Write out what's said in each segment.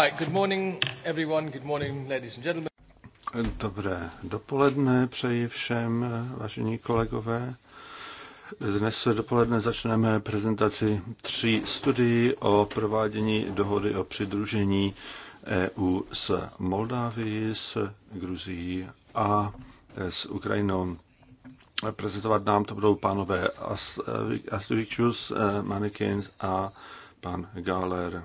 Right, good morning everyone, good morning ladies and gentlemen. Dobré dopoledne přeji všem, vážení kolegové. Dnes dopoledne začneme prezentaci tří studií o provádění dohody o přidružení EU s Moldávií, s Gruzií a s Ukrajinou. Prezentovat nám to budou pánové Astovičus, Manikins a pan Galer.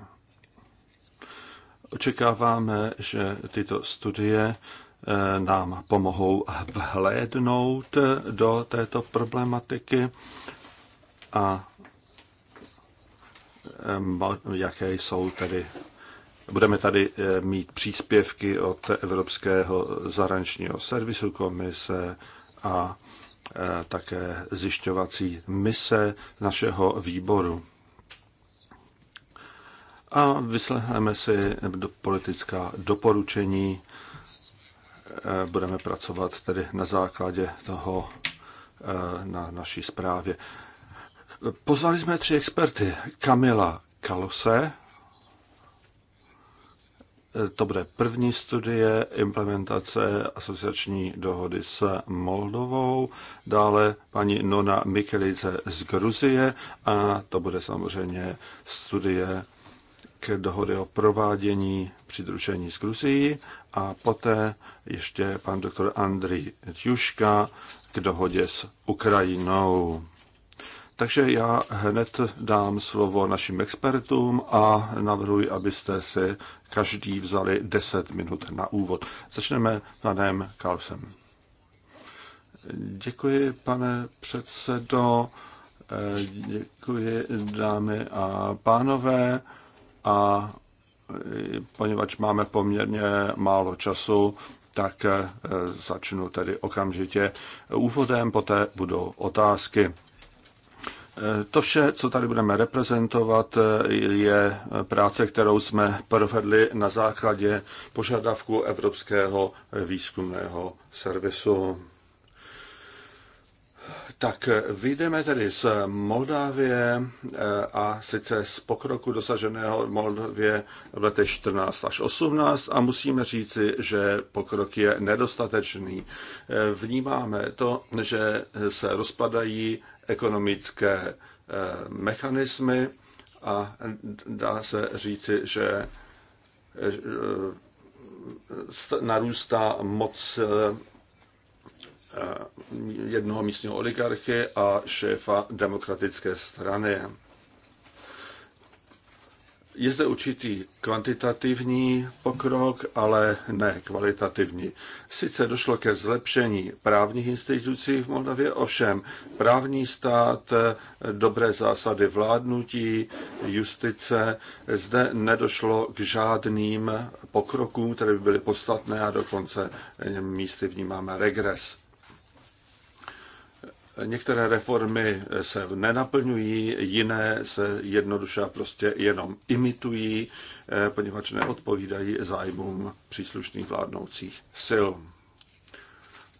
Očekáváme, že tyto studie eh, nám pomohou vhlédnout do této problematiky a eh, jaké jsou tedy. Budeme tady eh, mít příspěvky od Evropského zahraničního servisu komise a také zjišťovací mise našeho výboru a vyslechneme si politická doporučení. Eh, budeme pracovat tedy na základě toho eh, na naší zprávě. Pozvali jsme tři experty. Kamila Kalose, eh, to bude první studie implementace asociační dohody s Moldovou, dále paní Nona Mikelice z Gruzie a to bude samozřejmě studie k dohody o provádění přidružení s Gruzií a poté ještě pan doktor Andrij Tjuška k dohodě s Ukrajinou. Takže já hned dám slovo našim expertům a navrhuji, abyste si každý vzali 10 minut na úvod. Začneme panem Kalsem. Děkuji, pane předsedo. Děkuji, dámy a pánové a e, poněvadž máme poměrně málo času, tak e, začnu tedy okamžitě úvodem, poté budou otázky. E, to vše, co tady budeme reprezentovat, je práce, kterou jsme provedli na základě požadavku Evropského výzkumného servisu. Tak eh, vyjdeme tedy z Moldávie eh, a sice z pokroku dosaženého v Moldavě v letech 14 až 18 a musíme říci, že pokrok je nedostatečný. Eh, vnímáme to, že se rozpadají ekonomické mechanismy a dá se říci, že narůstá moc Eh, jednoho místního oligarchy a šéfa demokratické strany. Je zde určitý kvantitativní pokrok, ale ne kvalitativní. Sice došlo ke zlepšení právních institucí v Moldavě, ovšem právní stát, eh, dobré zásady vládnutí, justice, zde nedošlo k žádným pokrokům, které by byly podstatné a dokonce eh, místy vnímáme regres. Některé reformy se nenaplňují, jiné se jednoduše prostě jenom imitují, eh, poněvadž neodpovídají zájmům příslušných vládnoucích sil.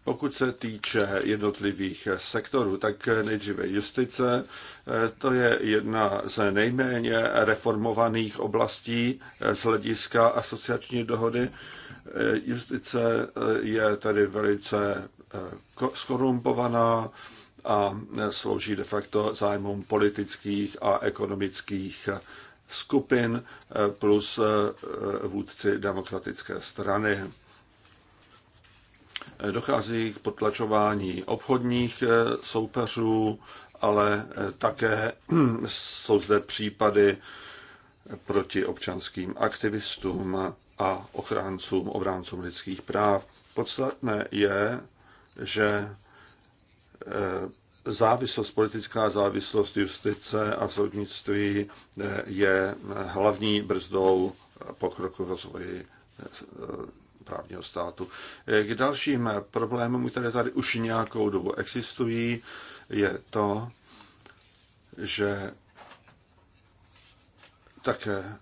Pokud se týče jednotlivých sektorů, tak nejdříve justice, eh, to je jedna z nejméně reformovaných oblastí eh, z hlediska asociační dohody. Justice je tedy velice skorumpovaná, a slouží de facto zájmům politických a ekonomických skupin plus vůdci demokratické strany. Dochází k potlačování obchodních soupeřů, ale také jsou zde případy proti občanským aktivistům a ochráncům, obráncům lidských práv. Podstatné je, že závislost, politická závislost justice a soudnictví eh, je eh, hlavní brzdou pokroku rozvoji eh, právního státu. K dalším problémům, které tady už nějakou dobu existují, je to, že také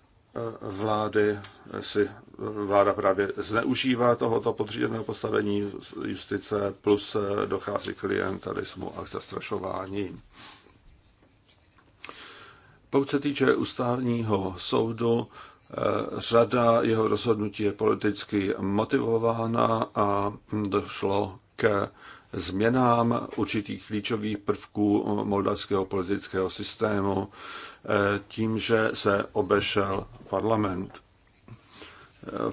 vlády si vláda právě zneužívá tohoto podřízeného postavení justice, plus dochází k klientelismu a k zastrašování. Pokud se týče ústavního soudu, eh, řada jeho rozhodnutí je politicky motivována a došlo k změnám určitých klíčových prvků moldavského politického systému eh, tím, že se obešel parlament. Eh,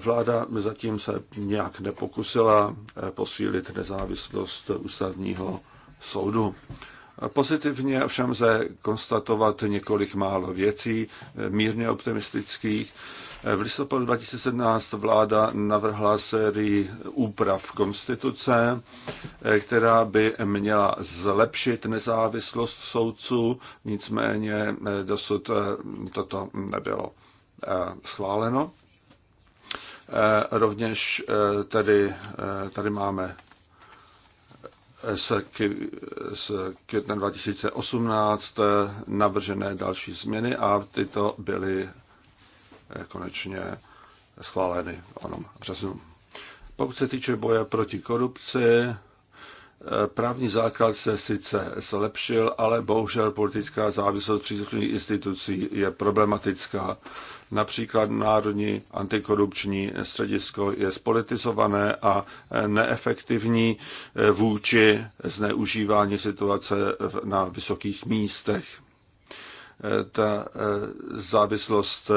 vláda zatím se nějak nepokusila eh, posílit nezávislost ústavního soudu. Pozitivně všem se konstatovat několik málo věcí, mírně optimistických. V listopadu 2017 vláda navrhla sérii úprav konstituce, která by měla zlepšit nezávislost soudců, nicméně dosud toto nebylo eh, schváleno. Eh, rovněž eh, tedy tady máme z, z května 2018 navržené další změny a tyto byly konečně schváleny v onom březnu. Pokud se týče boje proti korupci, právní základ se sice zlepšil, ale bohužel politická závislost příslušných institucí je problematická. Například Národní antikorupční středisko je spolitizované a neefektivní vůči zneužívání situace na vysokých místech. Ta eh, závislost eh,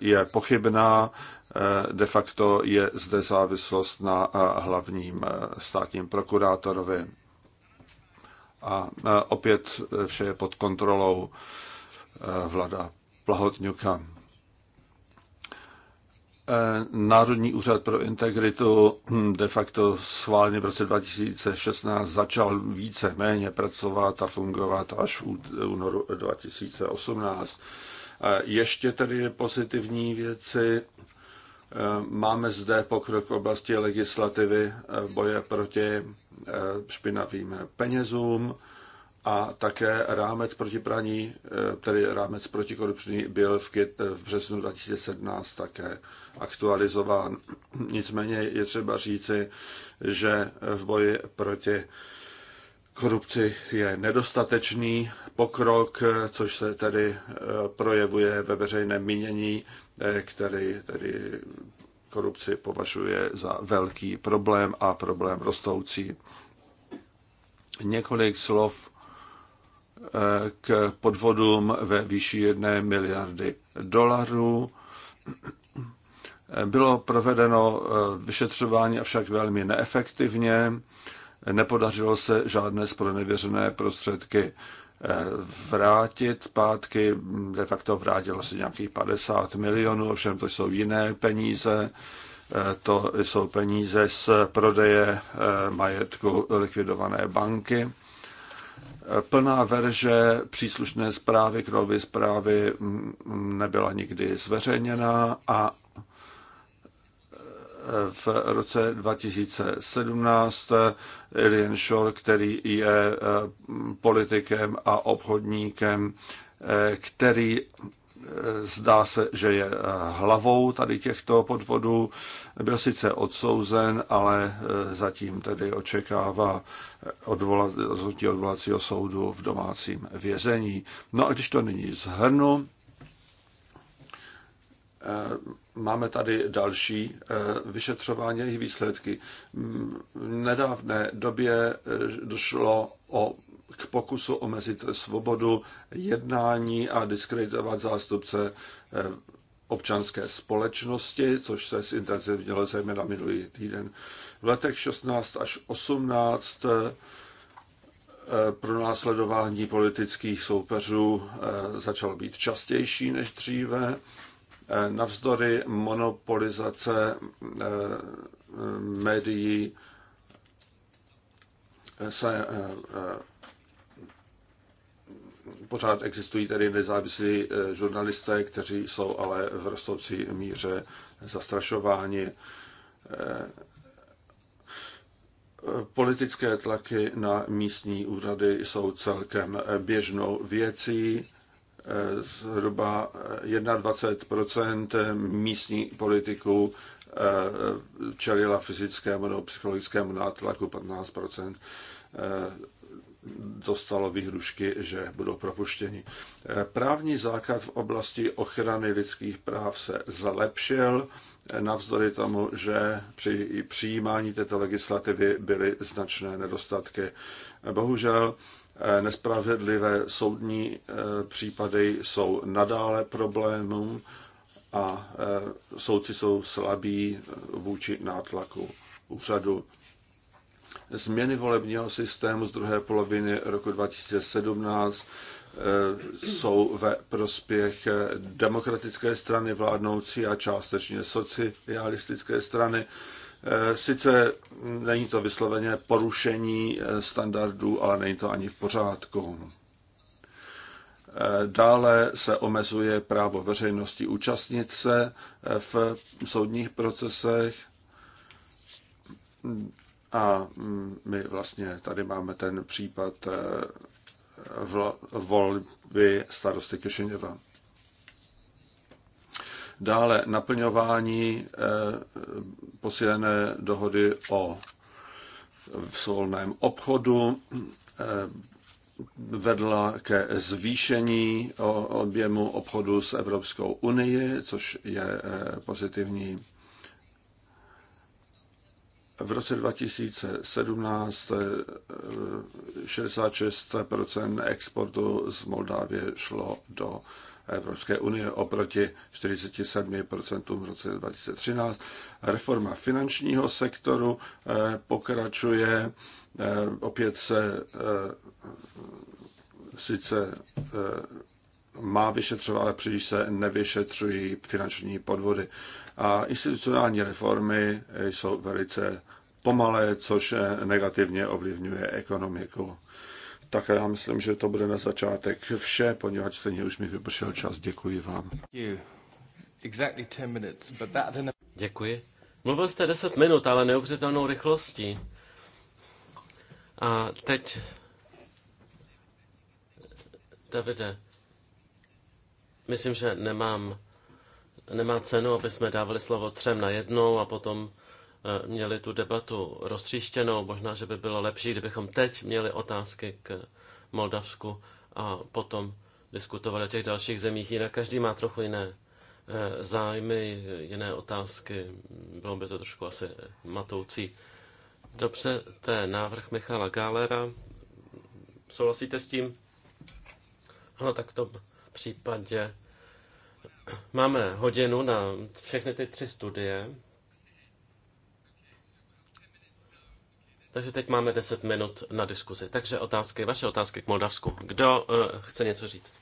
je pochybná, eh, de facto je zde závislost na hlavním státním prokurátorovi. A opět vše je pod kontrolou vlada Plahotňuka. Eh, Národní úřad pro integritu hm, de facto schválně v roce 2016 začal více méně pracovat a fungovat až v únoru 2018. Eh, ještě tedy pozitivní věci. Eh, máme zde pokrok v oblasti legislativy boje proti špinavým penězům a také rámec proti praní, eh, tedy rámec proti korupční, byl v, kyt, eh, v březnu 2017 také aktualizován. Nicméně je třeba říci, že v boji proti korupci je nedostatečný pokrok, což se tedy eh, projevuje ve veřejném mínění, který tedy korupci považuje za velký problém a problém rostoucí. Několik slov k podvodům ve výši 1 miliardy dolarů. Bylo provedeno eh, vyšetřování avšak velmi neefektivně, nepodařilo se žádné spronevěřené prostředky eh, vrátit zpátky, de facto vrátilo se nějakých 50 milionů, ovšem to jsou jiné peníze, eh, to jsou peníze z prodeje majetku likvidované banky. Plná verze příslušné zprávy, Krolovy zprávy mm, nebyla nikdy zveřejněna a e, v roce 2017 Ilian Shore, který je e, politikem a obchodníkem, e, který zdá se, že je hlavou tady těchto podvodů. Byl sice odsouzen, ale eh, zatím tedy očekává eh, odvola, rozhodnutí odvolacího soudu v domácím vězení. No a když to nyní zhrnu, eh, Máme tady další vyšetřování jejich výsledky. V nedávné době došlo o k pokusu omezit svobodu jednání a diskreditovat zástupce eh, občanské společnosti, což se zintenzivnilo zejména minulý týden. V letech 16 až 18 eh, pro následování politických soupeřů eh, začalo být častější než dříve. Navzdory monopolizace médií se pořád existují tady nezávislí eh, žurnalisté, kteří jsou ale v rostoucí míře zastrašováni. Eh, politické tlaky na místní úřady jsou celkem eh, běžnou věcí. Zhruba 21 místní politiků čelila fyzickému nebo psychologickému nátlaku, 15 dostalo výhrušky, že budou propuštěni. Eh, právní základ v oblasti ochrany lidských práv se zlepšil, eh, navzdory tomu, že při přijímání této legislativy byly značné nedostatky. Eh, bohužel nespravedlivé soudní případy jsou nadále problémům a soudci jsou slabí vůči nátlaku úřadu změny volebního systému z druhé poloviny roku 2017 eh, jsou ve prospěch eh, demokratické strany vládnoucí a částečně socialistické strany. Eh, sice není to vysloveně porušení standardů, ale není to ani v pořádku. Dále se omezuje právo veřejnosti účastnit se v soudních procesech. A mm, my vlastně tady máme ten případ eh, volby starosty Kešeněva. Dále naplňování eh, posílené dohody o v volném obchodu eh, vedla ke zvýšení objemu obchodu s Evropskou unii, což je pozitivní v roce 2017 66 eh, exportu z Moldávie šlo do Evropské unie oproti 47% v roce 2013. Reforma finančního sektoru eh, pokračuje, eh, opět se sice má vyšetřovat, ale příliš se nevyšetřují finanční podvody. A institucionální reformy jsou velice pomalé, což eh, negativně ovlivňuje ekonomiku. Tak já myslím, že to bude na začátek vše, poněvadž stejně už mi vypršel čas. Děkuji vám. Děkuji. Mluvil jste 10 minut, ale neobřitelnou rychlostí. A teď, Davide, myslím, že nemám, nemá cenu, aby jsme dávali slovo třem na jednou a potom měli tu debatu roztříštěnou. Možná, že by bylo lepší, kdybychom teď měli otázky k Moldavsku a potom diskutovali o těch dalších zemích. Jinak každý má trochu jiné eh, zájmy, jiné otázky. Bylo by to trošku asi matoucí. Dobře, to je návrh Michala Gálera. Souhlasíte s tím? No tak v tom případě máme hodinu na všechny ty tři studie. Takže teď máme 10 minut na diskuzi. Takže otázky, vaše otázky k Moldavsku. Kdo uh, chce něco říct?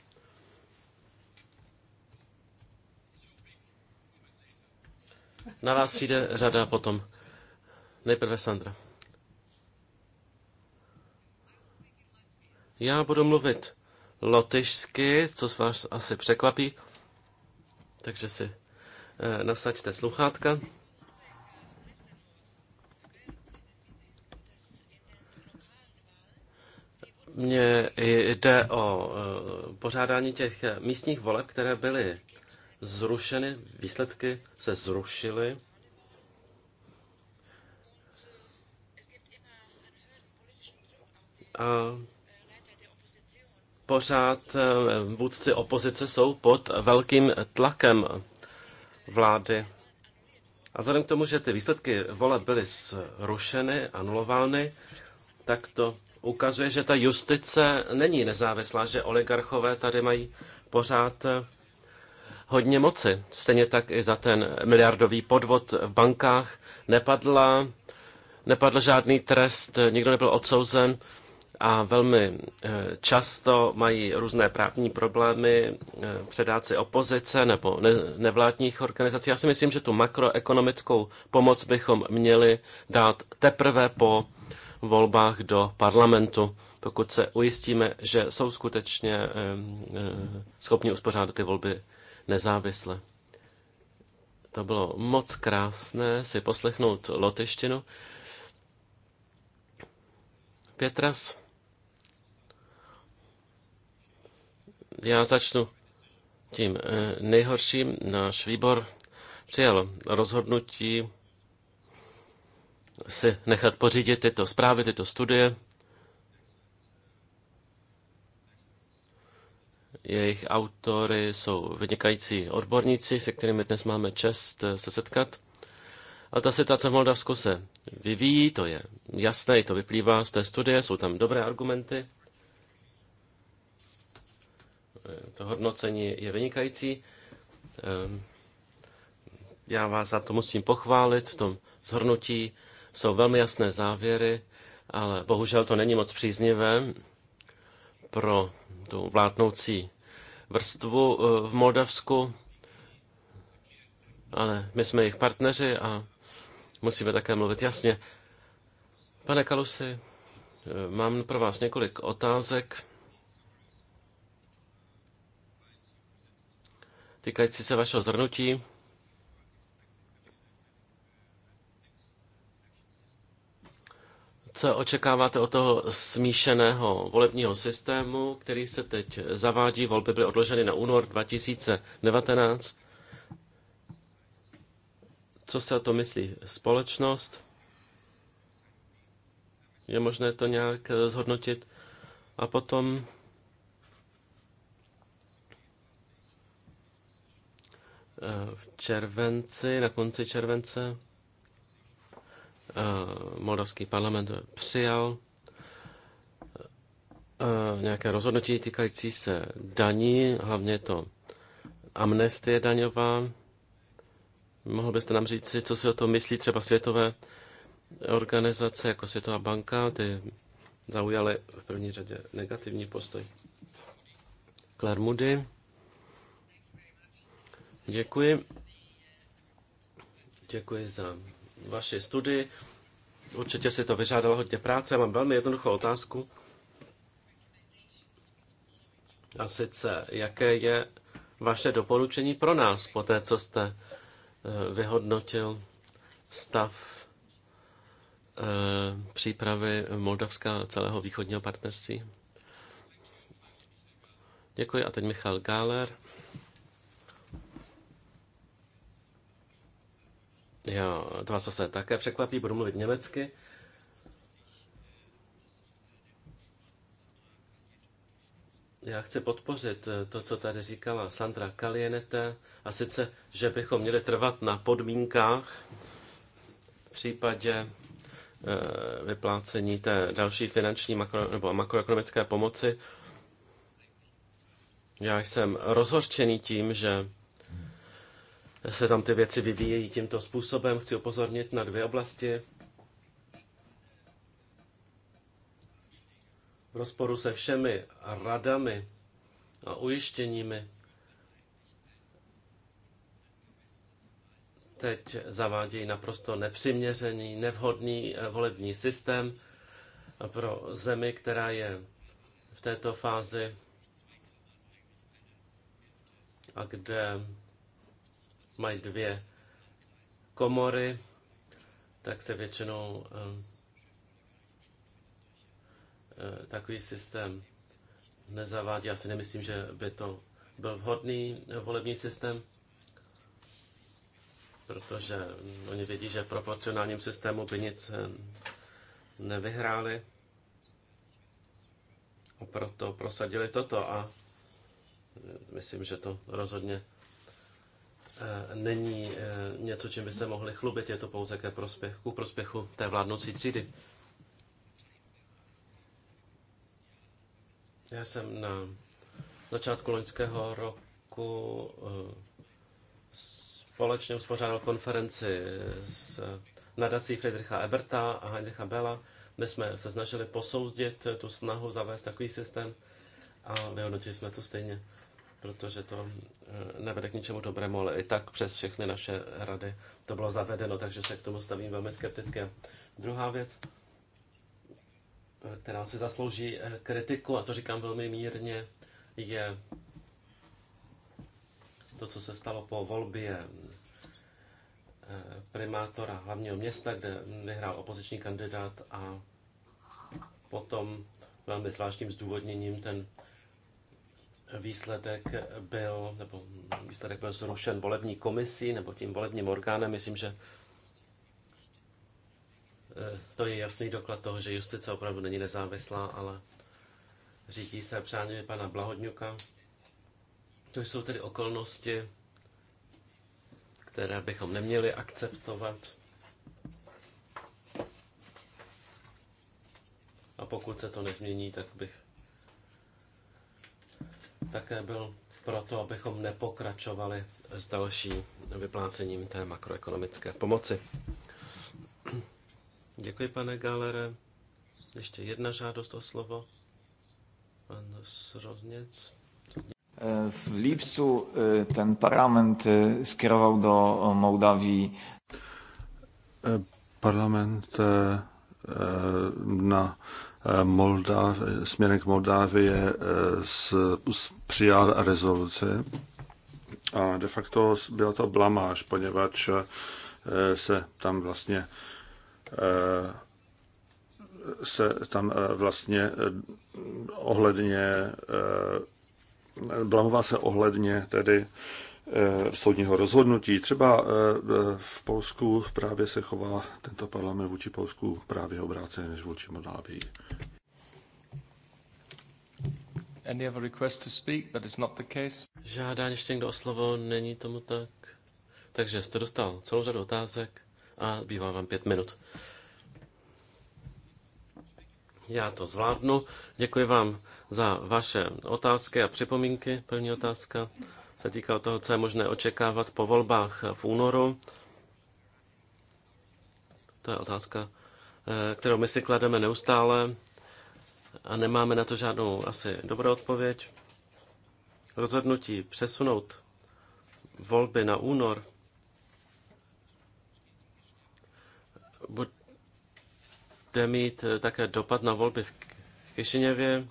Na vás přijde řada potom. Nejprve Sandra. Já budu mluvit lotyšsky, co s vás asi překvapí, takže si eh, nasaďte sluchátka. Mně jde o eh, pořádání těch místních voleb, které byly zrušeny, výsledky se zrušily. A pořád eh, vůdci opozice jsou pod velkým tlakem vlády. A vzhledem k tomu, že ty výsledky voleb byly zrušeny, anulovány, tak to ukazuje, že ta justice není nezávislá, že oligarchové tady mají pořád eh, hodně moci. Stejně tak i za ten miliardový podvod v bankách nepadla, nepadl žádný trest, nikdo nebyl odsouzen a velmi eh, často mají různé právní problémy eh, předáci opozice nebo ne, nevládních organizací. Já si myslím, že tu makroekonomickou pomoc bychom měli dát teprve po volbách do parlamentu, pokud se ujistíme, že jsou skutečně eh, eh, schopni uspořádat ty volby nezávisle. To bylo moc krásné si poslechnout lotyštinu. Pětras, já začnu tím eh, nejhorším. Náš výbor přijal rozhodnutí si nechat pořídit tyto zprávy, tyto studie. Jejich autory jsou vynikající odborníci, se kterými dnes máme čest eh, se setkat. A ta situace v Moldavsku se vyvíjí, to je jasné, to vyplývá z té studie, jsou tam dobré argumenty. Eh, to hodnocení je vynikající. Ehm, já vás za to musím pochválit v tom zhrnutí jsou velmi jasné závěry, ale bohužel to není moc příznivé pro tu vládnoucí vrstvu eh, v Moldavsku, ale my jsme jejich partneři a musíme také mluvit jasně. Pane Kalusy, eh, mám pro vás několik otázek týkající se vašeho zhrnutí Co očekáváte od toho smíšeného volebního systému, který se teď zavádí? Volby byly odloženy na únor 2019. Co se o to myslí společnost? Je možné to nějak eh, zhodnotit? A potom eh, v červenci, na konci července, Eh, moldavský parlament přijal eh, nějaké rozhodnutí týkající se daní, hlavně to amnestie daňová. Mohl byste nám říct, co si o tom myslí třeba světové organizace jako Světová banka, ty zaujaly v první řadě negativní postoj. Claire Moody. Děkuji. Děkuji za vaši studii. Určitě si to vyžádalo hodně práce. Mám velmi jednoduchou otázku. A sice, jaké je vaše doporučení pro nás po té, co jste eh, vyhodnotil stav eh, přípravy Moldavska a celého východního partnerství? Děkuji. A teď Michal Gáler. Já, to vás zase také překvapí, budu mluvit německy. Já chci podpořit eh, to, co tady říkala Sandra Kalienete, a sice, že bychom měli trvat na podmínkách v případě eh, vyplácení té další finanční makro, nebo makroekonomické pomoci. Já jsem rozhorčený tím, že se tam ty věci vyvíjejí tímto způsobem. Chci upozornit na dvě oblasti. V rozporu se všemi radami a ujištěními teď zavádějí naprosto nepřiměřený, nevhodný eh, volební systém pro zemi, která je v této fázi a kde mají dvě komory, tak se většinou eh, eh, takový systém nezavádí. Já si nemyslím, že by to byl vhodný eh, volební systém, protože oni vědí, že v proporcionálním systému by nic nevyhráli a proto prosadili toto a myslím, že to rozhodně Eh, není eh, něco, čím by se mohli chlubit, je to pouze ke prospěchu, prospěchu té vládnoucí třídy. Já jsem na začátku loňského roku eh, společně uspořádal konferenci s nadací Friedricha Eberta a Heinricha Bela, kde jsme se snažili posoudit tu snahu zavést takový systém a vyhodnotili jsme to stejně protože to eh, nevede k ničemu dobrému, ale i tak přes všechny naše rady to bylo zavedeno, takže se k tomu stavím velmi skepticky. Druhá věc, eh, která si zaslouží eh, kritiku, a to říkám velmi mírně, je to, co se stalo po volbě primátora hlavního města, kde vyhrál opoziční kandidát a potom velmi zvláštním zdůvodněním ten výsledek byl, nebo výsledek byl zrušen volební komisí nebo tím volebním orgánem. Myslím, že eh, to je jasný doklad toho, že justice opravdu není nezávislá, ale řídí se přáními pana Blahodňuka. To jsou tedy okolnosti, které bychom neměli akceptovat. A pokud se to nezmění, tak bych také byl proto, abychom nepokračovali s další vyplácením té makroekonomické pomoci. Děkuji, pane Galere. Ještě jedna žádost o slovo. Pan Srozněc. V lipcu e, ten parlament e, skierował do Mołdawii. E, parlament na Moldav, směrem k Moldávie z, eh, z, přijal rezoluce. a de facto byla to blamáž, poněvadž eh, se tam vlastně eh, se tam vlastně ohledně blamová se ohledně tedy Eh, soudního rozhodnutí. Třeba eh, v Polsku právě se chová tento parlament vůči Polsku právě obráceně než vůči Moldávii. Any other request to speak? not the case. Žádá ještě někdo o slovo, není tomu tak. Takže jste dostal celou řadu otázek a bývá vám pět minut. Já to zvládnu. Děkuji vám za vaše otázky a připomínky. První otázka se týkal toho, co je možné očekávat po volbách v únoru. To je otázka, eh, kterou my si klademe neustále a nemáme na to žádnou asi dobrou odpověď. Rozhodnutí přesunout volby na únor bude mít také dopad na volby v Kišiněvě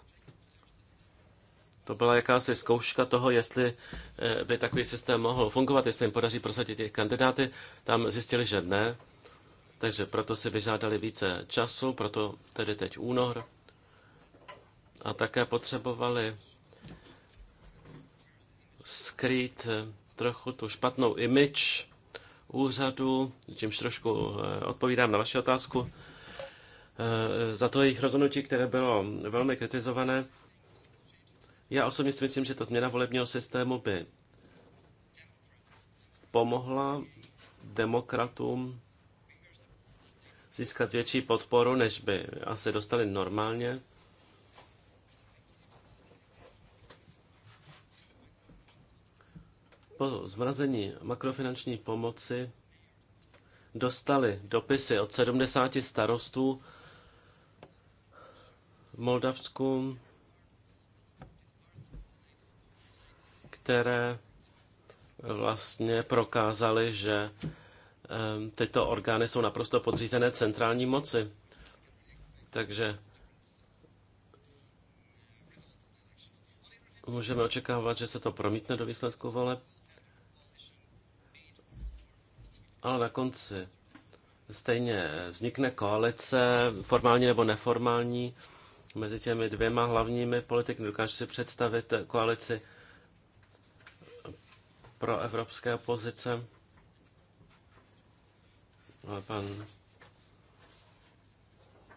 to byla jakási zkouška toho, jestli eh, by takový systém mohl fungovat, jestli jim podaří prosadit jejich kandidáty. Tam zjistili, že ne, takže proto si vyžádali více času, proto tedy teď únor. A také potřebovali skrýt eh, trochu tu špatnou image úřadu, čímž trošku eh, odpovídám na vaši otázku, za to jejich rozhodnutí, které bylo velmi kritizované, já osobně si myslím, že ta změna volebního systému by pomohla demokratům získat větší podporu, než by asi dostali normálně. Po zmrazení makrofinanční pomoci dostali dopisy od 70 starostů v Moldavsku které vlastně prokázaly, že tyto orgány jsou naprosto podřízené centrální moci. Takže můžeme očekávat, že se to promítne do výsledku voleb. Ale na konci stejně vznikne koalice, formální nebo neformální, mezi těmi dvěma hlavními politiky. Dokážu si představit koalici pro evropské opozice. Ale pan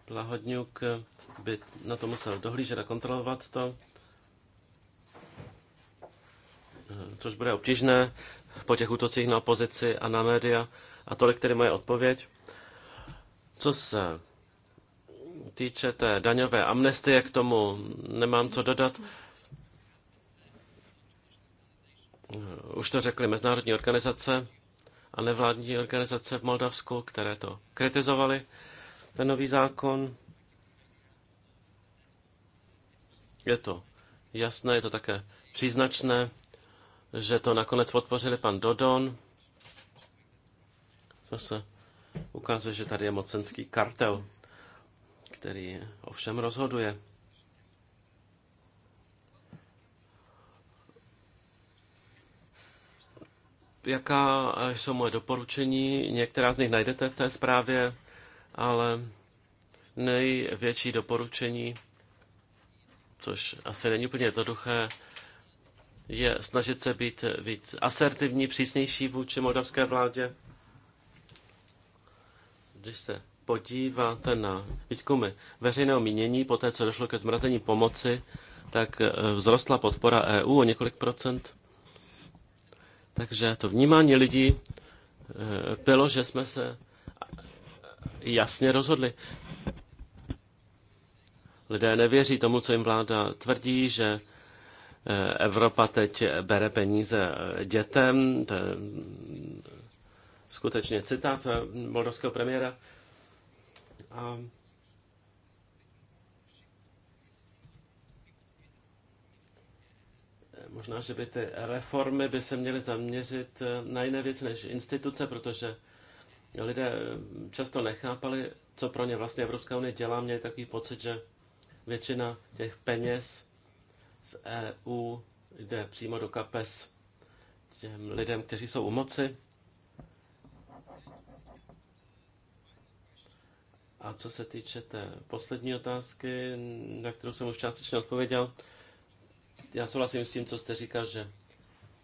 Plahodňuk by na to musel dohlížet a kontrolovat to, eh, což bude obtížné po těch útocích na opozici a na média. A tolik tedy moje odpověď. Co se týče té daňové amnestie, k tomu nemám co dodat. Už to řekly mezinárodní organizace a nevládní organizace v Moldavsku, které to kritizovaly, ten nový zákon. Je to jasné, je to také příznačné, že to nakonec podpořili pan Dodon. To se ukazuje, že tady je mocenský kartel, který ovšem rozhoduje. Jaká jsou moje doporučení? Některá z nich najdete v té zprávě, ale největší doporučení, což asi není úplně jednoduché, je snažit se být víc asertivní, přísnější vůči moldavské vládě. Když se podíváte na výzkumy veřejného mínění, po té, co došlo ke zmrazení pomoci, tak vzrostla podpora EU o několik procent. Takže to vnímání lidí eh, bylo, že jsme se jasně rozhodli. Lidé nevěří tomu, co jim vláda tvrdí, že eh, Evropa teď bere peníze eh, dětem. To je skutečně citát moldovského premiéra. A Možná, že by ty reformy by se měly zaměřit eh, na jiné věc než instituce, protože lidé eh, často nechápali, co pro ně vlastně Evropská unie dělá. Měli takový pocit, že většina těch peněz z EU jde přímo do kapes těm lidem, kteří jsou u moci. A co se týče té poslední otázky, na kterou jsem už částečně odpověděl, já souhlasím s tím, co jste říkal, že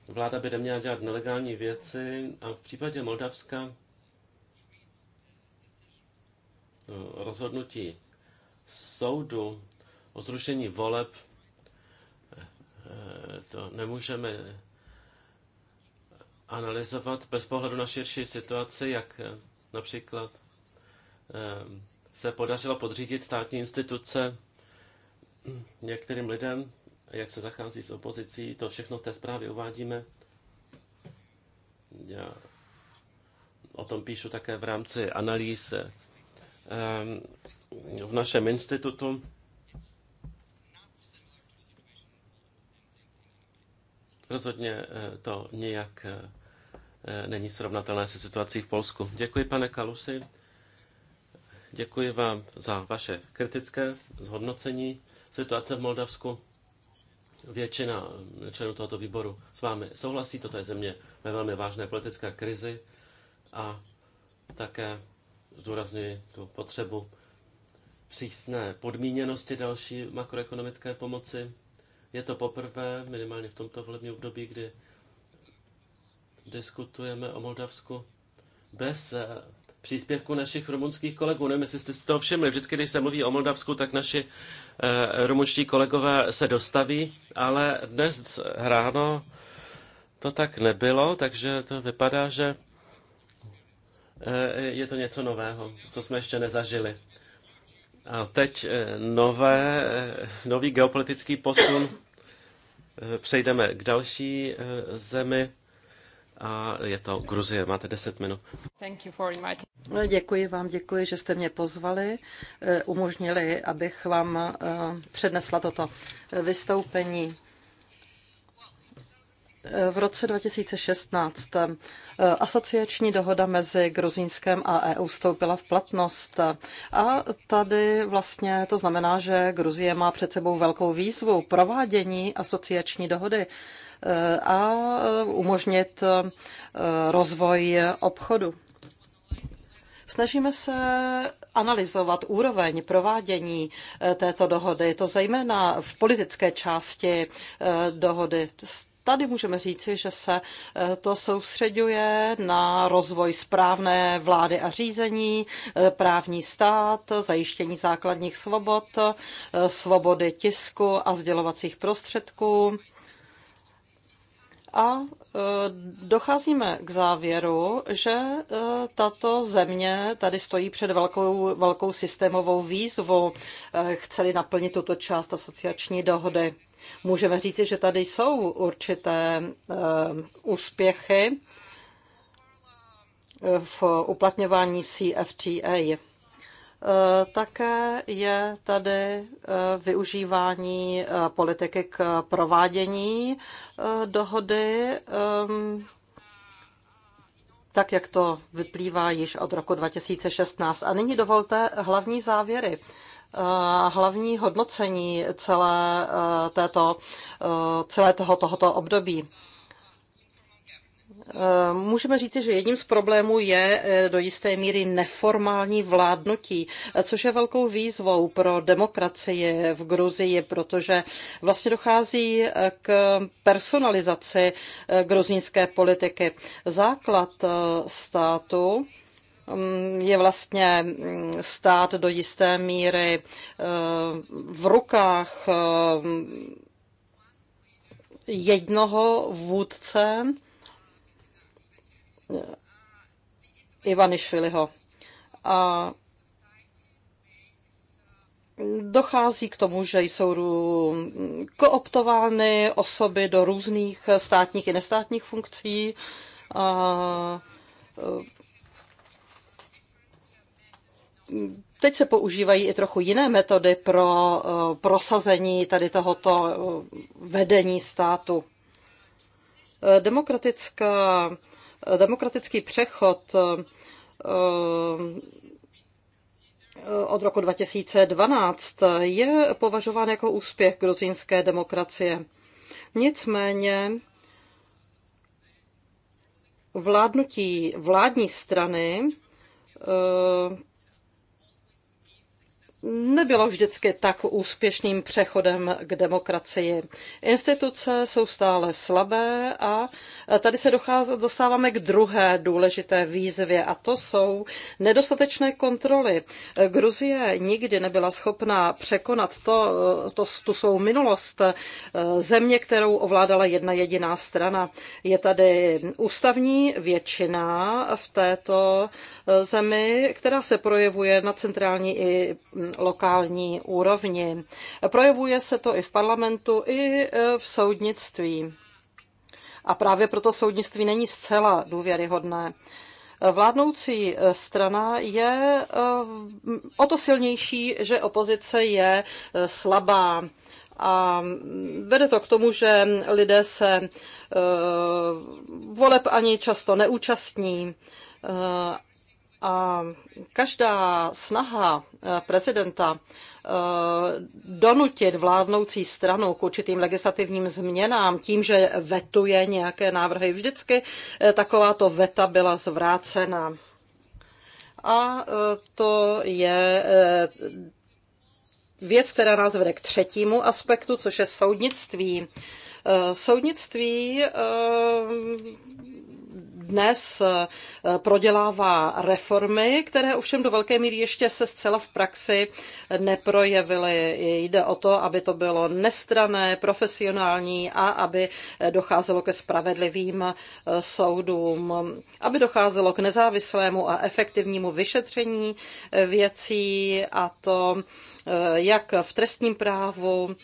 vláda by neměla dělat nelegální věci a v případě Moldavska eh, rozhodnutí soudu o zrušení voleb eh, eh, to nemůžeme analyzovat bez pohledu na širší situaci, jak například se podařilo podřídit státní instituce některým lidem, jak se zachází s opozicí, to všechno v té zprávě uvádíme. Já o tom píšu také v rámci analýz ehm, v našem institutu. Rozhodně eh, to nijak eh, není srovnatelné se situací v Polsku. Děkuji, pane Kalusi. Děkuji vám za vaše kritické zhodnocení situace v Moldavsku většina členů tohoto výboru s vámi souhlasí. Toto je země ve velmi vážné politické krizi a také zdůrazňuji tu potřebu přísné podmíněnosti další makroekonomické pomoci. Je to poprvé, minimálně v tomto volebním období, kdy diskutujeme o Moldavsku bez eh, příspěvku našich rumunských kolegů. Nevím, jestli jste si toho všimli. Vždycky, když se mluví o Moldavsku, tak naši e, rumunští kolegové se dostaví, ale dnes ráno to tak nebylo, takže to vypadá, že e, je to něco nového, co jsme ještě nezažili. A teď eh, nové, nový geopolitický posun. Přejdeme k další zemi a je to Gruzie. Máte 10 minut. No, děkuji vám, děkuji, že jste mě pozvali, eh, umožnili, abych vám eh, přednesla toto eh, vystoupení. V roce 2016 asociační dohoda mezi Gruzínskem a EU vstoupila v platnost a tady vlastně to znamená, že Gruzie má před sebou velkou výzvu provádění asociační dohody a umožnit e, rozvoj obchodu. Snažíme se analyzovat úroveň provádění e, této dohody, to zejména v politické části e, dohody tady můžeme říci, že se to soustředuje na rozvoj správné vlády a řízení, právní stát, zajištění základních svobod, svobody tisku a sdělovacích prostředků a e, docházíme k závěru, že e, tato země tady stojí před velkou, velkou systémovou výzvu, e, chceli naplnit tuto část asociační dohody. Můžeme říci, že tady jsou určité úspěchy v uplatňování CFTA. Eh, také je tady eh, využívání eh, politiky k provádění dohody, ehm, tak jak to vyplývá již od roku 2016. A nyní dovolte hlavní závěry hlavní hodnocení celé, této, celé toho, tohoto období. Eh, můžeme říci, že jedním z problémů je eh, do jisté míry neformální vládnutí, eh, což je velkou výzvou pro demokracii v Gruzii, protože vlastně dochází k personalizaci gruzínské politiky. Základ státu mm, je vlastně mm, stát do jisté míry v rukách jednoho vůdce, Ivanišviliho. A dochází k tomu, že jsou kooptovány osoby do různých státních i nestátních funkcí. A e, teď se používají i trochu jiné metody pro e, prosazení tady tohoto e, vedení státu. Demokratická demokratický přechod eh, eh, od roku 2012 je považován jako úspěch gruzínské demokracie. Nicméně vládnutí vládní strany eh, nebylo vždycky tak úspěšným přechodem k demokracii. Instituce jsou stále slabé a tady se dochází, dostáváme k druhé důležité výzvě a to jsou nedostatečné kontroly. Gruzie nikdy nebyla schopná překonat to, to tu svou minulost země, kterou ovládala jedna jediná strana. Je tady ústavní většina v této zemi, která se projevuje na centrální i lokální úrovni. Projevuje se to i v parlamentu, i e, v soudnictví. A právě proto soudnictví není zcela důvěryhodné. Vládnoucí e, strana je e, o to silnější, že opozice je slabá. A vede to k tomu, že lidé se voleb ani často neúčastní a každá snaha eh, prezidenta eh, donutit vládnoucí stranu k určitým legislativním změnám tím, že vetuje nějaké návrhy, vždycky eh, takováto veta byla zvrácena. A to je věc, která nás vede k třetímu aspektu, což je soudnictví. Soudnictví dnes eh, prodělává reformy, které ovšem do velké míry ještě se zcela v praxi neprojevily. Jde o to, aby to bylo nestrané, profesionální a aby docházelo ke spravedlivým eh, soudům, aby docházelo k nezávislému a efektivnímu vyšetření eh, věcí a to jak v trestním právu,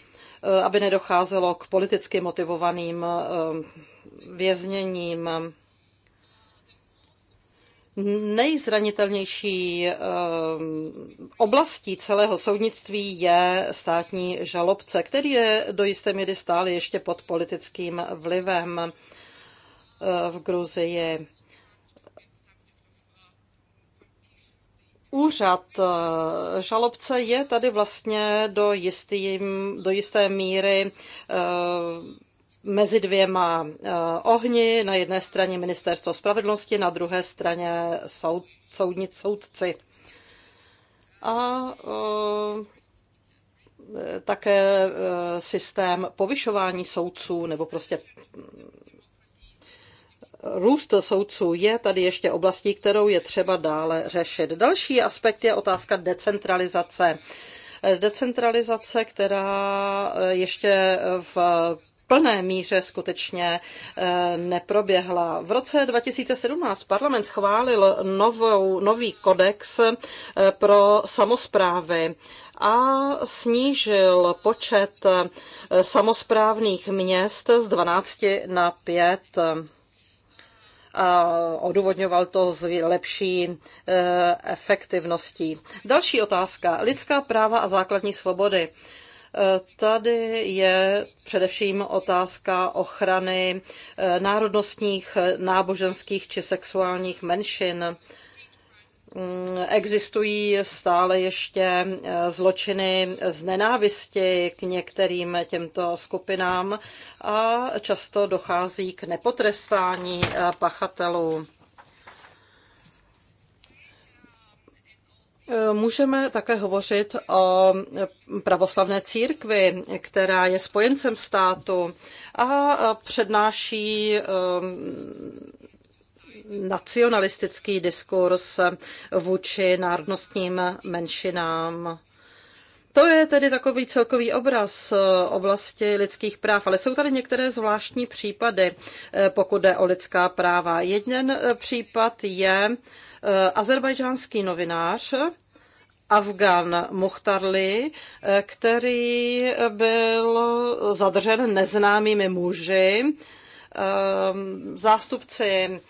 aby nedocházelo k politicky motivovaným vězněním. Nejzranitelnější eh, oblastí celého soudnictví je státní žalobce, který je do jisté míry stále ještě pod politickým vlivem eh, v Gruzii. Úřad eh, žalobce je tady vlastně do, jistý, do jisté míry mezi dvěma eh, ohni, na jedné straně ministerstvo spravedlnosti, na druhé straně soud, soudnic, soudci. A eh, také eh, systém povyšování soudců, nebo prostě hm, růst soudců je tady ještě oblastí, kterou je třeba dále řešit. Další aspekt je otázka decentralizace. Decentralizace, která ještě v plné míře skutečně eh, neproběhla. V roce 2017 parlament schválil novou, nový kodex eh, pro samozprávy a snížil počet eh, samozprávných měst z 12 na 5 a odůvodňoval to s lepší efektivností. Další otázka. Lidská práva a základní svobody. Tady je především otázka ochrany eh, národnostních, náboženských či sexuálních menšin mm, existují stále ještě eh, zločiny z nenávisti k některým těmto skupinám a často dochází k nepotrestání eh, pachatelů. Můžeme také hovořit o pravoslavné církvi, která je spojencem státu a přednáší um, nacionalistický diskurs vůči národnostním menšinám. To je tedy takový celkový obraz eh, oblasti lidských práv, ale jsou tady některé zvláštní případy, eh, pokud jde o lidská práva. Jeden eh, případ je azerbajdžánský novinář, Afgan Muhtarli, který byl zadržen neznámými muži Ehm, zástupci eh,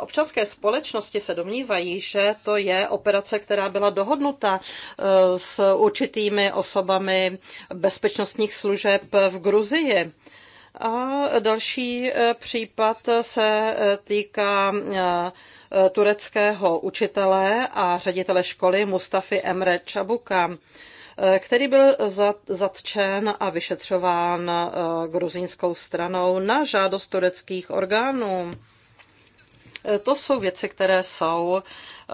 občanské společnosti se domnívají, že to je operace, která byla dohodnuta eh, s určitými osobami bezpečnostních služeb v Gruzii. A další eh, případ se týká tureckého učitele a ředitele školy Mustafy Emre Čabuka který byl zatčen a vyšetřován eh, gruzínskou stranou na žádost tureckých orgánů. Eh, to jsou věci, které jsou eh,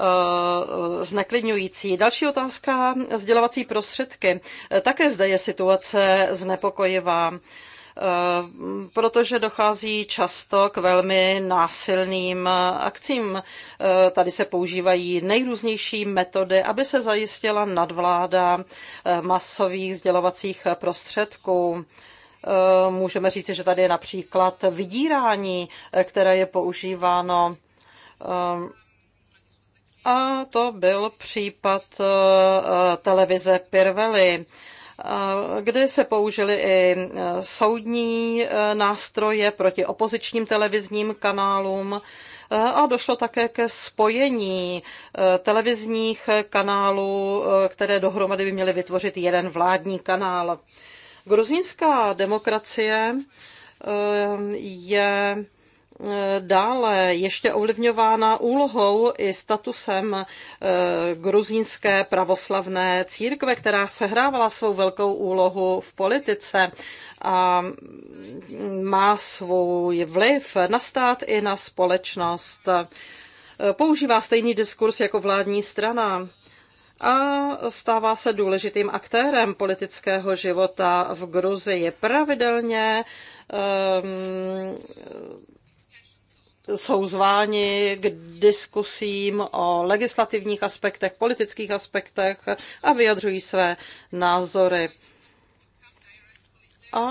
zneklidňující. Další otázka, sdělovací prostředky. Také zde je situace znepokojivá. Eh, protože dochází často k velmi násilným akcím. Eh, tady se používají nejrůznější metody, aby se zajistila nadvláda eh, masových sdělovacích prostředků. Můžeme říct, že tady je například vydírání, které je používáno a to byl případ televize Pirvely. Eh, kdy se použily i eh, soudní eh, nástroje proti opozičním televizním kanálům a došlo také ke spojení televizních kanálů, které dohromady by měly vytvořit jeden vládní kanál. Gruzínská demokracie je Eh, dále ještě ovlivňována úlohou i statusem eh, gruzínské pravoslavné církve, která sehrávala svou velkou úlohu v politice a má svůj vliv na stát i na společnost. Eh, používá stejný diskurs jako vládní strana a stává se důležitým aktérem politického života v Gruzii. Pravidelně um, jsou zváni k diskusím o legislativních aspektech, politických aspektech a vyjadřují své názory. A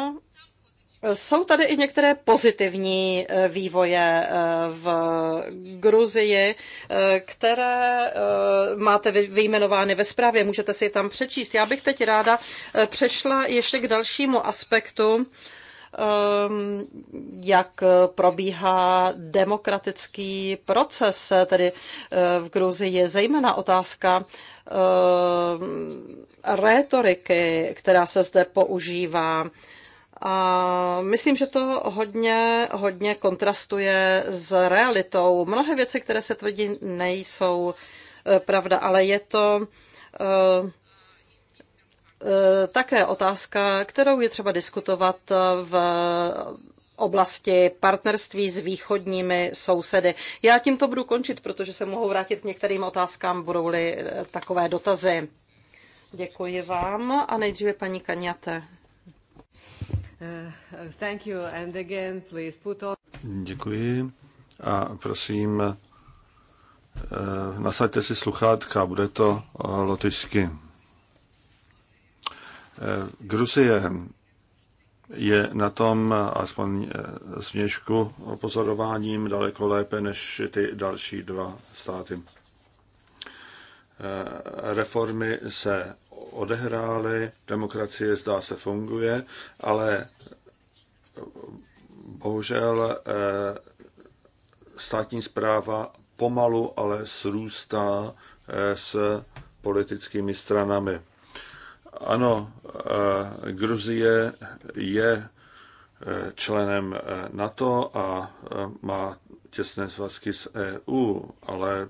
jsou tady i některé pozitivní e, vývoje e, v Gruzii, e, které máte vyjmenovány ve zprávě, můžete si je tam přečíst. Já bych teď ráda přešla ještě k dalšímu aspektu, Ehm, jak probíhá demokratický proces. Tedy eh, v Gruzii je zejména otázka ehm, rétoriky, která se zde používá. A myslím, že to hodně, hodně kontrastuje s realitou. Mnohé věci, které se tvrdí, nejsou eh, pravda, ale je to ehm, Eh, také otázka, kterou je třeba diskutovat eh, v oblasti partnerství s východními sousedy. Já tímto budu končit, protože se mohu vrátit k některým otázkám, budou-li eh, takové dotazy. Děkuji vám a nejdříve paní Kaňate. Děkuji a prosím, nasaďte si sluchátka, bude to lotyšsky. Eh, Gruzie je na tom, aspoň s eh, vněžku pozorováním, daleko lépe než ty další dva státy. Eh, reformy se odehrály, demokracie zdá se funguje, ale bohužel státní zpráva pomalu, ale srůstá s politickými stranami. Ano, eh, Gruzie je eh, členem eh, NATO a má těsné svazky s EU, ale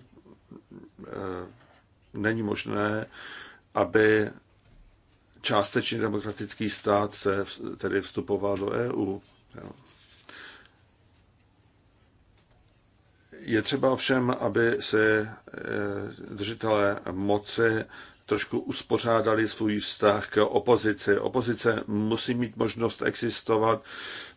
není možné, aby částečně demokratický stát se tedy vstupoval do EU. Je třeba všem, aby se držitelé moci trošku uspořádali svůj vztah k opozici. Opozice musí mít možnost existovat,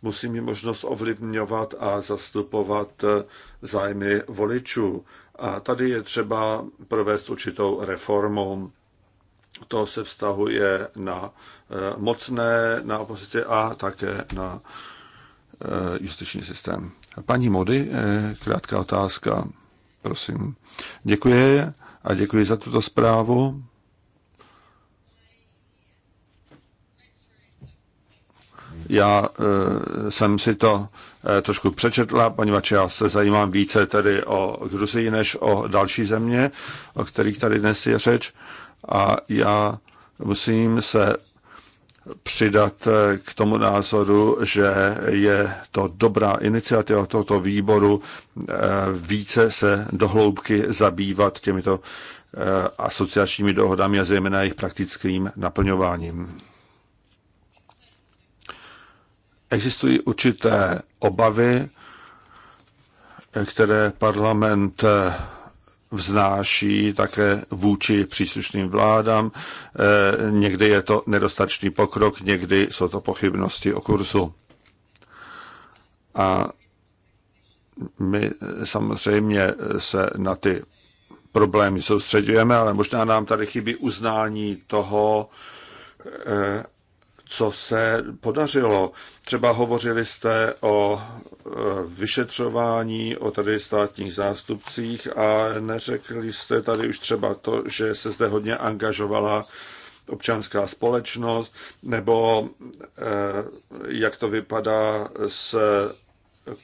musí mít možnost ovlivňovat a zastupovat eh, zájmy voličů. A tady je třeba provést určitou reformu. To se vztahuje na eh, mocné, na opozici a také na eh, justiční systém. Paní Mody, krátká otázka, prosím. Děkuji a děkuji za tuto zprávu. Já eh, jsem si to eh, trošku přečetla, poněvadž já se zajímám více tedy o Gruzii než o další země, o kterých tady dnes je řeč. A já musím se přidat eh, k tomu názoru, že je to dobrá iniciativa tohoto výboru více se dohloubky zabývat těmito asociačními dohodami a zejména jejich praktickým naplňováním. Existují určité obavy, které parlament eh, vznáší také vůči příslušným vládám. Eh, někdy je to nedostatečný pokrok, někdy jsou to pochybnosti o kurzu. A my eh, samozřejmě se na ty problémy soustředujeme, ale možná nám tady chybí uznání toho, co se podařilo. Třeba hovořili jste o e, vyšetřování, o tady státních zástupcích a neřekli jste tady už třeba to, že se zde hodně angažovala občanská společnost, nebo e, jak to vypadá s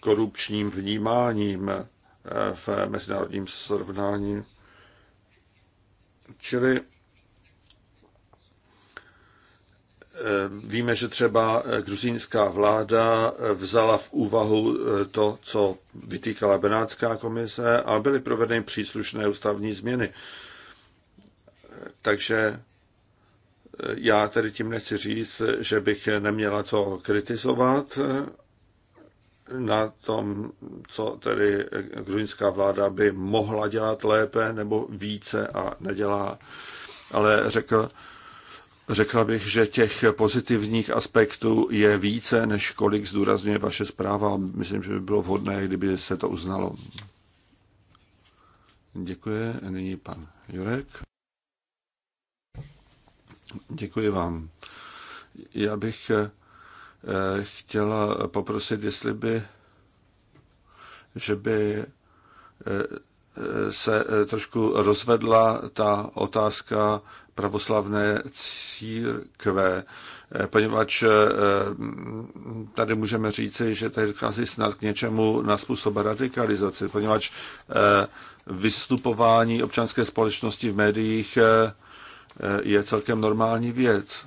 korupčním vnímáním e, v mezinárodním srovnání. Čili Eh, víme, že třeba eh, gruzínská vláda eh, vzala v úvahu to, co vytýkala Benátská komise, ale byly provedeny příslušné ústavní změny. Takže já tedy tím nechci říct, že bych neměla co kritizovat na tom, co tedy gruzínská vláda by mohla dělat lépe nebo více a nedělá. Ale řekl Řekla bych, že těch pozitivních aspektů je více, než kolik zdůrazňuje vaše zpráva. Myslím, že by bylo vhodné, kdyby se to uznalo. Děkuji. Nyní pan Jurek. Děkuji vám. Já bych eh, chtěla poprosit, jestli by, že by eh, eh, se trošku rozvedla ta otázka pravoslavné církve, eh, poněvadž eh, tady můžeme říci, že tady dochází snad k něčemu na způsob radikalizace, poněvadž eh, vystupování občanské společnosti v médiích je celkem normální věc.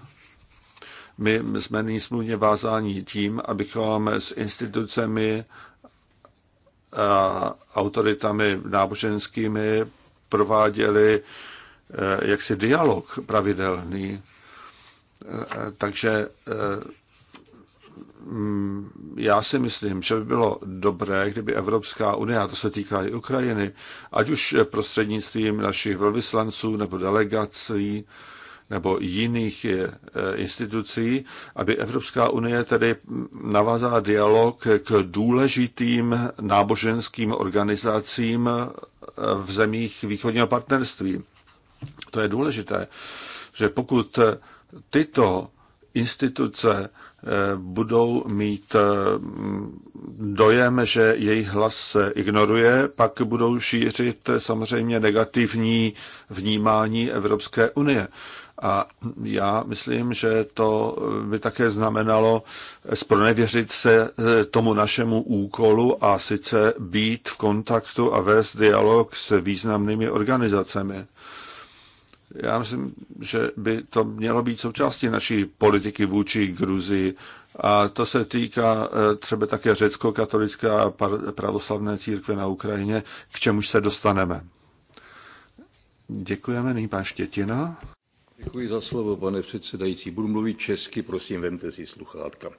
My jsme nyní smluvně vázáni tím, abychom s institucemi a autoritami náboženskými prováděli Eh, jaksi dialog pravidelný. Eh, takže eh, mm, já si myslím, že by bylo dobré, kdyby Evropská unie, a to se týká i Ukrajiny, ať už prostřednictvím našich velvyslanců nebo delegací nebo jiných institucí, aby Evropská unie tedy navázala dialog k důležitým náboženským organizacím v zemích východního partnerství. To je důležité, že pokud tyto instituce eh, budou mít eh, dojem, že jejich hlas se ignoruje, pak budou šířit samozřejmě negativní vnímání Evropské unie. A já myslím, že to by také znamenalo spronevěřit se eh, tomu našemu úkolu a sice být v kontaktu a vést dialog s významnými organizacemi. Já myslím, že by to mělo být součástí naší politiky vůči Gruzii. A to se týká eh, třeba také řecko-katolické a pravoslavné církve na Ukrajině, k čemuž se dostaneme. Děkujeme, nyní pan Štětina. Děkuji za slovo, pane předsedající. Budu mluvit česky, prosím, vemte si sluchátka.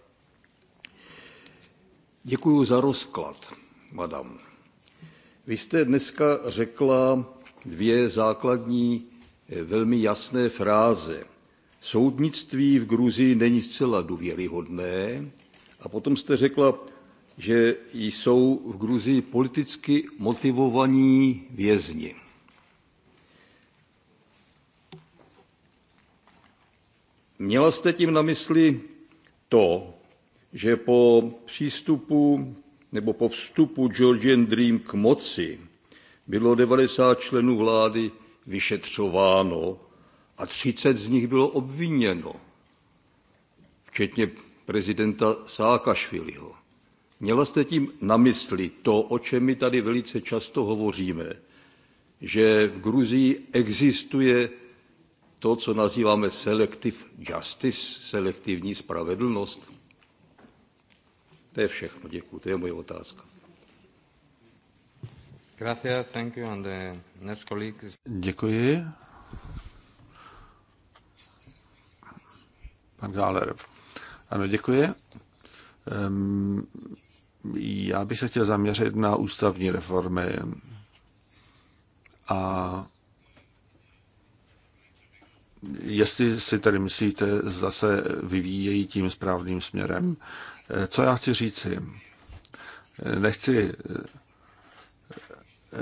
Děkuji za rozklad, madam. Vy jste dneska řekla dvě základní Eh, velmi jasné fráze. Soudnictví v Gruzii není zcela důvěryhodné a potom jste řekla, že jsou v Gruzii politicky motivovaní vězni. Měla jste tím na mysli to, že po přístupu nebo po vstupu Georgian Dream k moci bylo 90 členů vlády vyšetřováno a 30 z nich bylo obviněno, včetně prezidenta Sákašviliho. Měla jste tím na mysli to, o čem my tady velice často hovoříme, že v Gruzii existuje to, co nazýváme selective justice, selektivní spravedlnost? To je všechno, děkuji, to je moje otázka. Děkuji. Pan Gáler. Ano, děkuji. já bych se chtěl zaměřit na ústavní reformy a jestli si tady myslíte, zase vyvíjejí tím správným směrem. Eh, co já chci říci? Eh, nechci eh,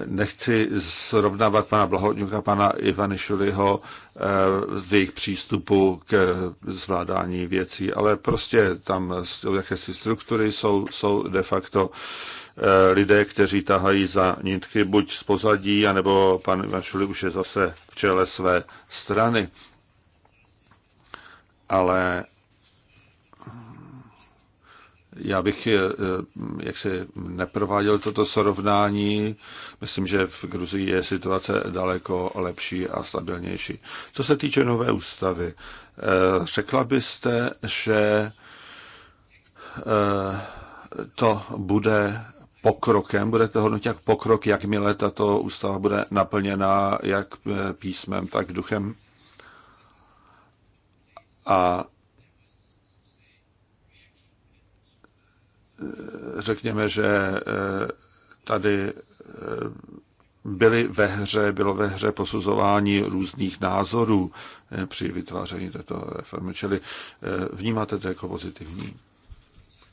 nechci srovnávat pana Blahodňuka, pana Ivanišuliho eh, z jejich přístupu k zvládání věcí, ale prostě tam jakési struktury jsou, jsou de facto eh, lidé, kteří tahají za nitky buď z pozadí, anebo pan Ivanišuli už je zase v čele své strany. Ale já bych eh, eh, jak si neprováděl toto srovnání. Myslím, že v Gruzii je situace daleko lepší a stabilnější. Co se týče nové ústavy, eh, řekla byste, že to bude pokrokem, budete hodnotit jak pokrok, jakmile tato ústava bude naplněná jak písmem, tak duchem. A řekněme, že eh, tady eh, byly ve hře, bylo ve hře posuzování různých názorů eh, při vytváření této reformy, čili vnímáte to jako pozitivní.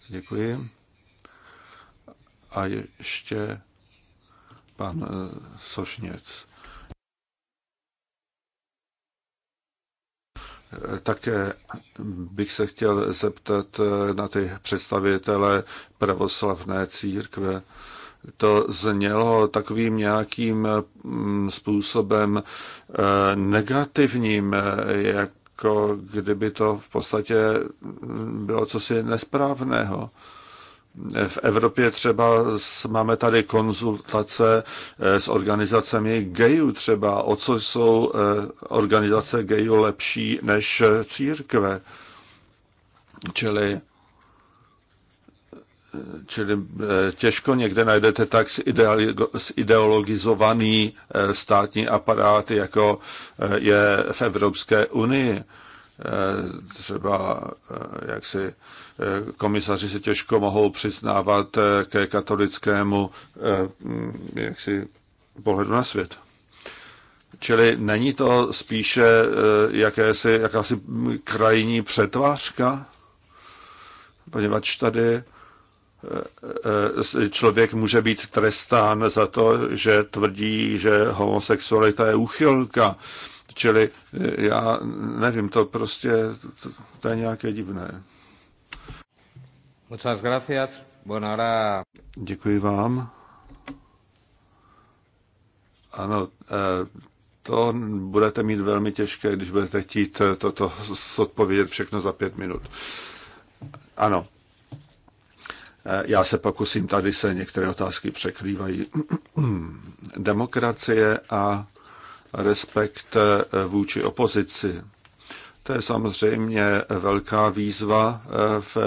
Děkuji. A ještě pan Sošněc. Také bych se chtěl zeptat eh, na ty představitele pravoslavné církve. To znělo takovým nějakým mm, způsobem eh, negativním, eh, jako kdyby to v podstatě mm, bylo cosi nesprávného v Evropě třeba máme tady konzultace eh, s organizacemi gejů třeba, o co jsou eh, organizace gejů lepší než eh, církve. Čili, čili těžko někde najdete tak zideologizovaný státní aparát, jako je v Evropské unii. Třeba jak si komisaři se těžko mohou přiznávat eh, ke katolickému eh, mm, jaksi, pohledu na svět. Čili není to spíše eh, jakési, jakási krajní přetvářka, poněvadž tady člověk může být trestán za to, že tvrdí, že homosexualita je úchylka. Čili já nevím, to prostě to, to je nějaké divné. Muchas gracias. Bueno, ahora... Děkuji vám. Ano, eh, to budete mít velmi těžké, když budete chtít eh, toto odpovědět všechno za pět minut. Ano. Eh, já se pokusím, tady se některé otázky překrývají. Demokracie a respekt vůči opozici. To je samozřejmě velká výzva v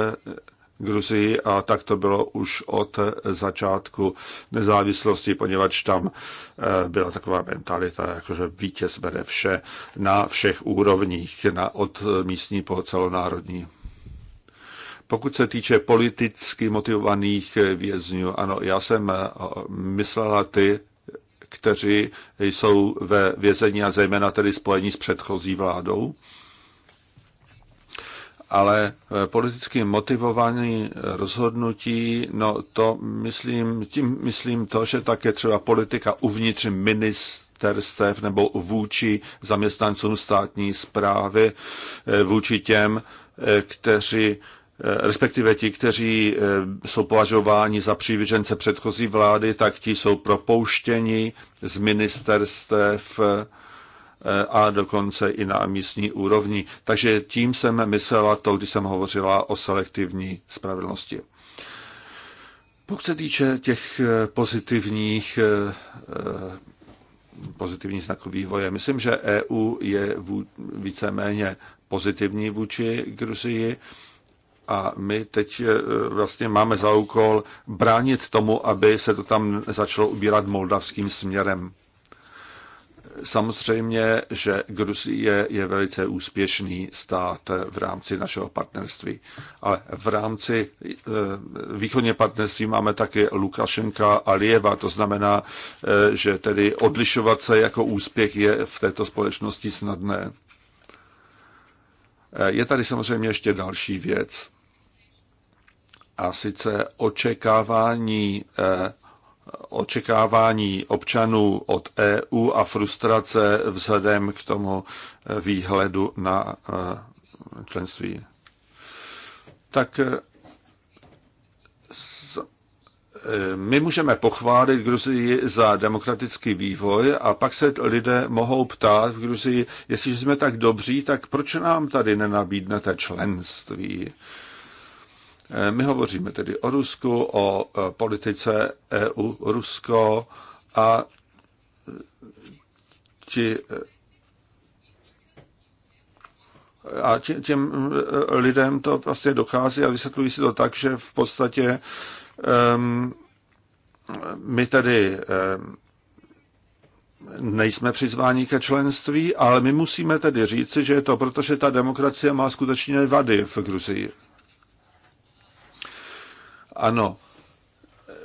Gruzii a tak to bylo už od začátku nezávislosti, poněvadž tam eh, byla taková mentalita, jakože vítěz bere vše na všech úrovních, na, od místní po celonárodní. Pokud se týče politicky motivovaných vězňů, ano, já jsem eh, myslela ty, kteří jsou ve vězení a zejména tedy spojení s předchozí vládou, ale eh, politicky motivovaný rozhodnutí, no to myslím, tím myslím to, že také třeba politika uvnitř ministerstev nebo vůči zaměstnancům státní zprávy, eh, vůči těm, eh, kteří respektive ti, kteří jsou považováni za přívěřence předchozí vlády, tak ti jsou propouštěni z ministerstev a dokonce i na místní úrovni. Takže tím jsem myslela to, když jsem hovořila o selektivní spravedlnosti. Pokud se týče těch eh, pozitivních eh, eh, pozitivní znaků vývoje. Myslím, že EU je víceméně pozitivní vůči Gruzii a my teď vlastně máme za úkol bránit tomu, aby se to tam začalo ubírat moldavským směrem. Samozřejmě, že Gruzie je velice úspěšný stát v rámci našeho partnerství. Ale v rámci e, východně partnerství máme také Lukašenka a Lieva. To znamená, e, že tedy odlišovat se jako úspěch je v této společnosti snadné. E, je tady samozřejmě ještě další věc. A sice očekávání očekávání občanů od EU a frustrace vzhledem k tomu eh, výhledu na eh, členství. Tak eh, my můžeme pochválit Gruzii za demokratický vývoj a pak se lidé mohou ptát v Gruzii, jestli jsme tak dobří, tak proč nám tady nenabídnete členství? Eh, my hovoříme tedy o Rusku, o eh, politice EU-Rusko eh, a ti a těm lidem to vlastně dochází a vysvětlují si to tak, že v podstatě um, my tedy um, nejsme přizváni ke členství, ale my musíme tedy říci, že je to proto, že ta demokracie má skutečně vady v Gruzii. Ano,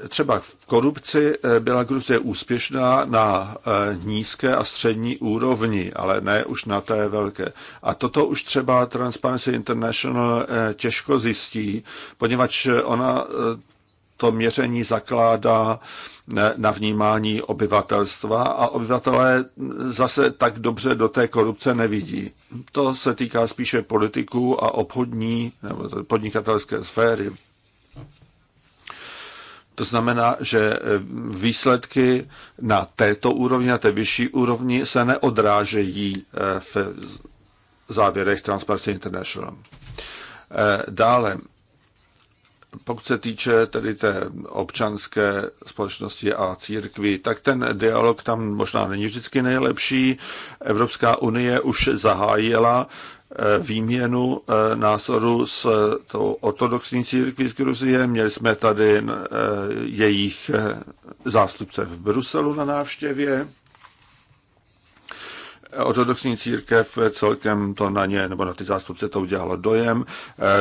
třeba v korupci eh, byla Gruzie úspěšná na eh, nízké a střední úrovni, ale ne už na té velké. A toto už třeba Transparency International eh, těžko zjistí, poněvadž ona to měření zakládá na vnímání obyvatelstva a obyvatelé hm, zase tak dobře do té korupce nevidí. To se týká spíše politiků a obchodní nebo podnikatelské sféry. To znamená, že eh, výsledky na této úrovni, na té vyšší úrovni, se neodrážejí eh, v závěrech Transparency International. Eh, dále, pokud se týče tedy té občanské společnosti a církvy, tak ten dialog tam možná není vždycky nejlepší. Evropská unie už zahájila Eh, výměnu eh, názoru s eh, tou ortodoxní církví z Gruzie. Měli jsme tady jejich zástupce v Bruselu na návštěvě. Ortodoxní církev celkem to na ně, nebo na ty zástupce to udělalo dojem,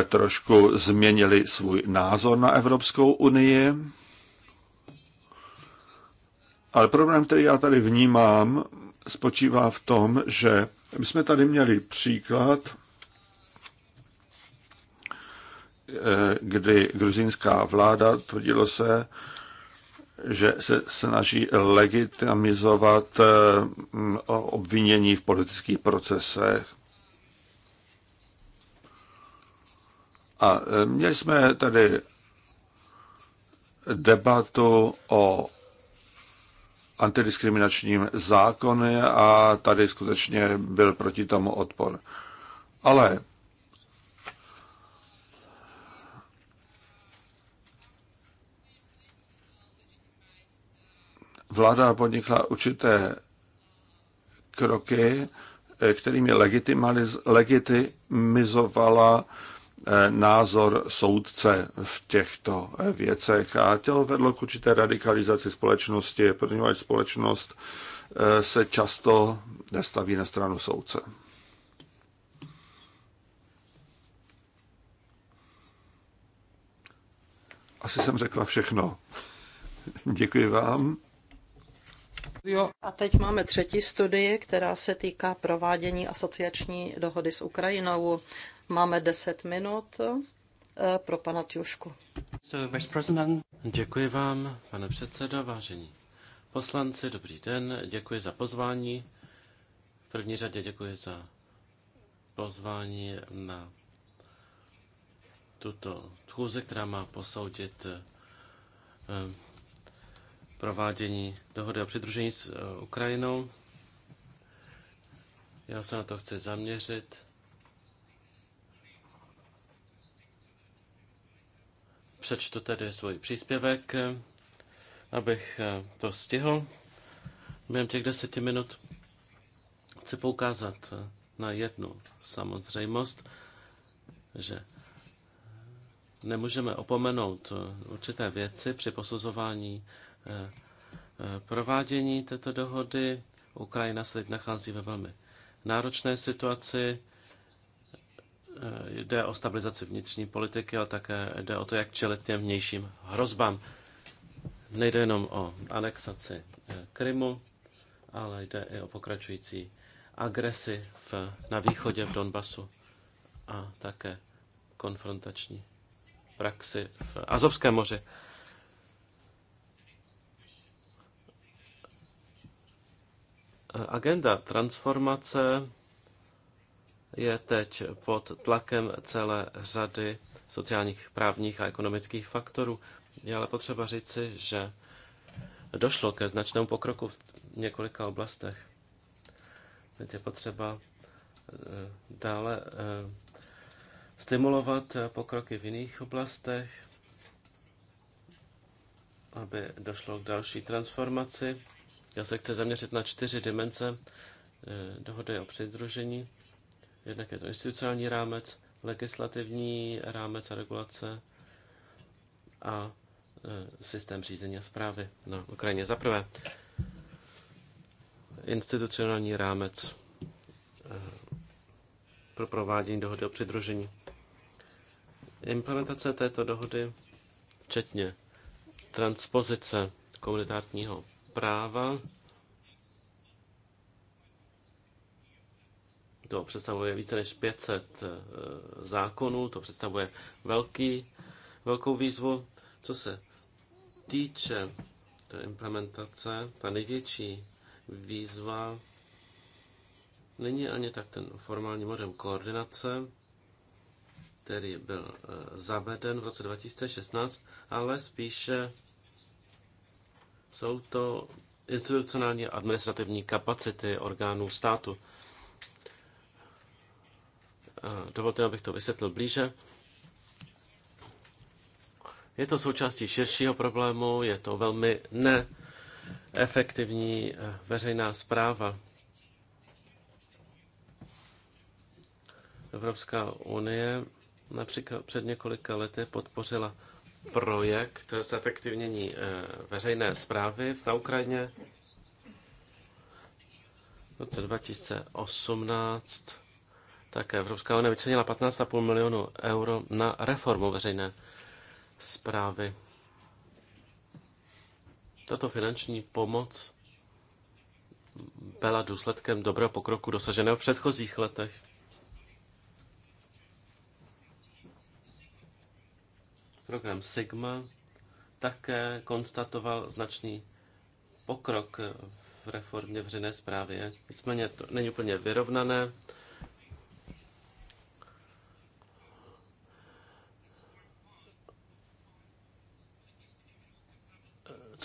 trošku změnili svůj názor na Evropskou unii. Ale problém, který já tady vnímám, spočívá v tom, že my jsme tady měli příklad, eh, kdy gruzínská vláda tvrdilo se, že se snaží legitimizovat eh, obvinění v politických procesech. A eh, měli jsme tady debatu o antidiskriminačním zákony a tady skutečně byl proti tomu odpor. Ale vláda podnikla určité kroky, kterými legitimizovala Eh, názor soudce v těchto eh, věcech. A to vedlo k určité radikalizaci společnosti, protože společnost eh, se často nestaví na stranu soudce. Asi jsem řekla všechno. Děkuji vám. Jo. A teď máme třetí studii, která se týká provádění asociační dohody s Ukrajinou. Máme 10 minut eh, pro pana Tjušku. Děkuji vám, pane předsedo, vážení poslanci, dobrý den, děkuji za pozvání. V první řadě děkuji za pozvání na tuto schůzi, která má posoudit eh, provádění dohody o přidružení s eh, Ukrajinou. Já se na to chci zaměřit. Přečtu tedy svůj příspěvek, abych eh, to stihl. Během těch deseti minut chci poukázat eh, na jednu samozřejmost, že nemůžeme opomenout eh, určité věci při posuzování provádění této dohody. Ukrajina se teď nachází ve velmi náročné situaci jde o stabilizaci vnitřní politiky, ale také jde o to, jak čelit těm vnějším hrozbám. Nejde jenom o anexaci eh, Krymu, ale jde i o pokračující agresi v, na východě v Donbasu a také konfrontační praxi v Azovském moři. Eh, agenda transformace je teď pod tlakem celé řady sociálních, právních a ekonomických faktorů. Je ale potřeba říci, že došlo ke značnému pokroku v několika oblastech. Teď je potřeba eh, dále eh, stimulovat pokroky v jiných oblastech, aby došlo k další transformaci. Já se chci zaměřit na čtyři dimenze eh, dohody o přidružení. Jednak je to institucionální rámec, legislativní rámec a regulace a e, systém řízení a zprávy na Ukrajině. Za prvé, institucionální rámec e, pro provádění dohody o přidružení. Implementace této dohody, včetně transpozice komunitárního práva, To představuje více než 500 eh, zákonů, to představuje velký, velkou výzvu. Co se týče té implementace, ta největší výzva není ani tak ten formální model koordinace, který byl eh, zaveden v roce 2016, ale spíše jsou to institucionální administrativní kapacity orgánů státu. Eh, dovolte, abych to vysvětlil blíže. Je to součástí širšího problému, je to velmi neefektivní eh, veřejná zpráva. Evropská unie například před několika lety podpořila projekt zefektivnění eh, veřejné zprávy na Ukrajině. V roce 2018 tak Evropská unie vyčlenila 15,5 milionu euro na reformu veřejné zprávy. Tato finanční pomoc byla důsledkem dobrého pokroku dosaženého v předchozích letech. Program Sigma také konstatoval značný pokrok v reformě veřejné zprávy. Nicméně to není úplně vyrovnané.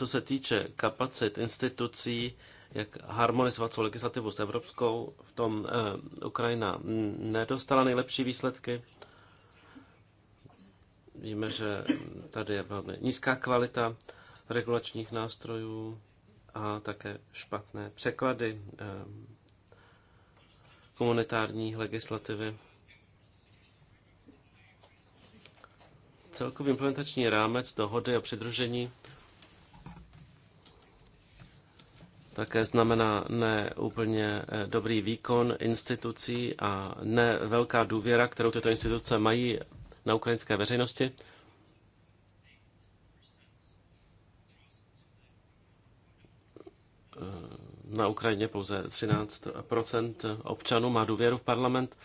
co se týče kapacit institucí, jak harmonizovat svou legislativu s evropskou, v tom eh, Ukrajina nedostala nejlepší výsledky. Víme, že tady je velmi nízká kvalita regulačních nástrojů a také špatné překlady eh, komunitární legislativy. Celkový implementační rámec dohody o přidružení také znamená ne úplně eh, dobrý výkon institucí a ne velká důvěra, kterou tyto instituce mají na ukrajinské veřejnosti. Eh, na Ukrajině pouze 13 občanů má důvěru v parlament.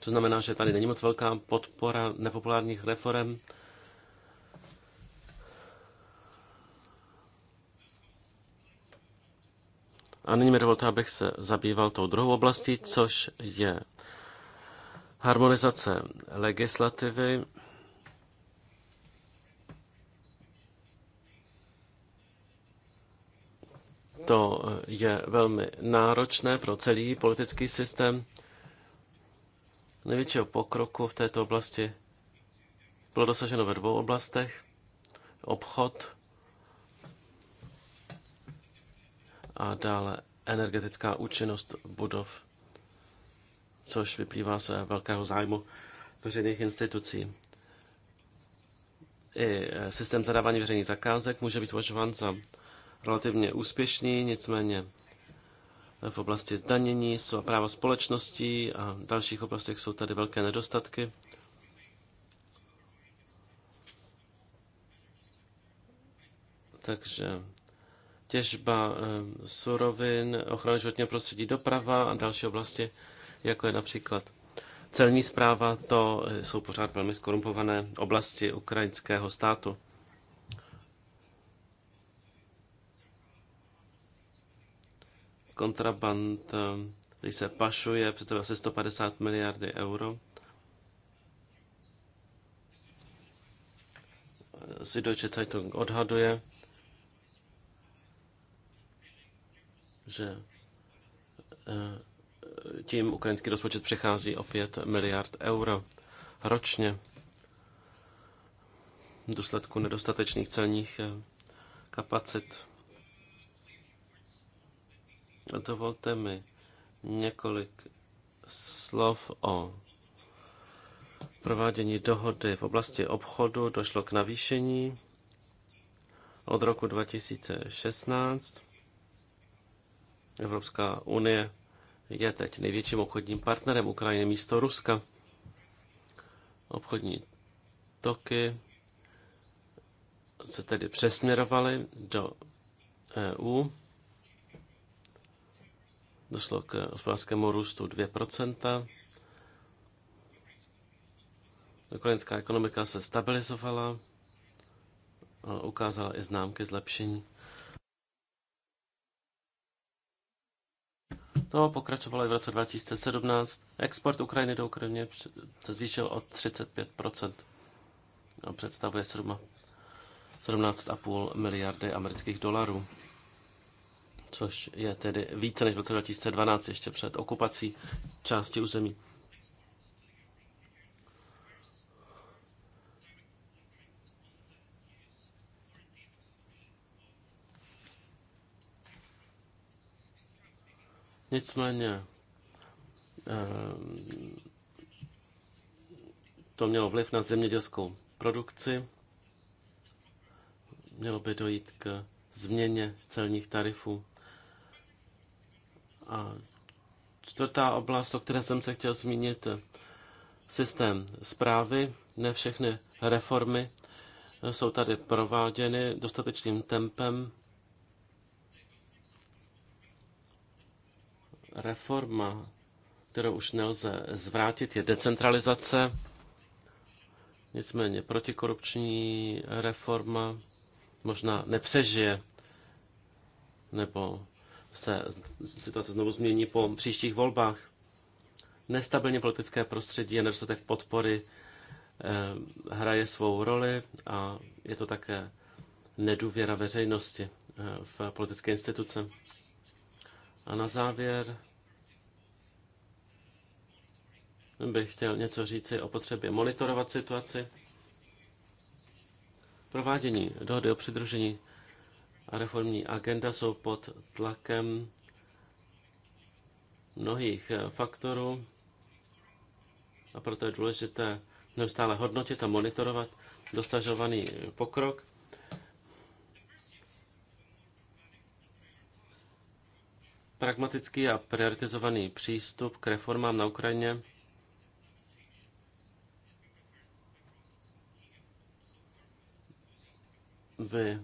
To znamená, že tady není moc velká podpora nepopulárních reform A nyní mi dovolte, abych se zabýval tou druhou oblastí, což je harmonizace legislativy. To je velmi náročné pro celý politický systém. Největšího pokroku v této oblasti bylo dosaženo ve dvou oblastech. Obchod a dále energetická účinnost budov, což vyplývá z velkého zájmu veřejných institucí. I e, systém zadávání veřejných zakázek může být považován za relativně úspěšný, nicméně v oblasti zdanění, práva společností a dalších oblastech jsou tady velké nedostatky. Takže těžba eh, surovin, ochrana životního prostředí, doprava a další oblasti, jako je například celní zpráva, to eh, jsou pořád velmi skorumpované oblasti ukrajinského státu. Kontraband, eh, který se pašuje, představuje asi 150 miliardy euro. Si Deutsche Zeitung odhaduje, že eh, tím ukrajinský rozpočet přechází o 5 miliard euro ročně v důsledku nedostatečných celních eh, kapacit. Dovolte mi několik slov o provádění dohody v oblasti obchodu. Došlo k navýšení od roku 2016 Evropská unie je teď největším obchodním partnerem Ukrajiny místo Ruska. Obchodní toky se tedy přesměrovaly do EU. Došlo k hospodářskému růstu 2%. Ukrajinská ekonomika se stabilizovala, ukázala i známky zlepšení. To pokračovalo i v roce 2017. Export Ukrajiny do Ukrajiny se zvýšil o 35 no, a představuje 17,5 miliardy amerických dolarů, což je tedy více než v roce 2012, ještě před okupací části území. Nicméně ehm, to mělo vliv na zemědělskou produkci. Mělo by dojít k změně celních tarifů. A čtvrtá oblast, o které jsem se chtěl zmínit, systém zprávy. Ne všechny reformy jsou tady prováděny dostatečným tempem. reforma, kterou už nelze zvrátit, je decentralizace. Nicméně protikorupční reforma možná nepřežije, nebo se situace znovu změní po příštích volbách. Nestabilní politické prostředí a nedostatek podpory eh, hraje svou roli a je to také nedůvěra veřejnosti eh, v politické instituce. A na závěr bych chtěl něco říci o potřebě monitorovat situaci. Provádění dohody o přidružení a reformní agenda jsou pod tlakem mnohých faktorů a proto je důležité neustále hodnotit a monitorovat dosažovaný pokrok. pragmatický a prioritizovaný přístup k reformám na Ukrajině by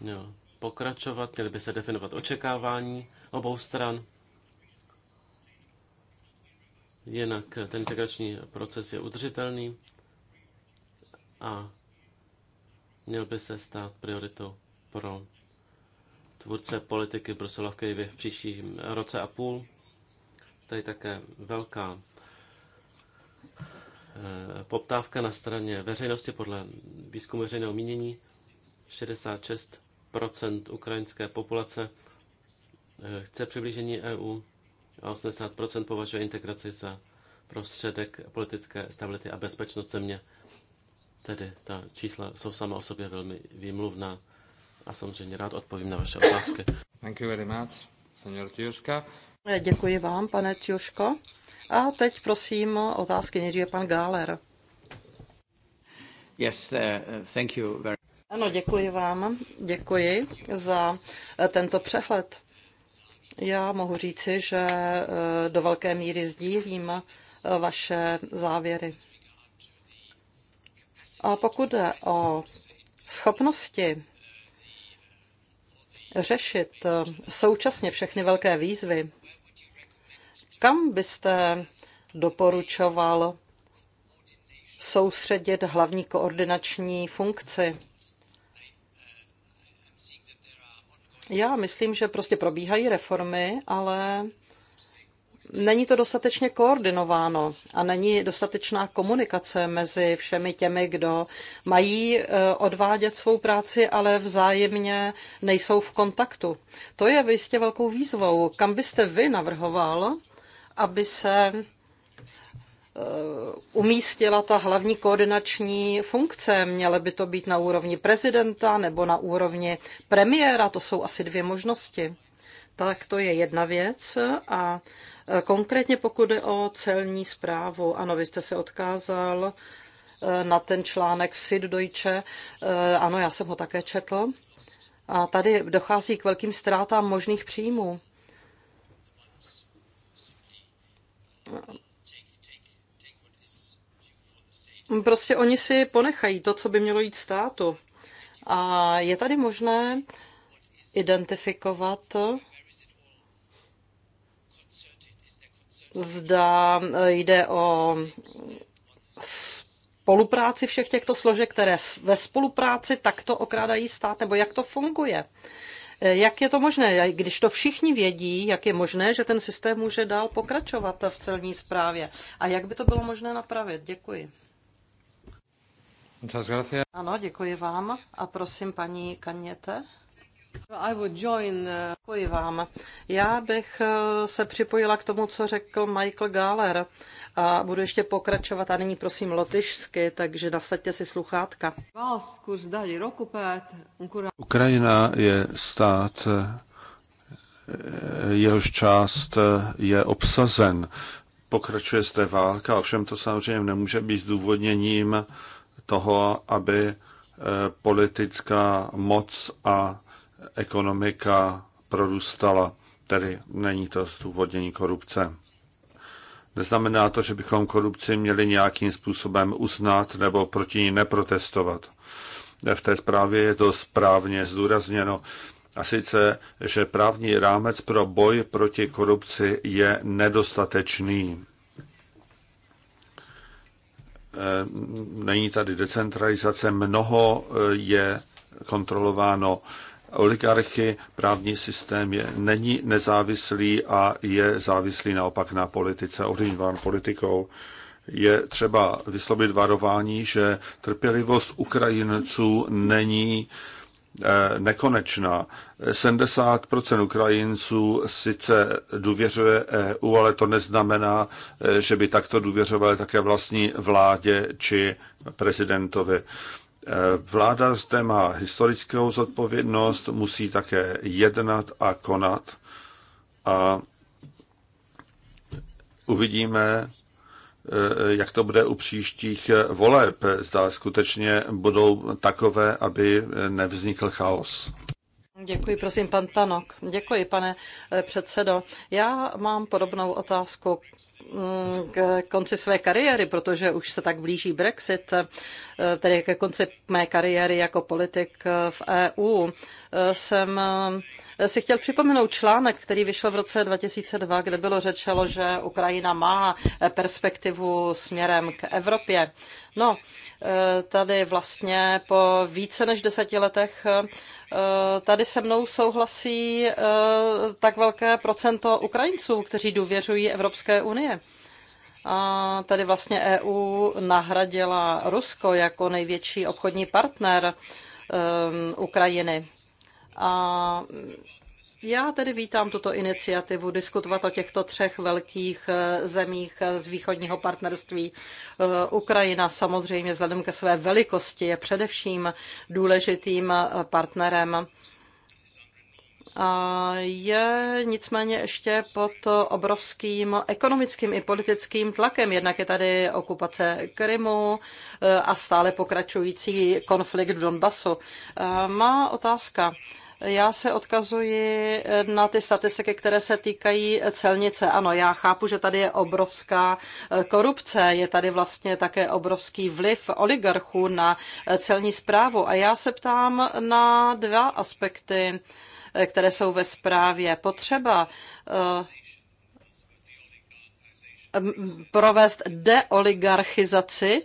jo, pokračovat, měly by se definovat očekávání obou stran. Jinak ten integrační proces je udržitelný a měl by se stát prioritou pro tvůrce politiky Bruselovky v příštím roce a půl. To je také velká eh, poptávka na straně veřejnosti podle výzkumu veřejného mínění. 66 ukrajinské populace eh, chce přiblížení EU a 80 považuje integraci za prostředek politické stability a bezpečnost země. Tedy ta čísla jsou sama o sobě velmi výmluvná a samozřejmě rád odpovím na vaše otázky. Thank you very much, Děkuji vám, pane Tjuško. A teď prosím otázky nejdříve pan Gáler. Yes, uh, thank you very ano, děkuji vám. Děkuji za eh, tento přehled. Já mohu říci, že eh, do velké míry sdílím eh, vaše závěry. A pokud jde o schopnosti řešit eh, současně všechny velké výzvy, kam byste doporučoval soustředit hlavní koordinační funkci? Já myslím, že prostě probíhají reformy, ale není to dostatečně koordinováno a není dostatečná komunikace mezi všemi těmi, kdo mají eh, odvádět svou práci, ale vzájemně nejsou v kontaktu. To je jistě velkou výzvou. Kam byste vy navrhoval, aby se eh, umístila ta hlavní koordinační funkce. Měly by to být na úrovni prezidenta nebo na úrovni premiéra, to jsou asi dvě možnosti. Tak to je jedna věc. A Eh, konkrétně pokud je o celní zprávu, ano, vy jste se odkázal eh, na ten článek v Deutsche. Eh, ano, já jsem ho také četl. A tady dochází k velkým ztrátám možných příjmů. Prostě oni si ponechají to, co by mělo jít státu. A je tady možné identifikovat zda e, jde o spolupráci všech těchto složek, které ve spolupráci takto okrádají stát, nebo jak to funguje. E, jak je to možné, když to všichni vědí, jak je možné, že ten systém může dál pokračovat v celní správě? A jak by to bylo možné napravit? Děkuji. Ano, děkuji vám. A prosím, paní Kaněte. I would join, uh, děkuji vám. Já bych uh, se připojila k tomu, co řekl Michael Galler a budu ještě pokračovat a nyní prosím lotyšsky, takže nasaďte si sluchátka. Ukrajina je stát, eh, jehož část eh, je obsazen. Pokračuje zde válka, ovšem to samozřejmě nemůže být zdůvodněním toho, aby eh, politická moc a ekonomika prorůstala, tedy není to zdůvodnění korupce. Neznamená to, že bychom korupci měli nějakým způsobem uznat nebo proti ní neprotestovat. V té zprávě je to správně zdůrazněno. A sice, že právní rámec pro boj proti korupci je nedostatečný. Ehm, není tady decentralizace, mnoho e, je kontrolováno oligarchy, právní systém je, není nezávislý a je závislý naopak na politice, ovlivňován politikou. Je třeba vyslovit varování, že trpělivost Ukrajinců není eh, nekonečná. 70% Ukrajinců sice důvěřuje EU, ale to neznamená, eh, že by takto důvěřovali také vlastní vládě či prezidentovi. Vláda zde má historickou zodpovědnost, musí také jednat a konat. A uvidíme, eh, jak to bude u příštích voleb. Zda skutečně budou takové, aby nevznikl chaos. Děkuji, prosím, pan Tanok. Děkuji, pane eh, předsedo. Já mám podobnou otázku Mm, k konci své kariéry, protože už se tak blíží Brexit, eh, tedy ke konci mé kariéry jako politik eh, v EU, eh, jsem si chtěl připomenout článek, který vyšel v roce 2002, kde bylo řečeno, že Ukrajina má perspektivu směrem k Evropě. No, tady vlastně po více než deseti letech Eh, tady se mnou souhlasí eh, tak velké procento Ukrajinců, kteří důvěřují Evropské unie. A tady vlastně EU nahradila Rusko jako největší obchodní partner eh, Ukrajiny. A já tedy vítám tuto iniciativu diskutovat o těchto třech velkých eh, zemích eh, z východního partnerství. Eh, Ukrajina samozřejmě vzhledem ke své velikosti je především důležitým partnerem. A je nicméně ještě pod obrovským ekonomickým i politickým tlakem. Jednak je tady okupace Krymu a stále pokračující konflikt v Donbasu. Má otázka. Já se odkazuji eh, na ty statistiky, které se týkají eh, celnice. Ano, já chápu, že tady je obrovská eh, korupce, je tady vlastně také obrovský vliv oligarchů na celní zprávu. A já se ptám na dva aspekty, které jsou ve zprávě. Potřeba provést deoligarchizaci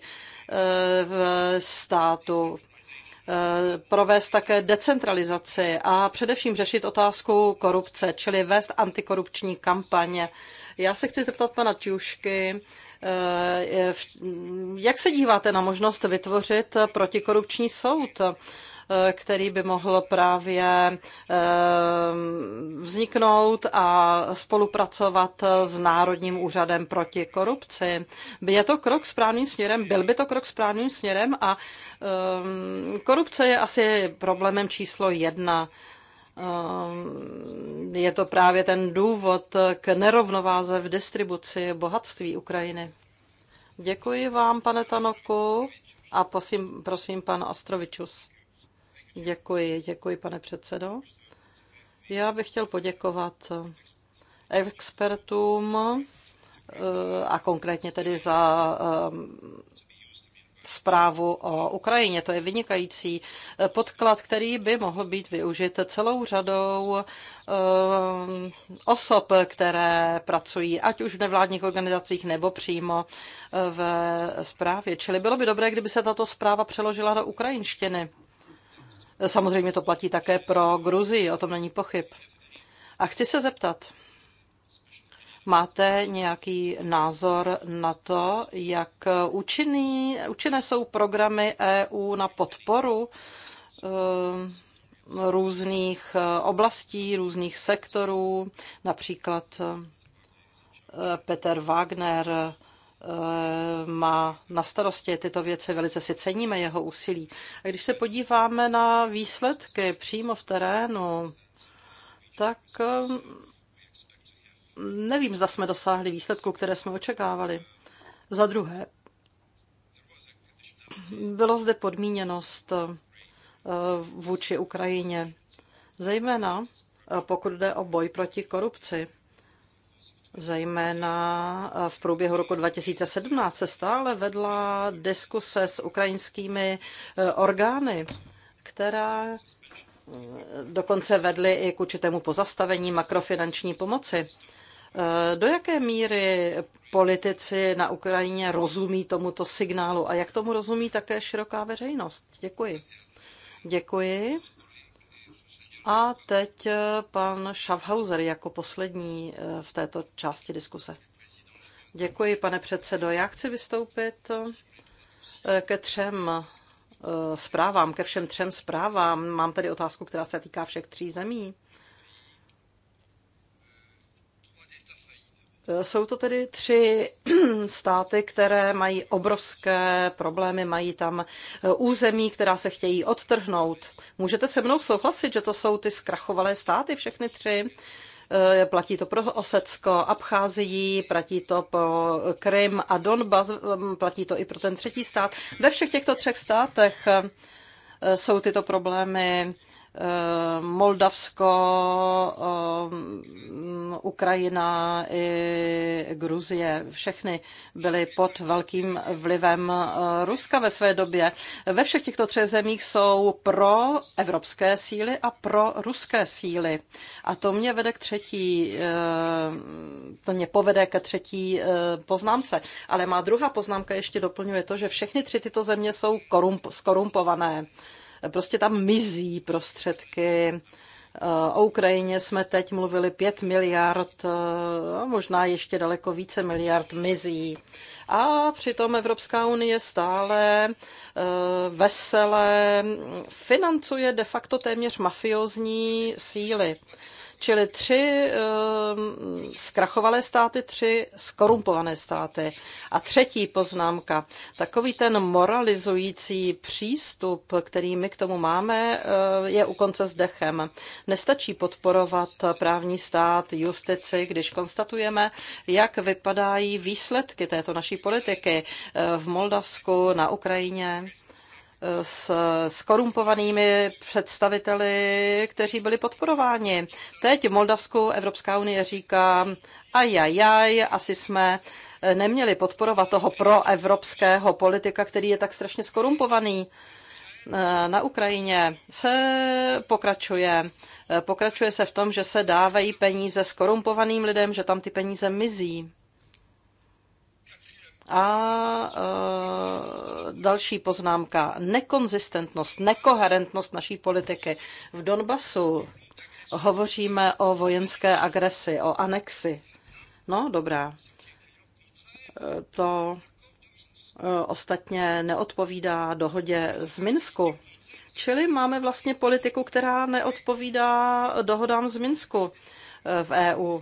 v státu Eh, provést také decentralizaci a především řešit otázku korupce, čili vést antikorupční kampaně. Já se chci zeptat pana Tjušky, eh, jak se díváte na možnost vytvořit protikorupční soud? Eh, který by mohl právě eh, vzniknout a spolupracovat s Národním úřadem proti korupci. Je to krok správným směrem, byl by to krok správným směrem a eh, korupce je asi problémem číslo jedna. Je to právě ten důvod k nerovnováze v distribuci bohatství Ukrajiny. Děkuji vám, pane Tanoku, a prosím, prosím pan Astrovičus. Děkuji, děkuji, pane předsedo. Já bych chtěl poděkovat expertům eh, a konkrétně tedy za eh, zprávu o Ukrajině. To je vynikající podklad, který by mohl být využit celou řadou eh, osob, které pracují ať už v nevládních organizacích nebo přímo v zprávě. Čili bylo by dobré, kdyby se tato zpráva přeložila do ukrajinštiny. Samozřejmě to platí také pro Gruzii, o tom není pochyb. A chci se zeptat, máte nějaký názor na to, jak účinný, účinné jsou programy EU na podporu eh, různých oblastí, různých sektorů, například eh, Peter Wagner má na starosti tyto věci, velice si ceníme jeho úsilí. A když se podíváme na výsledky přímo v terénu, tak mm, nevím, zda jsme dosáhli výsledku, které jsme očekávali. Za druhé, bylo zde podmíněnost eh, vůči Ukrajině, zejména eh, pokud jde o boj proti korupci. Zejména eh, v průběhu roku 2017 se stále vedla diskuse s ukrajinskými eh, orgány, která eh, dokonce vedly i k určitému pozastavení makrofinanční pomoci. Do jaké míry politici na Ukrajině rozumí tomuto signálu a jak tomu rozumí také široká veřejnost? Děkuji. Děkuji. A teď eh, pan Schaffhauser jako poslední eh, v této části diskuse. Děkuji, pane předsedo. Já chci vystoupit eh, ke třem zprávám, ke všem třem zprávám. Mám tady otázku, která se týká všech tří zemí. Jsou to tedy tři státy, které mají obrovské problémy, mají tam e, území, která se chtějí odtrhnout. Můžete se mnou souhlasit, že to jsou ty zkrachovalé státy, všechny tři? E, platí to pro Osecko, Abcházií, platí to pro Krym a Donbas, platí to i pro ten třetí stát. Ve všech těchto třech státech e, jsou tyto problémy Eh, Moldavsko, eh, Ukrajina i Gruzie, všechny byly pod velkým vlivem eh, Ruska ve své době. Ve všech těchto třech zemích jsou pro evropské síly a pro ruské síly. A to mě vede k třetí, to mě povede ke třetí poznámce. Ale má druhá poznámka ještě doplňuje to, že všechny tři tyto země jsou korump- skorumpované. Prostě tam mizí prostředky. Eh, o Ukrajině jsme teď mluvili 5 miliard, eh, možná ještě daleko více miliard mizí. A přitom Evropská unie stále eh, vesele financuje de facto téměř mafiozní síly. Čili tři ehm, zkrachovalé státy, tři skorumpované státy. A třetí poznámka, takový ten moralizující přístup, který my k tomu máme, eh, je u konce s dechem. Nestačí podporovat právní stát, justici, když konstatujeme, jak vypadají výsledky této naší politiky eh, v Moldavsku, na Ukrajině s skorumpovanými představiteli, kteří byli podporováni. Teď v Moldavsku Evropská unie říká, ajajaj, asi jsme eh, neměli podporovat toho proevropského politika, který je tak strašně skorumpovaný eh, na Ukrajině se pokračuje. Eh, pokračuje se v tom, že se dávají peníze skorumpovaným lidem, že tam ty peníze mizí. A e, další poznámka. Nekonzistentnost, nekoherentnost naší politiky. V Donbasu hovoříme o vojenské agresi, o anexi. No, dobrá. E, to e, ostatně neodpovídá dohodě z Minsku. Čili máme vlastně politiku, která neodpovídá dohodám z Minsku v EU.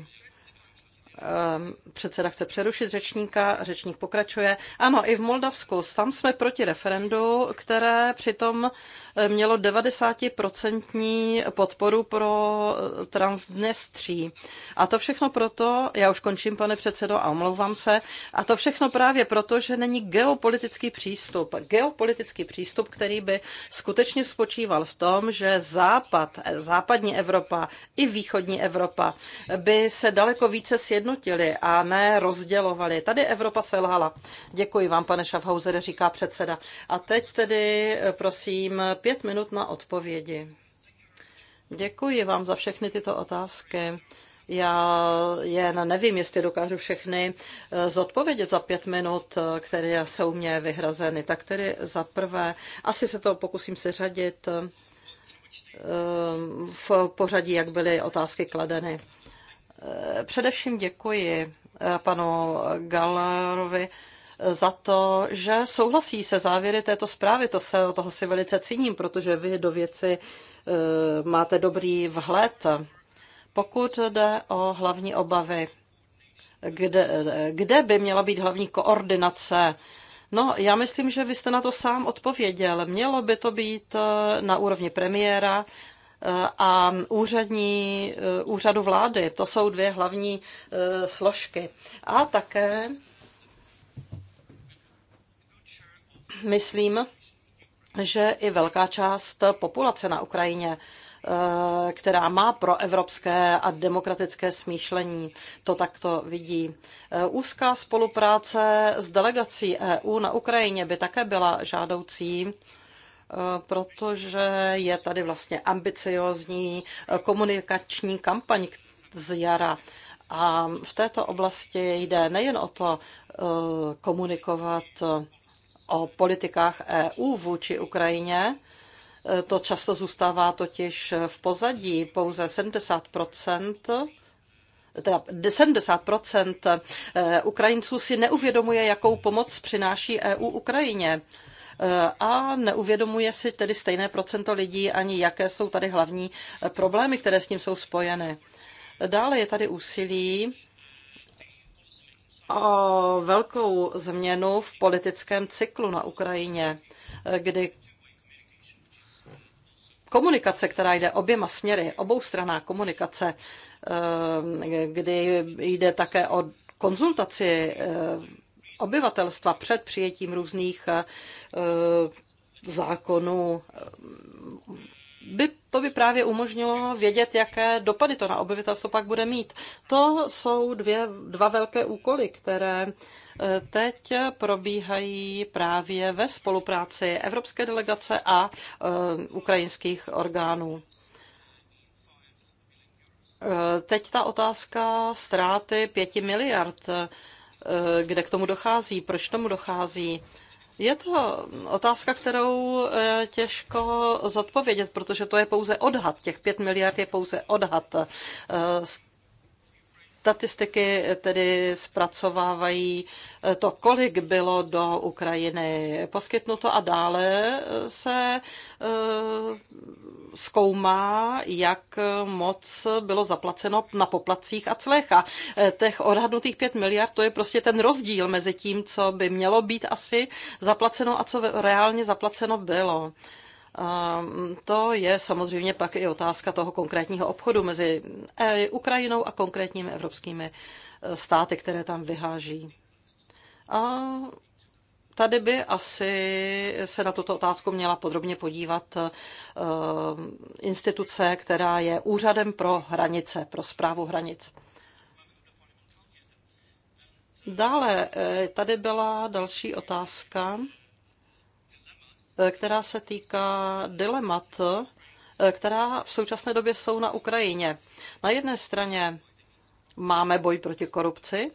Ehm, předseda chce přerušit řečníka, řečník pokračuje. Ano, i v Moldavsku, tam jsme proti referendu, které přitom eh, mělo 90% podporu pro eh, Transdnestří. A to všechno proto, já už končím, pane předsedo, a omlouvám se, a to všechno právě proto, že není geopolitický přístup. Geopolitický přístup, který by skutečně spočíval v tom, že Západ, eh, západní Evropa i východní Evropa by se daleko více sjednotila sjednotili a ne rozdělovali. Tady Evropa selhala. Děkuji vám, pane Schaffhauser, říká předseda. A teď tedy prosím pět minut na odpovědi. Děkuji vám za všechny tyto otázky. Já jen nevím, jestli dokážu všechny eh, zodpovědět za pět minut, eh, které jsou mě vyhrazeny. Tak tedy za prvé, asi se to pokusím seřadit eh, v pořadí, jak byly otázky kladeny. Eh, především děkuji eh, panu Galarovi eh, za to, že souhlasí se závěry této zprávy. To se, toho si velice cíním, protože vy do věci máte dobrý vhled. Pokud jde o hlavní obavy, kde, kde by měla být hlavní koordinace? No, já myslím, že vy jste na to sám odpověděl. Mělo by to být na úrovni premiéra a úřadní, eh, úřadu vlády. To jsou dvě hlavní eh, složky. A také myslím, že i velká část populace na Ukrajině eh, která má proevropské a demokratické smýšlení. To takto vidí. Úzká spolupráce s delegací EU na Ukrajině by také byla žádoucí protože je tady vlastně ambiciozní eh, komunikační kampaň z jara. A v této oblasti jde nejen o to eh, komunikovat eh, o politikách EU vůči Ukrajině, to často zůstává totiž v pozadí. Pouze 70 teda 70 Ukrajinců si neuvědomuje, jakou pomoc přináší EU Ukrajině a neuvědomuje si tedy stejné procento lidí ani jaké jsou tady hlavní eh, problémy, které s tím jsou spojeny. Dále je tady úsilí o velkou změnu v politickém cyklu na Ukrajině, eh, kdy komunikace, která jde oběma směry, oboustraná komunikace, eh, kdy jde také o konzultaci obyvatelstva před přijetím různých eh, zákonů by, to by právě umožnilo vědět, jaké dopady to na obyvatelstvo pak bude mít. To jsou dvě, dva velké úkoly, které eh, teď probíhají právě ve spolupráci Evropské delegace a eh, ukrajinských orgánů. Teď ta otázka ztráty pěti miliard Eh, kde k tomu dochází, proč tomu dochází. Je to otázka, kterou eh, těžko zodpovědět, protože to je pouze odhad. Těch 5 miliard je pouze odhad. Eh, statistiky tedy zpracovávají eh, to, kolik bylo do Ukrajiny poskytnuto a dále eh, se eh, zkoumá, jak moc bylo zaplaceno na poplacích a clech. A těch odhadnutých 5 miliard, to je prostě ten rozdíl mezi tím, co by mělo být asi zaplaceno a co reálně zaplaceno bylo. Mm, to je samozřejmě pak i otázka toho konkrétního obchodu mezi e, Ukrajinou a konkrétními evropskými e, státy, které tam vyháží. A tady by asi se na tuto otázku měla podrobně podívat e, instituce, která je úřadem pro hranice, pro zprávu hranic. Dále tady byla další otázka. Eh, která se týká dilemat, eh, která v současné době jsou na Ukrajině. Na jedné straně máme boj proti korupci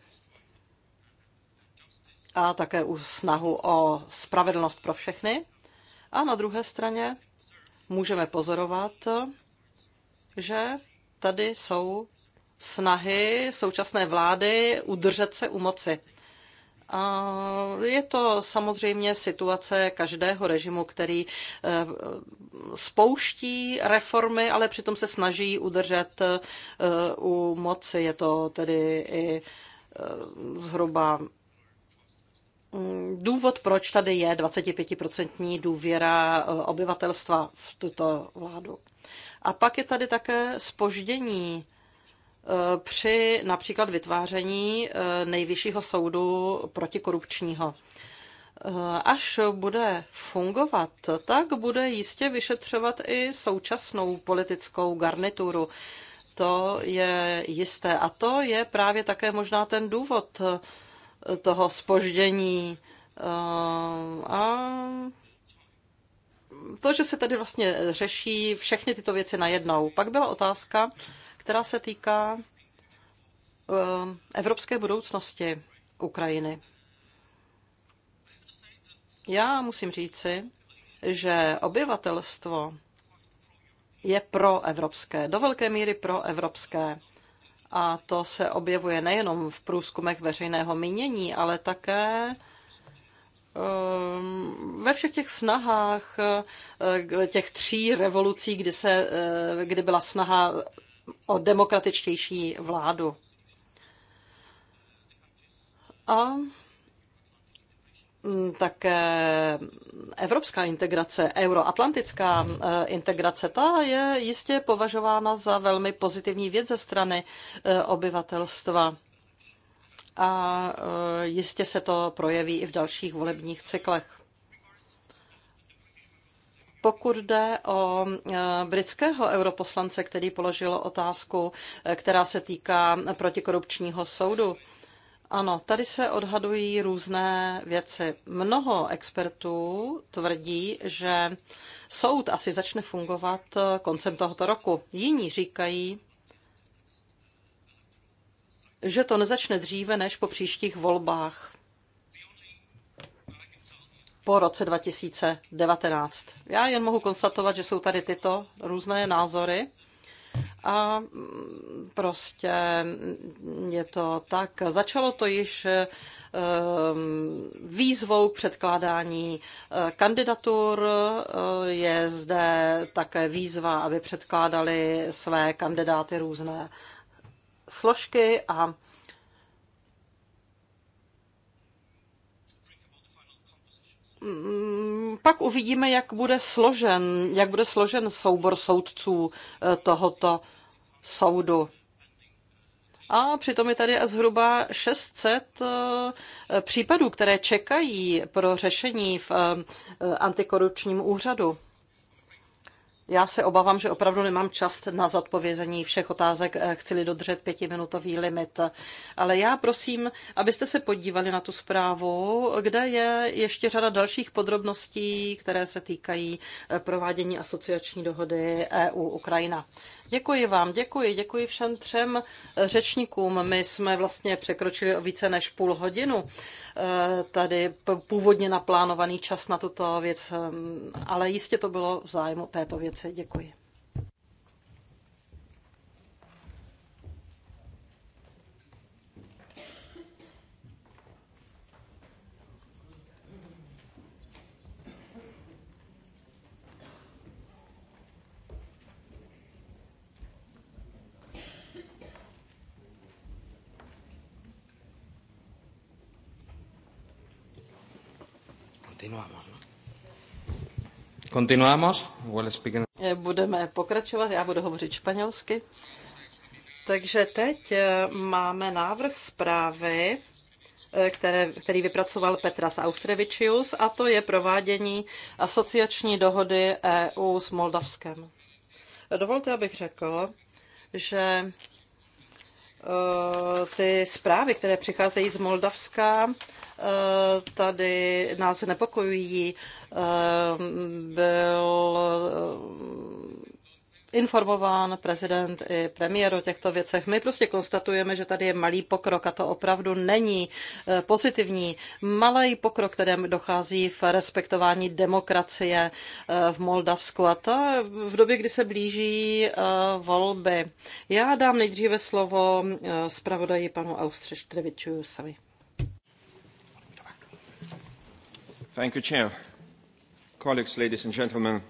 a také snahu o spravedlnost pro všechny. A na druhé straně můžeme pozorovat, že tady jsou snahy současné vlády udržet se u moci je to samozřejmě situace každého režimu, který eh, spouští reformy, ale přitom se snaží udržet eh, u moci. Je to tedy i eh, zhruba mm, důvod, proč tady je 25% důvěra obyvatelstva v tuto vládu. A pak je tady také spoždění Eh, při například vytváření eh, nejvyššího soudu protikorupčního. Eh, až bude fungovat, tak bude jistě vyšetřovat i současnou politickou garnituru. To je jisté. A to je právě také možná ten důvod toho spoždění. A to, že se tady vlastně řeší všechny tyto věci najednou. Pak byla otázka, která se týká eh, evropské budoucnosti Ukrajiny. Já musím říci, že obyvatelstvo je proevropské, do velké míry proevropské. A to se objevuje nejenom v průzkumech veřejného mínění, ale také eh, ve všech těch snahách eh, těch tří revolucí, kdy, se, kdy byla snaha o demokratičtější vládu. A mm, také evropská integrace, euroatlantická e, integrace, ta je jistě považována za velmi pozitivní věc ze strany e, obyvatelstva. A e, jistě se to projeví i v dalších volebních cyklech. Pokud jde o e, britského europoslance, který položil otázku, e, která se týká protikorupčního soudu, ano, tady se odhadují různé věci. Mnoho expertů tvrdí, že soud asi začne fungovat e, koncem tohoto roku. Jiní říkají, že to nezačne dříve než po příštích volbách po roce 2019. Já jen mohu konstatovat, že jsou tady tyto různé názory a prostě je to tak. Začalo to již ehm, výzvou k předkládání eh, kandidatur. Eh, je zde také výzva, aby předkládali své kandidáty různé složky a Mm, pak uvidíme, jak bude složen, jak bude složen soubor soudců eh, tohoto soudu. A přitom je tady zhruba 600 eh, případů, které čekají pro řešení v eh, antikorupčním úřadu. Já se obávám, že opravdu nemám čas na zodpovězení všech otázek, eh, chci-li dodržet pětiminutový limit. Ale já prosím, abyste se podívali na tu zprávu, kde je ještě řada dalších podrobností, které se týkají eh, provádění asociační dohody EU-Ukrajina. Děkuji vám, děkuji, děkuji všem třem eh, řečníkům. My jsme vlastně překročili o více než půl hodinu tady původně naplánovaný čas na tuto věc, ale jistě to bylo v zájmu této věci opozici. Děkuji. Continuamos. Eh, budeme pokračovat, já budu hovořit španělsky. Takže teď eh, máme návrh zprávy, eh, které, který vypracoval Petras Austrevičius, a to je provádění asociační dohody EU s Moldavskem. Dovolte, abych řekl, že Eh, ty zprávy, které přicházejí z Moldavska, eh, tady nás nepokojují. Eh, byl informován prezident i premiér o těchto věcech. My prostě konstatujeme, že tady je malý pokrok a to opravdu není eh, pozitivní. Malý pokrok, kterém dochází v respektování demokracie eh, v Moldavsku a to v době, kdy se blíží eh, volby. Já dám nejdříve slovo zpravodaji panu Austřeštrevičusovi. Thank you, Chair. Colleagues, ladies and gentlemen,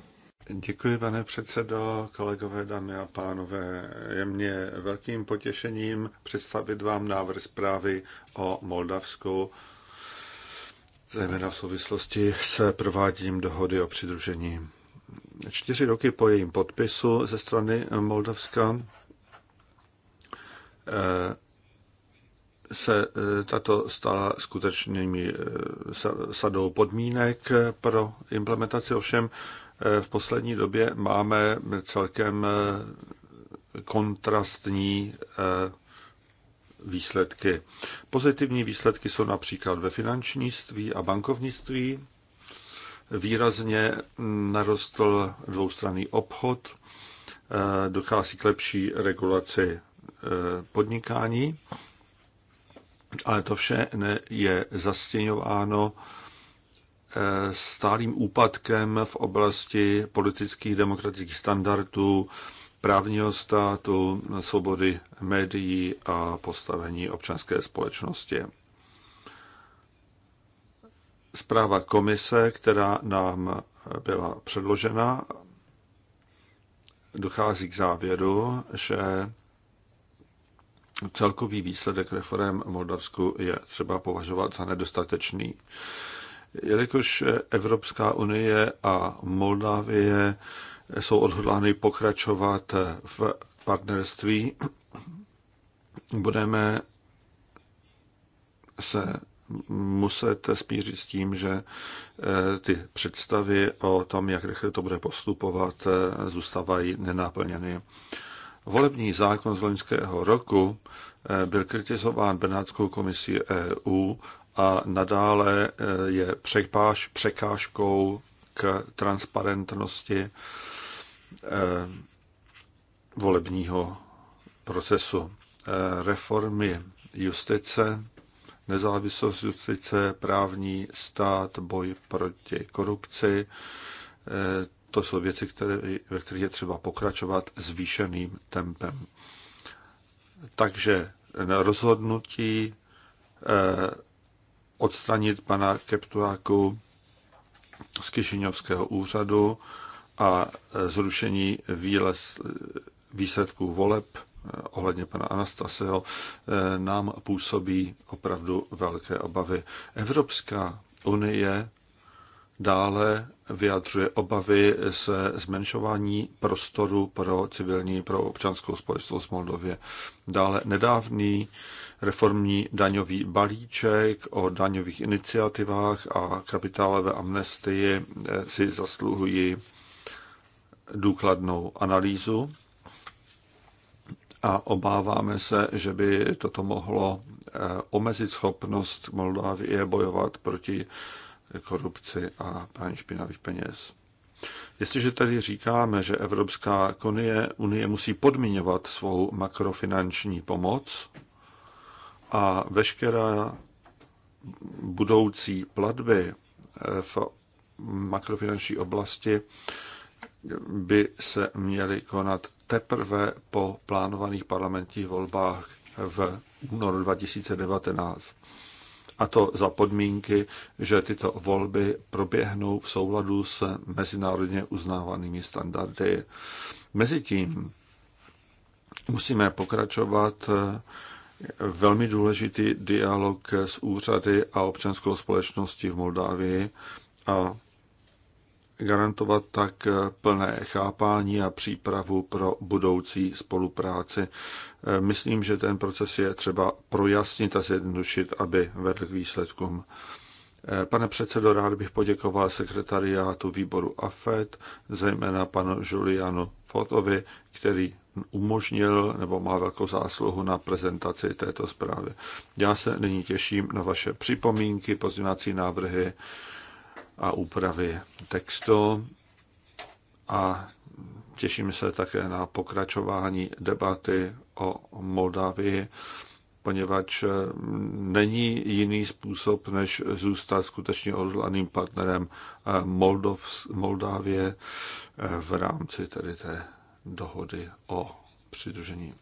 Děkuji, pane předsedo, kolegové, dámy a pánové. Je mě velkým potěšením představit vám návrh zprávy o Moldavsku, zejména v souvislosti s prováděním dohody o přidružení. Čtyři roky po jejím podpisu ze strany Moldavska eh, se eh, tato stala skutečnými eh, sadou podmínek pro implementaci. Ovšem v poslední době máme celkem eh, kontrastní eh, výsledky. Pozitivní výsledky jsou například ve finančníctví a bankovnictví. Výrazně mm, narostl dvoustranný obchod, eh, dochází k lepší regulaci podnikání, ale to vše je zastěňováno stálým úpadkem v oblasti politických demokratických standardů, právního státu, svobody médií a postavení občanské společnosti. Zpráva komise, která nám byla předložena, dochází k závěru, že celkový výsledek reform Moldavsku je třeba považovat za nedostatečný. Jelikož Evropská unie a Moldávie jsou odhodlány pokračovat v partnerství, budeme se muset smířit s tím, že eh, ty představy o tom, jak rychle to bude postupovat, eh, zůstávají nenáplněny. Volební zákon z loňského roku eh, byl kritizován Benátskou komisí EU a nadále eh, je překáž, překážkou k transparentnosti eh, volebního procesu. Eh, reformy justice, nezávislost justice, právní stát, boj proti korupci, to jsou věci, které, ve kterých je třeba pokračovat zvýšeným tempem. Takže rozhodnutí odstranit pana Keptuáku z Kišiňovského úřadu a zrušení výlez výsledků voleb eh, ohledně pana Anastaseho eh, nám působí opravdu velké obavy. Evropská unie dále vyjadřuje obavy se zmenšování prostoru pro civilní, pro občanskou společnost v Moldově. Dále nedávný reformní daňový balíček, o daňových iniciativách a kapitálové amnestii eh, si zasluhují důkladnou analýzu a obáváme se, že by toto mohlo eh, omezit schopnost Moldávie bojovat proti korupci a praní špinavých peněz. Jestliže tedy říkáme, že Evropská unie, unie musí podmiňovat svou makrofinanční pomoc a veškerá budoucí platby eh, v makrofinanční oblasti by se měly konat teprve po plánovaných parlamentních volbách v únoru 2019. A to za podmínky, že tyto volby proběhnou v souladu s mezinárodně uznávanými standardy. Mezitím musíme pokračovat eh, velmi důležitý dialog s úřady a občanskou společností v Moldávii a garantovat tak plné chápání a přípravu pro budoucí spolupráci. Myslím, že ten proces je třeba projasnit a zjednodušit, aby vedl k výsledkům. Pane předsedo, rád bych poděkoval sekretariátu výboru AFED, zejména panu Julianu Fotovi, který umožnil nebo má velkou zásluhu na prezentaci této zprávy. Já se nyní těším na vaše připomínky, pozměňovací návrhy a úpravy textu a těším se také na pokračování debaty o Moldavii, poněvadž není jiný způsob, než zůstat skutečně odhodlaným partnerem Moldovs, Moldávie v rámci tedy té dohody o přidružení.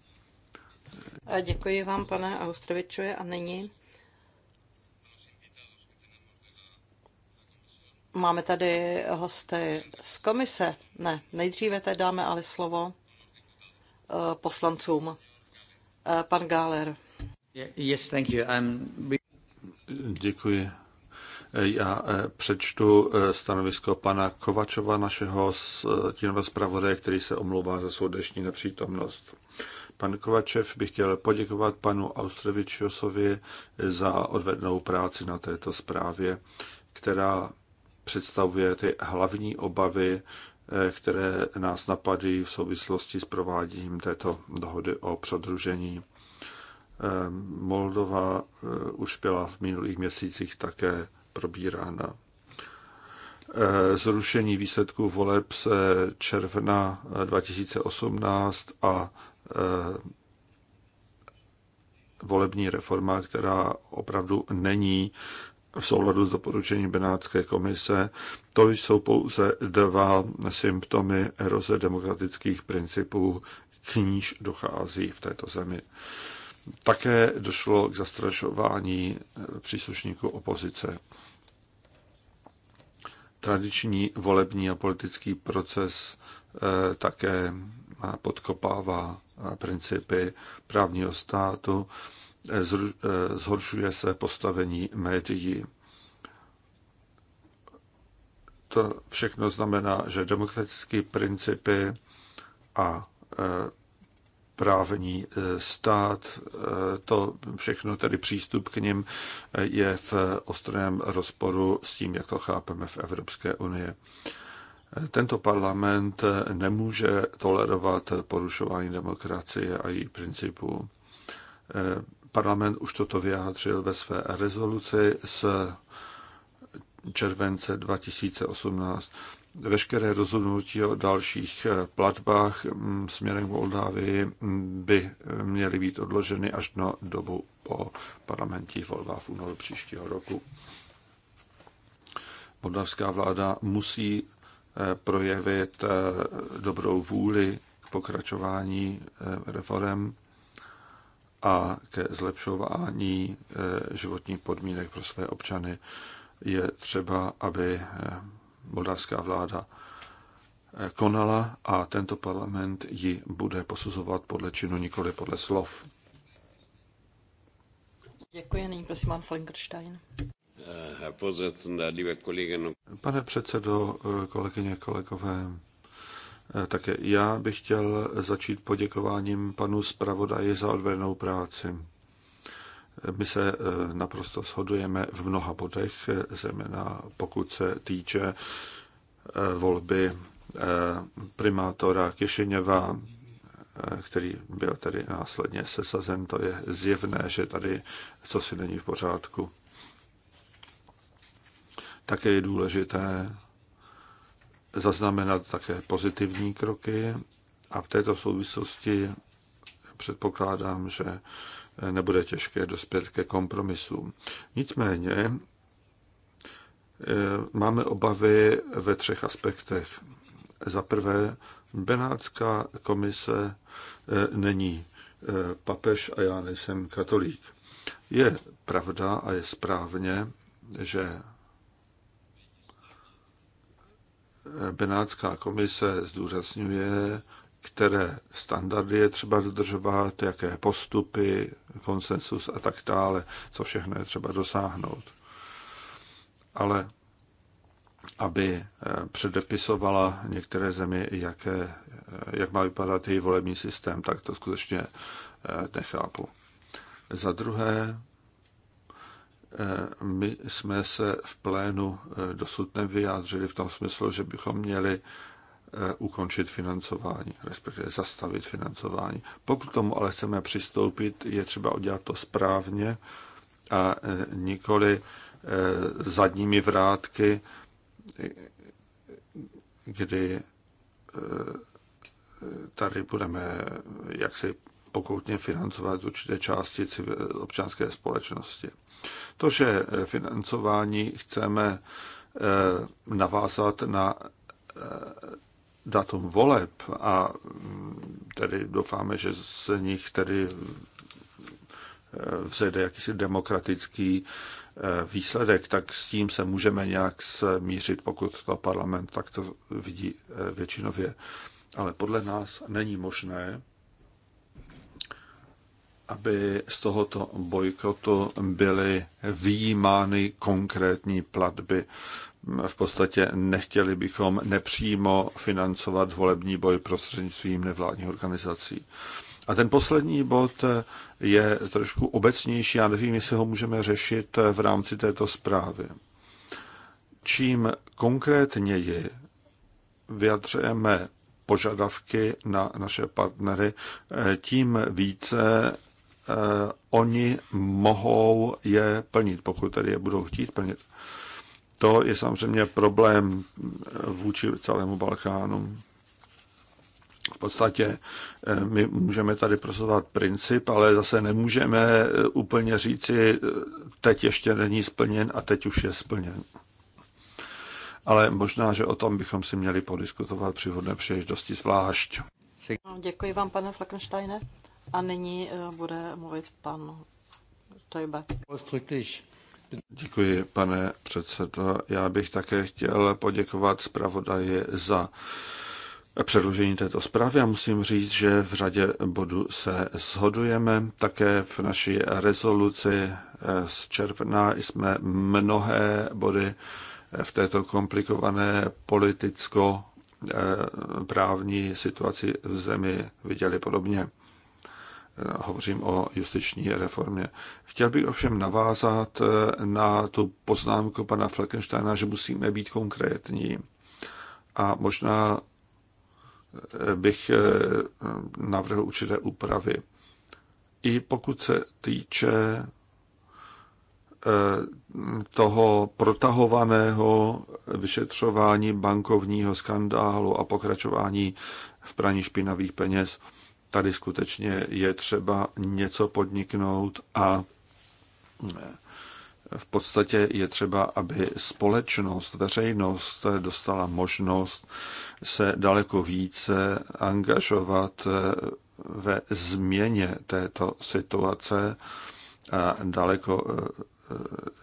Děkuji vám, pane Austrovičuje, a nyní Máme tady hosty z komise. Ne, nejdříve tady dáme ale slovo eh, poslancům. Eh, pan Gáler. Yes, thank you. I'm... Děkuji. Já eh, přečtu eh, stanovisko pana Kovačova, našeho stínového eh, zpravodaje, který se omlouvá za svou dnešní nepřítomnost. Pan Kovačev bych chtěl poděkovat panu Austrovičiosovi za odvednou práci na této zprávě, která představuje ty hlavní obavy, které nás napadají v souvislosti s prováděním této dohody o předružení. Moldova už byla v minulých měsících také probírána. Eh, zrušení výsledků voleb se června 2018 eh, a eh, volební reforma, která opravdu není v souladu s doporučením Benátské komise. To jsou pouze dva symptomy eroze demokratických principů, k níž dochází v této zemi. Také došlo k zastrašování eh, příslušníků opozice. Tradiční volební a politický proces eh, také eh, podkopává principy právního státu, zhoršuje se postavení médií. To všechno znamená, že demokratické principy a právní eh, stát. Eh, to všechno, tedy přístup k nim, eh, je v ostrém rozporu s tím, jak to chápeme v Evropské unii. Tento parlament nemůže tolerovat porušování demokracie a její principů. Parlament už toto vyjádřil ve své rezoluci z července 2018 veškeré rozhodnutí o dalších eh, platbách mm, směrem k Moldávii mm, by eh, měly být odloženy až na dobu po parlamentních volbách v únoru příštího roku. Moldavská vláda musí eh, projevit dobrou vůli k pokračování reform a ke zlepšování životních podmínek pro své občany. Je třeba, aby moldavská vláda eh, konala a tento parlament ji bude posuzovat podle činu, nikoli podle slov. Děkuji, nyní prosím pan Flankenstein. Eh, Pane předsedo, eh, kolegyně, kolegové, také já bych chtěl začít poděkováním panu zpravodaji za odvedenou práci. My se eh, naprosto shodujeme v mnoha bodech, eh, zejména pokud se týče eh, volby primátora Kišiněva, který byl tedy následně sesazen. To je zjevné, že tady co si není v pořádku. Také je důležité zaznamenat také pozitivní kroky a v této souvislosti předpokládám, že Eh, nebude těžké dospět ke kompromisům. Nicméně eh, máme obavy ve třech aspektech. Za prvé, Benátská komise eh, není papež a já nejsem katolík. Je pravda a je správně, že Benátská komise zdůrazňuje které standardy je třeba dodržovat, jaké postupy, konsensus a tak dále, co všechno je třeba dosáhnout. Ale aby eh, předepisovala některé zemi, jaké, eh, jak má vypadat její volební systém, tak to skutečně eh, nechápu. Za druhé, my jsme se v plénu dosud nevyjádřili v tom smyslu, že bychom měli Eh, ukončit financování, respektive zastavit financování. Pokud tomu ale chceme přistoupit, je třeba udělat to správně a eh, nikoli eh, zadními vrátky, kdy tady budeme jaksi pokoutně financovat určité části občanské společnosti. To, že financování chceme navázat na datum voleb a mm, tedy doufáme, že z nich tedy e, vzejde jakýsi demokratický e, výsledek, tak s tím se můžeme nějak smířit, pokud to parlament takto vidí e, většinově. Ale podle nás není možné aby z tohoto bojkotu byly výjímány konkrétní platby. V podstatě nechtěli bychom nepřímo financovat volební boj prostřednictvím nevládních organizací. A ten poslední bod je trošku obecnější, já nevím, jestli ho můžeme řešit v rámci této zprávy. Čím konkrétněji vyjadřujeme požadavky na naše partnery, tím více Eh, oni mohou je plnit, pokud tedy je budou chtít plnit. To je samozřejmě problém eh, vůči celému Balkánu. V podstatě eh, my můžeme tady prosazovat princip, ale zase nemůžeme úplně říci, teď ještě není splněn a teď už je splněn. Ale možná, že o tom bychom si měli podiskutovat při hodné příležitosti zvlášť. Děkuji vám, pane Flakensteine. A nyní eh, bude mluvit pan Tojbe. Děkuji, pane předsedo. Já bych také chtěl poděkovat zpravodaji za předložení této zprávy a musím říct, že v řadě bodů se shodujeme. Také v naší rezoluci eh, z června jsme mnohé body eh, v této komplikované politicko-právní situaci v zemi viděli podobně hovořím o justiční reformě. Chtěl bych ovšem navázat eh, na tu poznámku pana Falkensteina, že musíme být konkrétní. A možná eh, bych eh, navrhl určité úpravy. I pokud se týče toho protahovaného vyšetřování bankovního skandálu a pokračování v praní špinavých peněz, Tady skutečně je třeba něco podniknout a v podstatě je třeba, aby společnost, veřejnost dostala možnost se daleko více angažovat ve změně této situace a daleko eh, eh,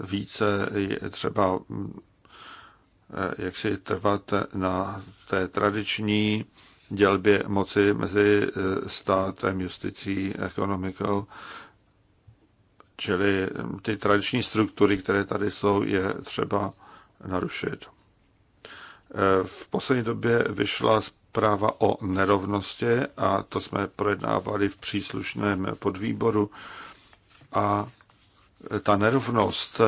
více je třeba eh, jak si trvat na té tradiční dělbě moci mezi e, státem, justicí, ekonomikou. Čili ty tradiční struktury, které tady jsou, je třeba narušit. E, v poslední době vyšla zpráva o nerovnosti a to jsme projednávali v příslušném podvýboru a e, ta nerovnost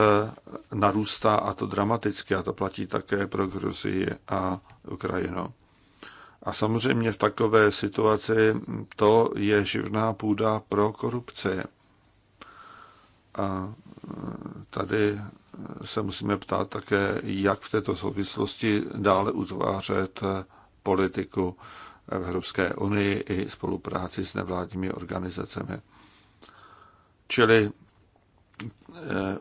narůstá a to dramaticky a to platí také pro Gruzii a Ukrajinu. A samozřejmě v takové situaci to je živná půda pro korupci. A e, tady se musíme ptát také, jak v této souvislosti dále utvářet e, politiku Evropské unii i spolupráci s nevládními organizacemi. Čili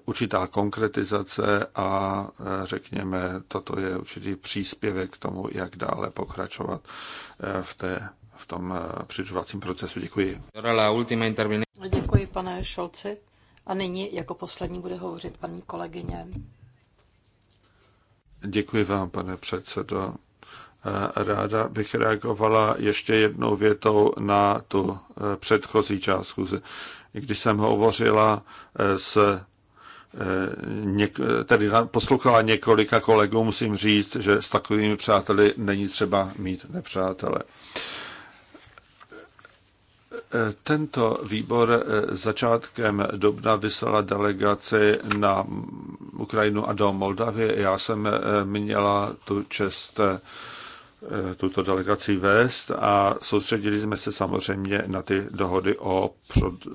určitá konkretizace a eh, řekněme, toto je určitý příspěvek k tomu, jak dále pokračovat eh, v té v tom eh, přidružovacím procesu. Děkuji. Děkuji, pane Šolci. A nyní jako poslední bude hovořit paní kolegyně. Děkuji vám, pane předsedo. Ráda bych reagovala ještě jednou větou na tu předchozí část schůze když jsem hovořila eh, s eh, Něk, tedy poslouchala několika kolegů, musím říct, že s takovými přáteli není třeba mít nepřátele. Eh, tento výbor začátkem dubna vyslala delegaci na Ukrajinu a do Moldavie. Já jsem měla tu čest Eh, tuto delegaci vést a soustředili jsme se samozřejmě na ty dohody o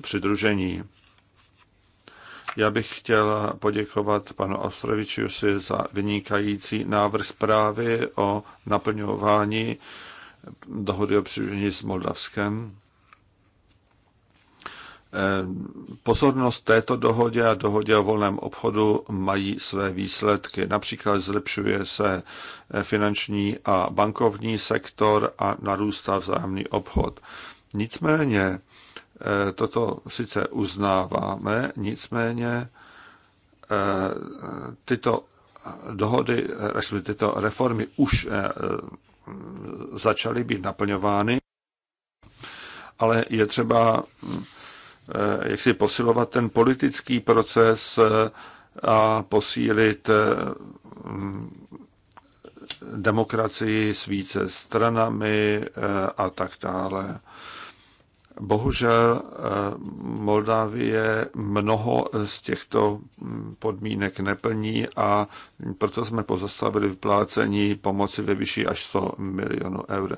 přidružení. Já bych chtěl poděkovat panu Ostrovičiusi za vynikající návrh zprávy o naplňování dohody o přidružení s Moldavskem. Eh, pozornost této dohodě a dohodě o volném obchodu mají své výsledky. Například zlepšuje se eh, finanční a bankovní sektor a narůstá vzájemný obchod. Nicméně, eh, toto sice uznáváme, nicméně tyto dohody, respektive tyto reformy už začaly být naplňovány, ale je třeba hm, Eh, jak si posilovat ten politický proces eh, a posílit eh, mm, demokracii s více stranami a tak dále. Bohužel Moldávie mnoho z těchto mm, podmínek neplní a proto jsme pozastavili vyplácení pomoci ve vyšší až 100 milionů eur.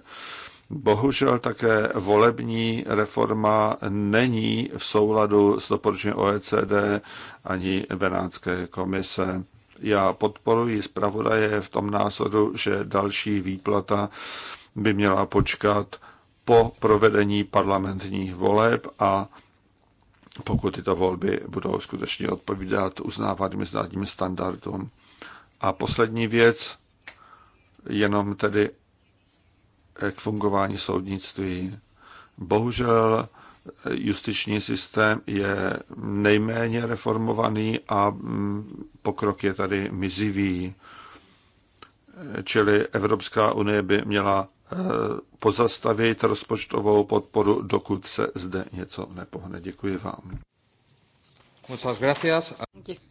Bohužel také volební reforma není v souladu s doporučením OECD ani Benátské komise. Já podporuji zpravodaje v tom názoru, že další výplata by měla počkat po provedení parlamentních voleb a pokud tyto volby budou skutečně odpovídat uznávat mezinárodním standardům. A poslední věc, jenom tedy k fungování soudnictví. Bohužel justiční systém je nejméně reformovaný a mm, pokrok je tady mizivý. Čili Evropská unie by měla e, pozastavit rozpočtovou podporu, dokud se zde něco nepohne. Děkuji vám.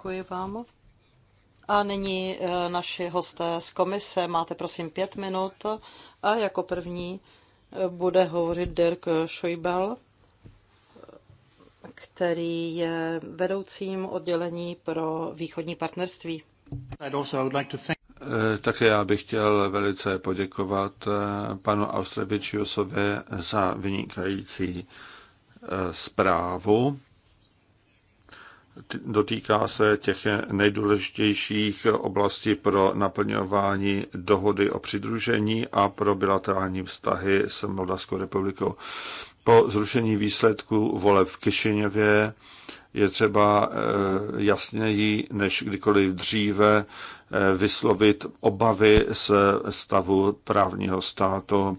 Děkuji vám. A nyní eh, naši hosté z komise. Máte prosím pět minut a jako první eh, bude hovořit Dirk Schäuble, eh, který je vedoucím oddělení pro východní partnerství. Také já bych chtěl velice poděkovat panu Austrevičiusovi za vynikající zprávu dotýká se těch nejdůležitějších oblastí pro naplňování dohody o přidružení a pro bilaterální vztahy s Moldavskou republikou. Po zrušení výsledků voleb v Kišiněvě je třeba eh, jasněji než kdykoliv dříve eh, vyslovit obavy z stavu právního státu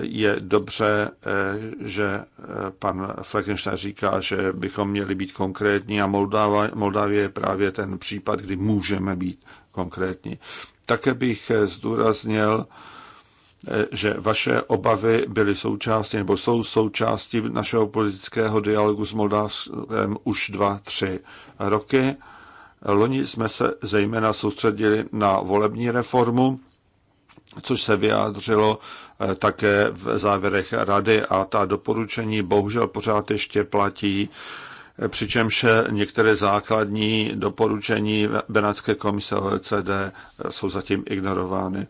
je dobře, eh, že eh, pan Fleckenstein říká, že bychom měli být konkrétní a Moldávie, Moldávie je právě ten případ, kdy můžeme být konkrétní. Také bych eh, zdůraznil, že vaše obavy byly součástí nebo jsou součástí našeho politického dialogu s Moldávskem už dva, tři roky. Loni jsme se zejména soustředili na volební reformu, což se vyjádřilo Eh, také v závěrech rady a ta doporučení bohužel pořád ještě platí, eh, přičemž některé základní doporučení Benátské komise OECD eh, jsou zatím ignorovány.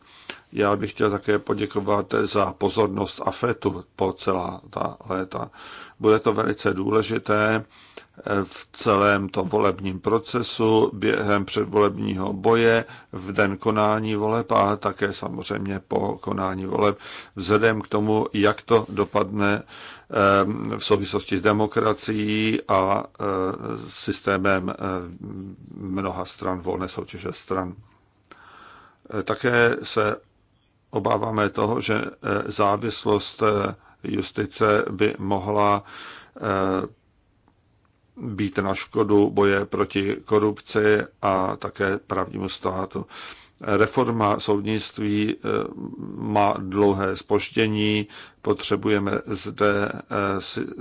Já bych chtěl také poděkovat za pozornost AFETu po celá ta léta. Bude to velice důležité eh, v celém tom volebním procesu, během předvolebního boje, v den konání voleb a také samozřejmě po konání voleb, vzhledem k tomu, jak to dopadne eh, v souvislosti s demokracií a eh, systémem mnoha stran, volné soutěže stran. Také se obáváme toho, že závislost justice by mohla eh, být na škodu boje proti korupci a také právnímu státu. Reforma soudnictví eh, má dlouhé spoštění, potřebujeme zde eh,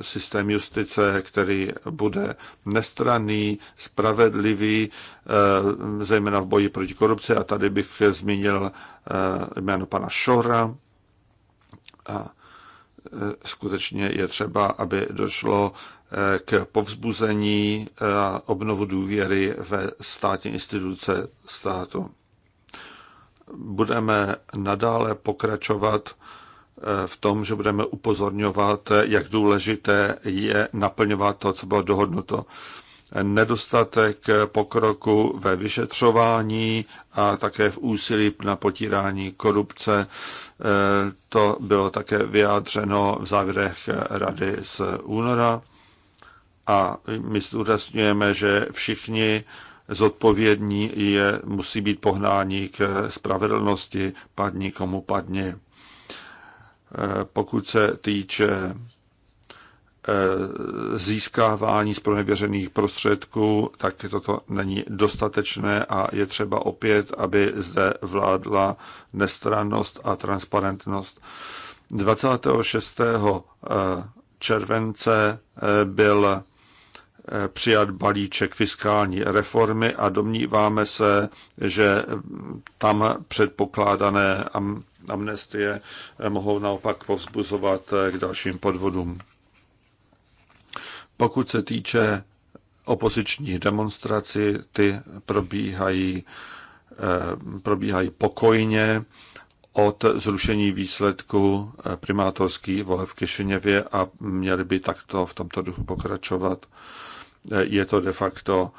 systém justice, který bude nestraný, spravedlivý, zejména v boji proti korupci. A tady bych zmínil jméno pana Šora. A Eh, skutečně je třeba, aby došlo eh, k povzbuzení a obnovu důvěry ve státní instituce státu. Budeme nadále pokračovat eh, v tom, že budeme upozorňovat, jak důležité je naplňovat to, co bylo dohodnuto nedostatek pokroku ve vyšetřování a také v úsilí na potírání korupce. E, to bylo také vyjádřeno v závěrech rady z února. A my zdůrazňujeme, že všichni zodpovědní je, musí být pohnání k spravedlnosti, padni komu padni. E, pokud se týče Eh, získávání z pronevěřených prostředků, tak toto není dostatečné a je třeba opět, aby zde vládla nestrannost a transparentnost. 26. Eh, července eh, byl přijat balíček fiskální reformy a domníváme se, že hm, tam předpokládané amnestie mohou naopak povzbuzovat k dalším podvodům. Pokud se týče opozičních demonstrací, ty probíhají, eh, probíhají pokojně od zrušení výsledku eh, primátorský voleb v Kišiněvě a měly by takto v tomto duchu pokračovat. Eh, je to de facto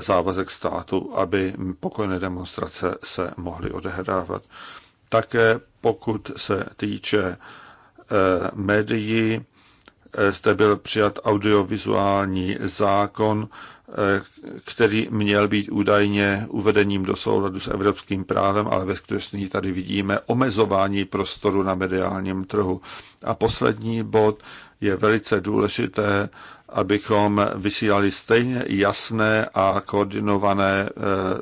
závazek státu, aby pokojné demonstrace se mohly odehrávat. Také pokud se týče médií, zde byl přijat audiovizuální zákon, který měl být údajně uvedením do souladu s evropským právem, ale ve skutečnosti tady vidíme omezování prostoru na mediálním trhu. A poslední bod je velice důležité, abychom vysílali stejně jasné a koordinované eh,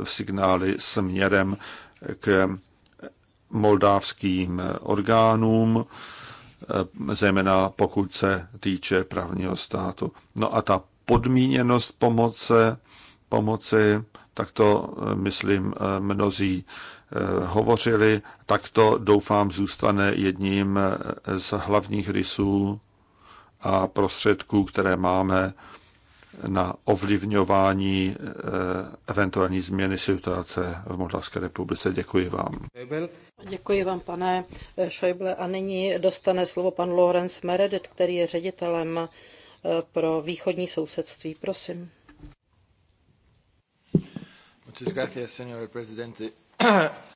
signály směrem k moldávským eh, orgánům, Eh, zejména pokud se týče právního státu. No a ta podmíněnost pomoce, pomoci, tak to, eh, myslím, eh, mnozí hovořili, tak to, doufám, zůstane jedním z hlavních rysů a prostředků, které máme na ovlivňování eh, eventuální změny situace v Moldavské republice. Děkuji vám. Děkuji vám, pane eh, Schäuble. A nyní dostane slovo pan Lorenz Meredith, který je ředitelem eh, pro východní sousedství. Prosím.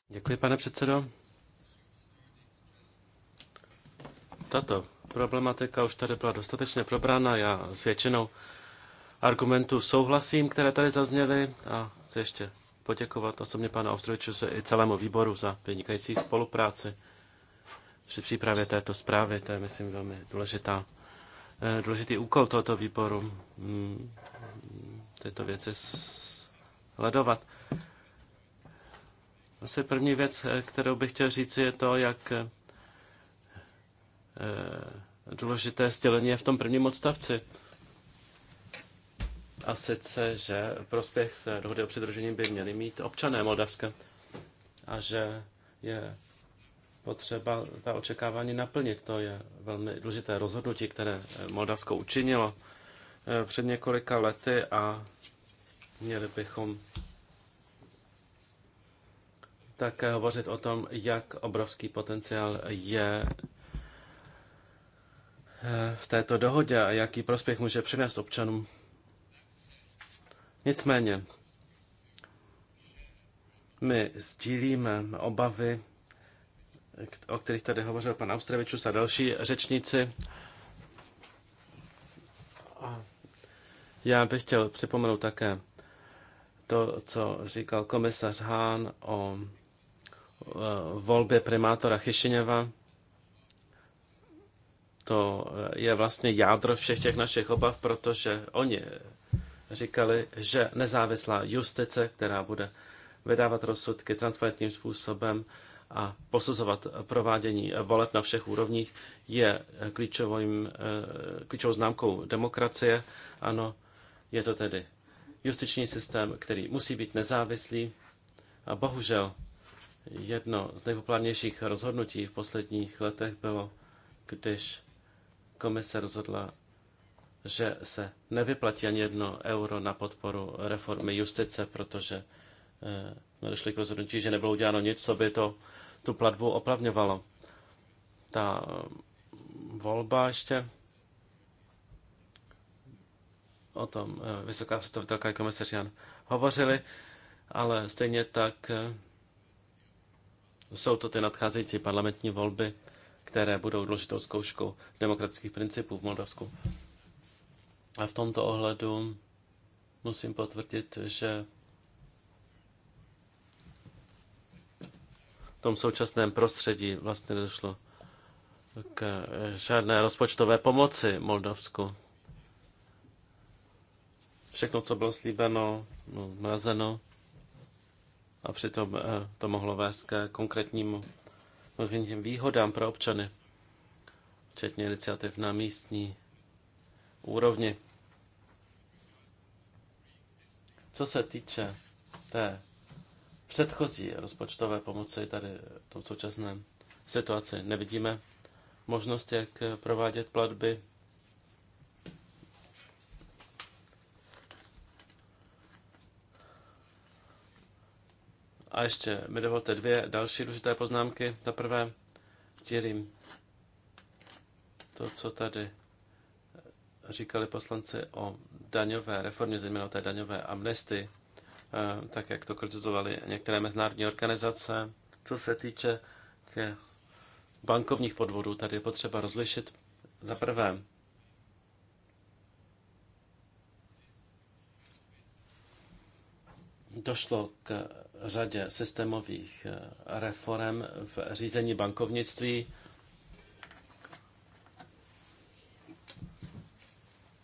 Děkuji, pane předsedo. Tato problematika už tady byla dostatečně probrána. Já s většinou argumentů souhlasím, které tady zazněly a chci ještě poděkovat osobně panu Ostrovičuse i celému výboru za vynikající spolupráci při přípravě této zprávy. To je, myslím, velmi důležitá, eh, důležitý úkol tohoto výboru mm, tyto věci sledovat. Asi první věc, eh, kterou bych chtěl říct, je to, jak eh, důležité sdělení je v tom prvním odstavci a sice, že prospěch se dohody o přidružení by měli mít občané Moldavska a že je potřeba ta očekávání naplnit. To je velmi důležité rozhodnutí, které Moldavsko učinilo eh, před několika lety a měli bychom také hovořit o tom, jak obrovský potenciál je eh, v této dohodě a jaký prospěch může přinést občanům. Nicméně, my sdílíme obavy, o kterých tady hovořil pan Austrevičus a další řečníci. Já bych chtěl připomenout také to, co říkal komisař Hán o e, volbě primátora Chyšiněva. To je vlastně jádro všech těch našich obav, protože oni říkali, že nezávislá justice, která bude vydávat rozsudky transparentním způsobem a posuzovat provádění voleb na všech úrovních, je klíčovým, eh, klíčovou známkou demokracie. Ano, je to tedy justiční systém, který musí být nezávislý. A bohužel jedno z nejpopulárnějších rozhodnutí v posledních letech bylo, když komise rozhodla, že se nevyplatí ani jedno euro na podporu reformy justice, protože eh, jsme došli k rozhodnutí, že nebylo uděláno nic, co by to, tu platbu oplavňovalo. Ta eh, volba ještě o tom eh, vysoká představitelka i komisař Jan hovořili, ale stejně tak jsou to ty nadcházející parlamentní volby, které budou důležitou zkouškou demokratických principů v Moldavsku. A v tomto ohledu musím potvrdit, že v tom současném prostředí vlastně došlo k žádné rozpočtové pomoci Moldavsku. Všechno, co bylo slíbeno, bylo zmrazeno a přitom eh, to mohlo vést k konkrétním výhodám pro občany, včetně iniciativ na místní úrovni. Co se týče té předchozí rozpočtové pomoci tady v současné situaci nevidíme možnost, jak provádět platby. A ještě mi dovolte dvě další důležité poznámky. Za prvé, sdělím to, co tady říkali poslanci o daňové reformě, zejména o té daňové amnestii, eh, tak jak to kritizovali některé mezinárodní organizace. Co se týče bankovních podvodů, tady je potřeba rozlišit za prvé došlo k řadě systémových eh, reform v řízení bankovnictví.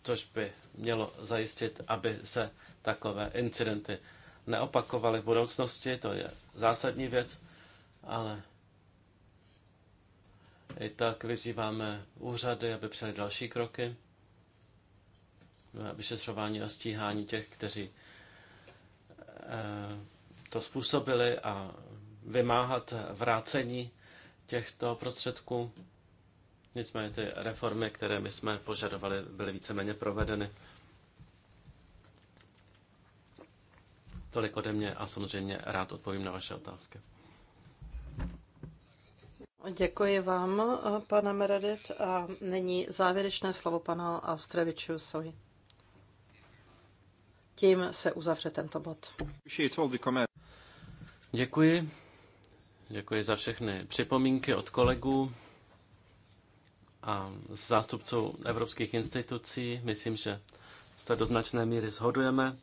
což by mělo zajistit, aby se takové incidenty neopakovaly v budoucnosti. To je zásadní věc, ale i tak vyzýváme úřady, aby přijali další kroky vyšetřování a stíhání těch, kteří eh, to způsobili a vymáhat vrácení těchto prostředků. Nicméně ty reformy, které my jsme požadovali, byly víceméně provedeny. Tolik ode mě a samozřejmě rád odpovím na vaše otázky. Děkuji vám, pane Meredith. A nyní závěrečné slovo pana Austreviču Tím se uzavře tento bod. Děkuji. Děkuji za všechny připomínky od kolegů a s zástupců evropských institucí. Myslím, že se do značné míry shodujeme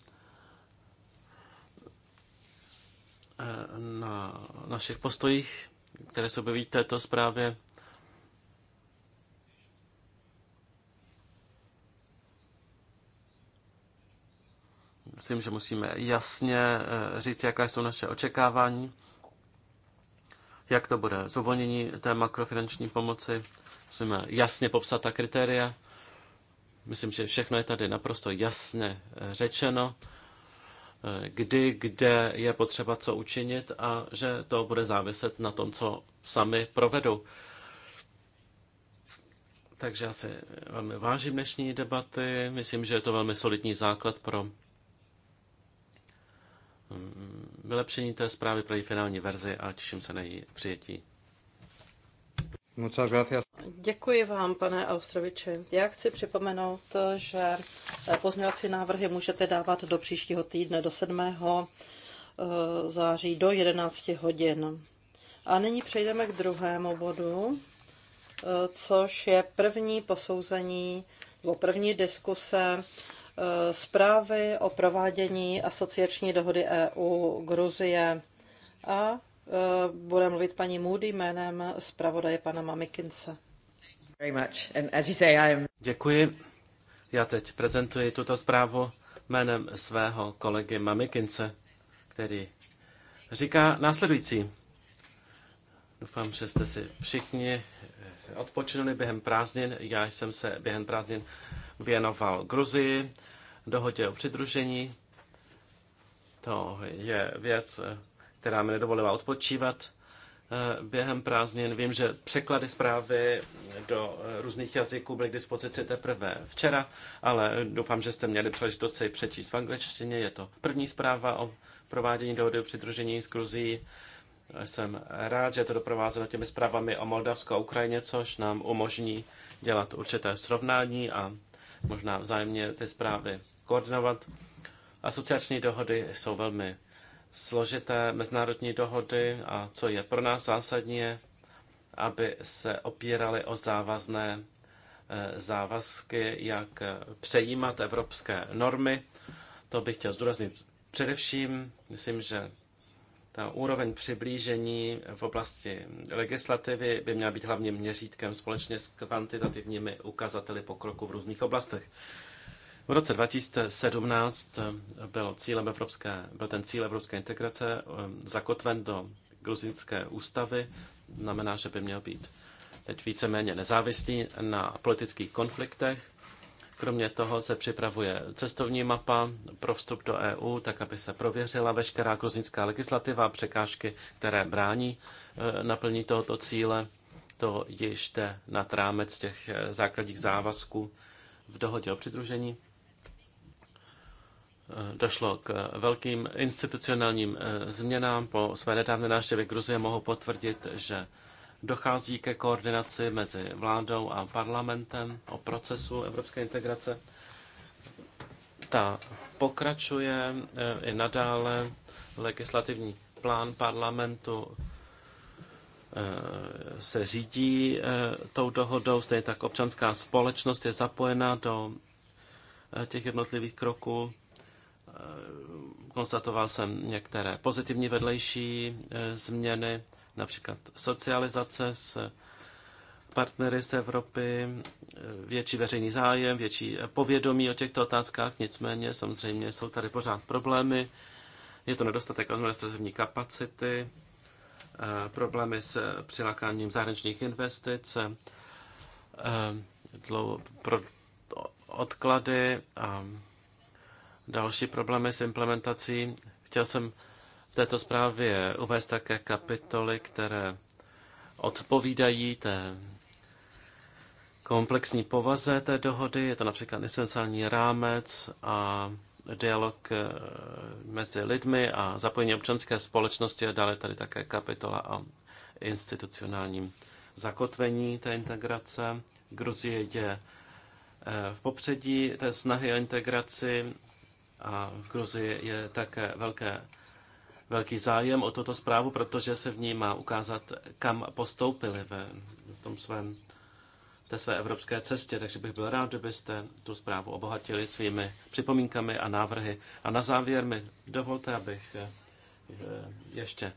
eh, na našich postojích, které se objeví v této zprávě. Myslím, že musíme jasně eh, říct, jaká jsou naše očekávání, jak to bude zvolnění té makrofinanční pomoci Musíme jasně popsat ta kritéria. Myslím, že všechno je tady naprosto jasně eh, řečeno, eh, kdy, kde je potřeba co učinit a že to bude záviset na tom, co sami provedou. Takže já si velmi vážím dnešní debaty. Myslím, že je to velmi solidní základ pro mm, vylepšení té zprávy pro její finální verzi a těším se na její přijetí. Děkuji vám, pane Austroviči. Já chci připomenout, že pozměňovací návrhy můžete dávat do příštího týdne, do 7. Eh, září, do 11 hodin. A nyní přejdeme k druhému bodu, eh, což je první posouzení nebo první diskuse eh, zprávy o provádění asociační dohody EU Gruzie a Eh, bude mluvit paní Moody jménem zpravodaje pana Mamikince. Děkuji. Já teď prezentuji tuto zprávu jménem svého kolegy Mamikince, který říká následující. Doufám, že jste si všichni eh, odpočinuli během prázdnin. Já jsem se během prázdnin věnoval Gruzii, dohodě o přidružení. To je věc, eh, která mi nedovolila odpočívat eh, během prázdnin. Vím, že překlady zprávy do eh, různých jazyků byly k dispozici teprve včera, ale doufám, že jste měli příležitost se ji přečíst v angličtině. Je to první zpráva o provádění dohody o přidružení s Gruzií. Jsem rád, že je to doprovázeno těmi zprávami o Moldavsku a Ukrajině, což nám umožní dělat určité srovnání a možná vzájemně ty zprávy koordinovat. Asociační dohody jsou velmi složité mezinárodní dohody a co je pro nás zásadní, aby se opírali o závazné eh, závazky, jak přejímat evropské normy. To bych chtěl zdůraznit především. Myslím, že ta úroveň přiblížení v oblasti legislativy by měla být hlavním měřítkem společně s kvantitativními ukazateli pokroku v různých oblastech. V roce 2017 eh, byl, cílem evropské, byl ten cíl evropské integrace eh, zakotven do gruzinské ústavy, znamená, že by měl být teď víceméně nezávislý na politických konfliktech. Kromě toho se připravuje cestovní mapa pro vstup do EU, tak aby se prověřila veškerá gruzinská legislativa, překážky, které brání eh, naplní tohoto cíle. To již jde nad rámec těch základních závazků v dohodě o přidružení. Eh, došlo k velkým institucionálním eh, změnám. Po své nedávné návštěvě Gruzie mohu potvrdit, že dochází ke koordinaci mezi vládou a parlamentem o procesu evropské integrace. Ta pokračuje eh, i nadále. Legislativní plán parlamentu se řídí tou dohodou, stejně tak občanská společnost je zapojena do těch jednotlivých kroků Eh, konstatoval jsem některé pozitivní vedlejší eh, změny, například socializace s partnery z Evropy, eh, větší veřejný zájem, větší povědomí o těchto otázkách, nicméně samozřejmě jsou tady pořád problémy. Je to nedostatek administrativní kapacity, problémy s přilákáním zahraničních investic, odklady a další problémy s implementací. Chtěl jsem v této zprávě uvést také kapitoly, které odpovídají té komplexní povaze té dohody. Je to například esenciální rámec a dialog eh, mezi lidmi a zapojení občanské společnosti a dále tady také kapitola o institucionálním zakotvení té integrace. Gruzie je eh, v popředí té snahy o integraci a v Gruzii je také velké, velký zájem o tuto zprávu, protože se v ní má ukázat, kam postoupili ve tom svém, té své evropské cestě. Takže bych byl rád, kdybyste tu zprávu obohatili svými připomínkami a návrhy. A na závěr mi dovolte, abych eh, ještě eh,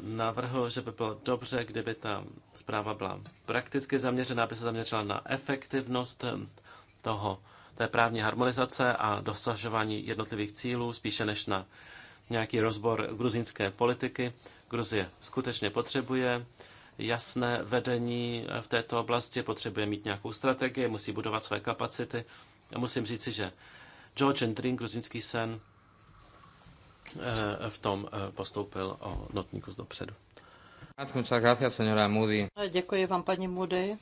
navrhl, že by bylo dobře, kdyby ta zpráva byla prakticky zaměřená, aby se zaměřila na efektivnost toho té právní harmonizace a dosažování jednotlivých cílů, spíše než na nějaký rozbor gruzínské politiky. Gruzie skutečně potřebuje jasné vedení v této oblasti, potřebuje mít nějakou strategii, musí budovat své kapacity. A musím říci, že and Dream, gruzínský sen, eh, v tom eh, postoupil o notníku kus dopředu. Děkuji vám, paní Moody.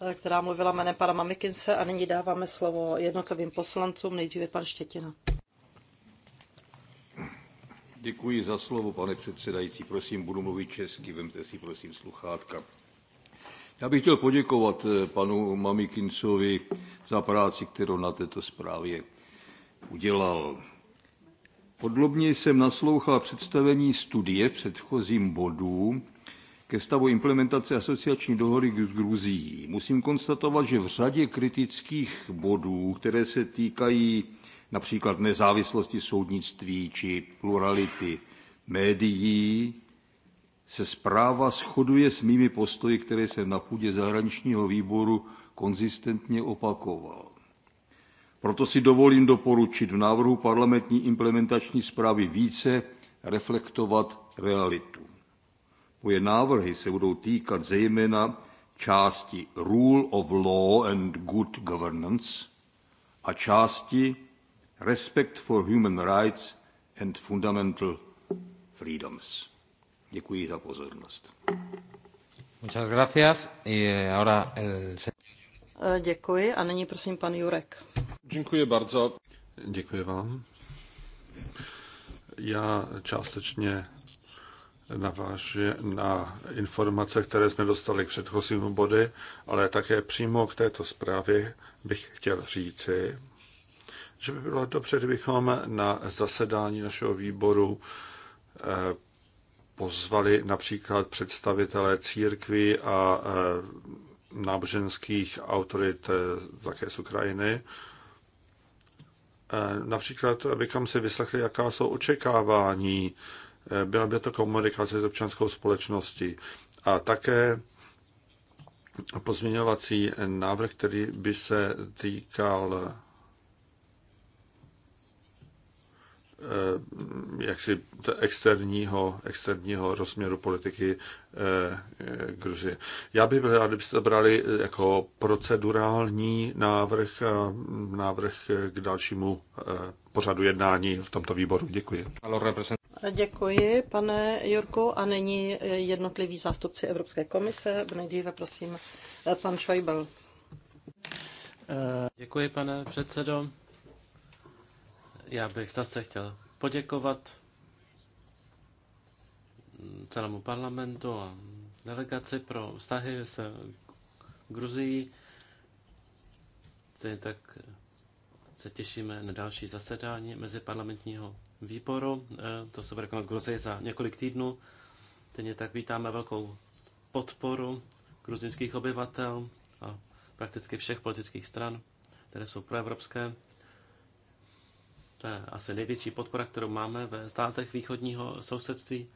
Eh, která mluvila jménem pana Mamikince a nyní dáváme slovo jednotlivým poslancům, nejdříve pan Štětina. Děkuji za slovo, pane předsedající. Prosím, budu mluvit česky, vemte si prosím sluchátka. Já bych chtěl poděkovat eh, panu Mamikincovi za práci, kterou na této zprávě udělal. Podrobně jsem naslouchal představení studie v předchozím bodu ke stavu implementace asociační dohody s Gruzií. Musím konstatovat, že v řadě kritických bodů, které se týkají například nezávislosti soudnictví či plurality médií, se zpráva shoduje s mými postoji, které jsem na půdě zahraničního výboru konzistentně opakoval. Proto si dovolím doporučit v návrhu parlamentní implementační zprávy více reflektovat realitu. Moje návrhy se budou týkat zejména části Rule of Law and Good Governance a části Respect for Human Rights and Fundamental Freedoms. Děkuji za pozornost. Muchas gracias. Y eh, ahora el... Eh, děkuji a nyní prosím pan Jurek. Děkuji bardzo. Děkuji vám. Já částečně naváže na informace, které jsme dostali k předchozímu body, ale také přímo k této zprávě bych chtěl říci, že by bylo dobře, kdybychom na zasedání našeho výboru eh, pozvali například představitele církví a eh, náboženských autorit eh, také z Ukrajiny. Například, abychom si vyslechli, jaká jsou očekávání Eh, byla by to komunikace s občanskou společností a také pozměňovací návrh, který by se týkal eh, jaksi externího, externího rozměru politiky eh, Gruzie. Já bych byl rád, kdybyste to brali jako procedurální návrh, návrh k dalšímu pořadu jednání v tomto výboru. Děkuji. Děkuji, pane Jurku. A nyní jednotliví zástupci Evropské komise. Nejdříve prosím pan Schäuble. Děkuji, pane předsedo. Já bych zase chtěl poděkovat celému parlamentu a delegaci pro vztahy s Gruzií. Tak se těšíme na další zasedání meziparlamentního výboru. Eh, to se bude konat Gruzii za několik týdnů. Stejně tak vítáme velkou podporu gruzinských obyvatel a prakticky všech politických stran, které jsou proevropské. To je asi největší podpora, kterou máme ve státech východního sousedství.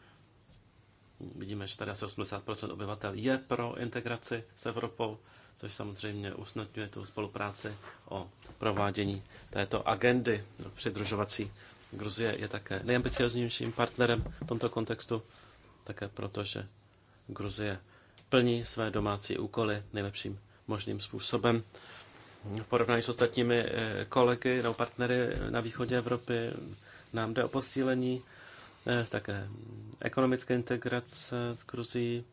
Vidíme, že tady asi 80% obyvatel je pro integraci s Evropou, což samozřejmě usnadňuje tu spolupráci o provádění této agendy no, přidružovací. Gruzie je také nejambicioznějším partnerem v tomto kontextu, také proto, že Gruzie plní své domácí úkoly nejlepším možným způsobem. V porovnání s ostatními eh, kolegy nebo partnery na východě Evropy nám jde o posílení eh, také ekonomické integrace s Gruzií.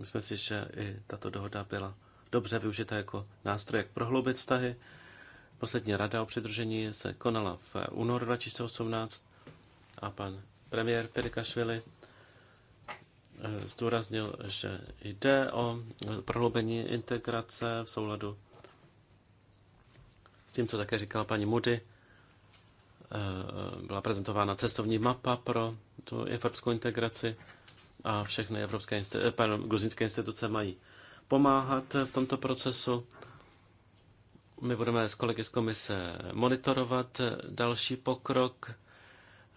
Myslím si, že i tato dohoda byla dobře využita jako nástroj, jak prohloubit vztahy Poslední rada o přidružení se konala v únoru 2018 a pan premiér Perikašvili eh, zdůraznil, že jde o prohloubení integrace v souladu s tím, co také říkala paní Mudy. Eh, byla prezentována cestovní mapa pro tu evropskou integraci a všechny evropské, eh, pardon, gruzinské instituce mají pomáhat v tomto procesu. My budeme s kolegy z komise monitorovat další pokrok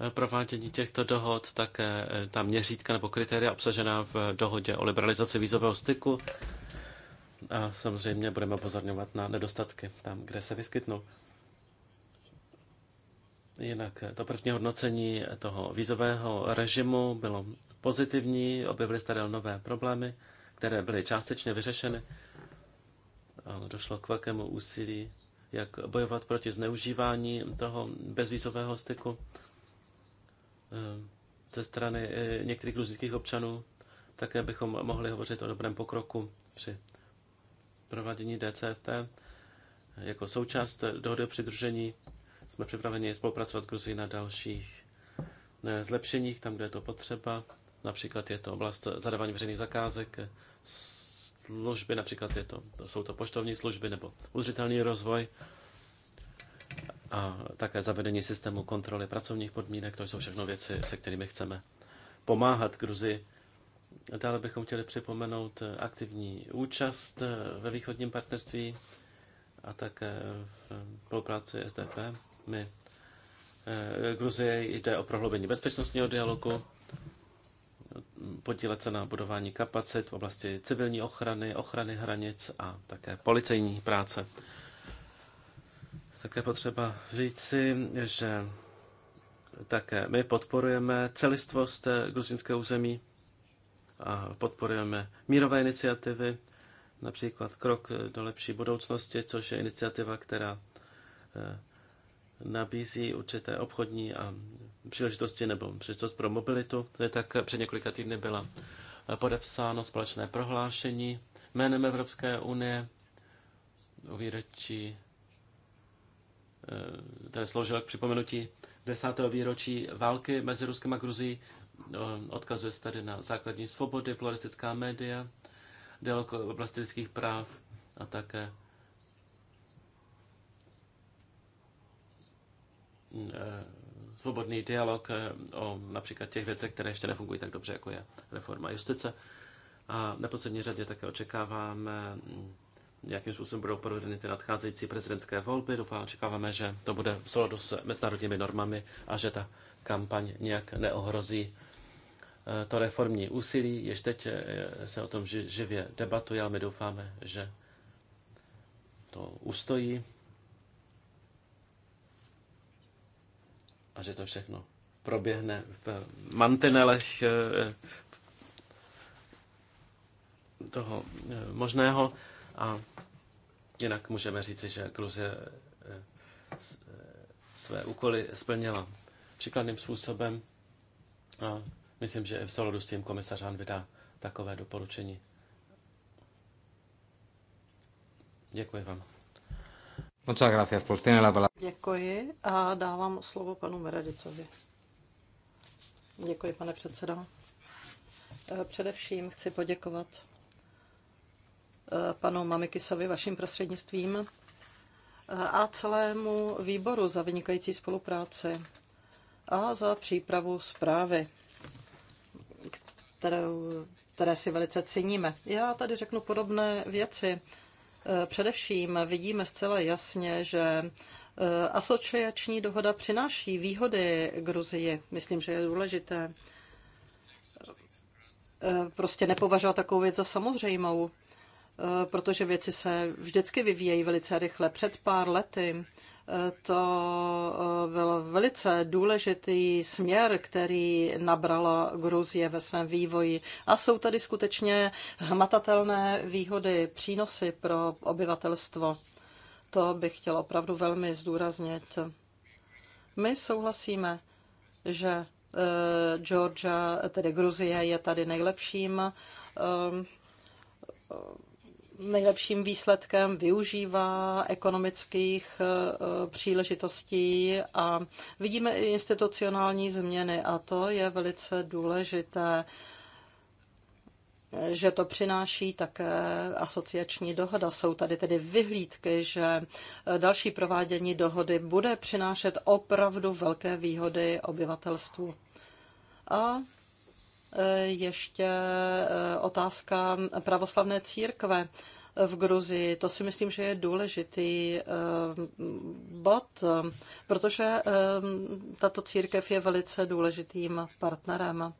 provádění těchto dohod, také ta měřítka nebo kritéria obsažená v dohodě o liberalizaci vízového styku. A samozřejmě budeme pozorňovat na nedostatky tam, kde se vyskytnou. Jinak to první hodnocení toho vízového režimu bylo pozitivní, objevily se tady nové problémy, které byly částečně vyřešeny došlo k velkému úsilí, jak bojovat proti zneužívání toho bezvízového styku eh, ze strany eh, některých gruzínských občanů. Také bychom mohli hovořit o dobrém pokroku při provádění DCFT. Jako součást dohody o přidružení jsme připraveni spolupracovat s na dalších eh, zlepšeních, tam, kde je to potřeba. Například je to oblast zadávání veřejných zakázek, služby, například je to, to jsou to poštovní služby nebo udržitelný rozvoj a také zavedení systému kontroly pracovních podmínek, to jsou všechno věci, se kterými chceme pomáhat Gruzi. Dále bychom chtěli připomenout aktivní účast ve východním partnerství a také v spolupráci SDP. My eh, Gruzie jde o prohloubení bezpečnostního dialogu, podílet se na budování kapacit v oblasti civilní ochrany, ochrany hranic a také policejní práce. Také potřeba říci, že také my podporujeme celistvost gruzinského území a podporujeme mírové iniciativy, například Krok do lepší budoucnosti, což je iniciativa, která eh, nabízí určité obchodní a příležitosti nebo příležitost pro mobilitu. Tady tak před několika týdny byla podepsáno společné prohlášení jménem Evropské unie o výročí, eh, které sloužilo k připomenutí desátého výročí války mezi Ruskem a Gruzí. Eh, odkazuje se tady na základní svobody, pluralistická média, dialog oblasti lidských práv a také Eh, svobodný dialog eh, o například těch věcech, které ještě nefungují tak dobře, jako je reforma justice. A v neposlední řadě také očekáváme, mm, jakým způsobem budou provedeny ty nadcházející prezidentské volby. Doufám, očekáváme, že to bude v souladu s mezinárodními normami a že ta kampaň nějak neohrozí eh, to reformní úsilí. Ještě teď se o tom živě debatuje, ale my doufáme, že to ustojí a že to všechno proběhne v mantinelech eh, eh, toho eh, možného a jinak můžeme říci, že Gruzie své úkoly splnila příkladným způsobem a myslím, že v souladu s tím komisařán vydá takové doporučení. Děkuji vám. Muchas gracias. Pues tiene la palabra. Děkuji a dávám slovo panu Mereditovi. Děkuji, pane předsedo. Eh, především chci poděkovat eh, panu Mamikisovi vaším prostřednictvím eh, a celému výboru za vynikající spolupráci a za přípravu zprávy, kterou, které si velice ceníme. Já tady řeknu podobné věci Eh, především vidíme zcela jasně, že eh, asociační dohoda přináší výhody Gruzii. Myslím, že je důležité eh, prostě nepovažovat takovou věc za samozřejmou, protože věci se vždycky vyvíjejí velice rychle. Před pár lety to eh, byl velice důležitý směr, který nabrala Gruzie ve svém vývoji. A jsou tady skutečně hmatatelné výhody, přínosy pro obyvatelstvo. To bych chtěla opravdu velmi zdůraznit. My souhlasíme, že eh, Georgia, tedy Gruzie, je tady nejlepším eh, nejlepším výsledkem, využívá ekonomických eh, příležitostí a vidíme i institucionální změny a to je velice důležité, že to přináší také asociační dohoda. Jsou tady tedy vyhlídky, že eh, další provádění dohody bude přinášet opravdu velké výhody obyvatelstvu. A Eh, ještě eh, otázka pravoslavné církve v Gruzii. To si myslím, že je důležitý eh, bod, protože tato církev je velice důležitým partnerem.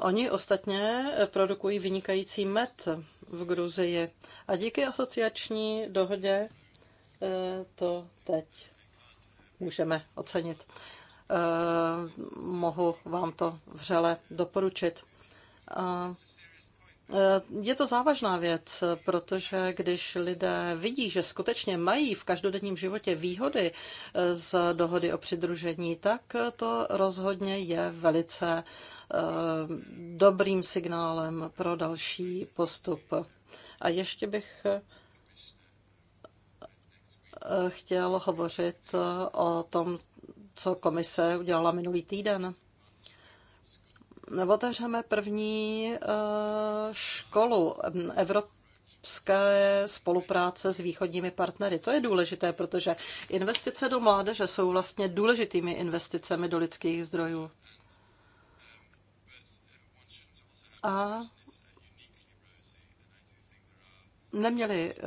Oni ostatně produkují vynikající med v Gruzii a díky asociační dohodě to teď můžeme ocenit. Eh, mohu vám to vřele doporučit. Eh, je to závažná věc, protože když lidé vidí, že skutečně mají v každodenním životě výhody eh, z dohody o přidružení, tak to rozhodně je velice dobrým signálem pro další postup. A ještě bych chtěl hovořit o tom, co komise udělala minulý týden. Otevřeme první eh, školu Evropské spolupráce s východními partnery. To je důležité, protože investice do mládeže jsou vlastně důležitými investicemi do lidských zdrojů. A Neměli eh,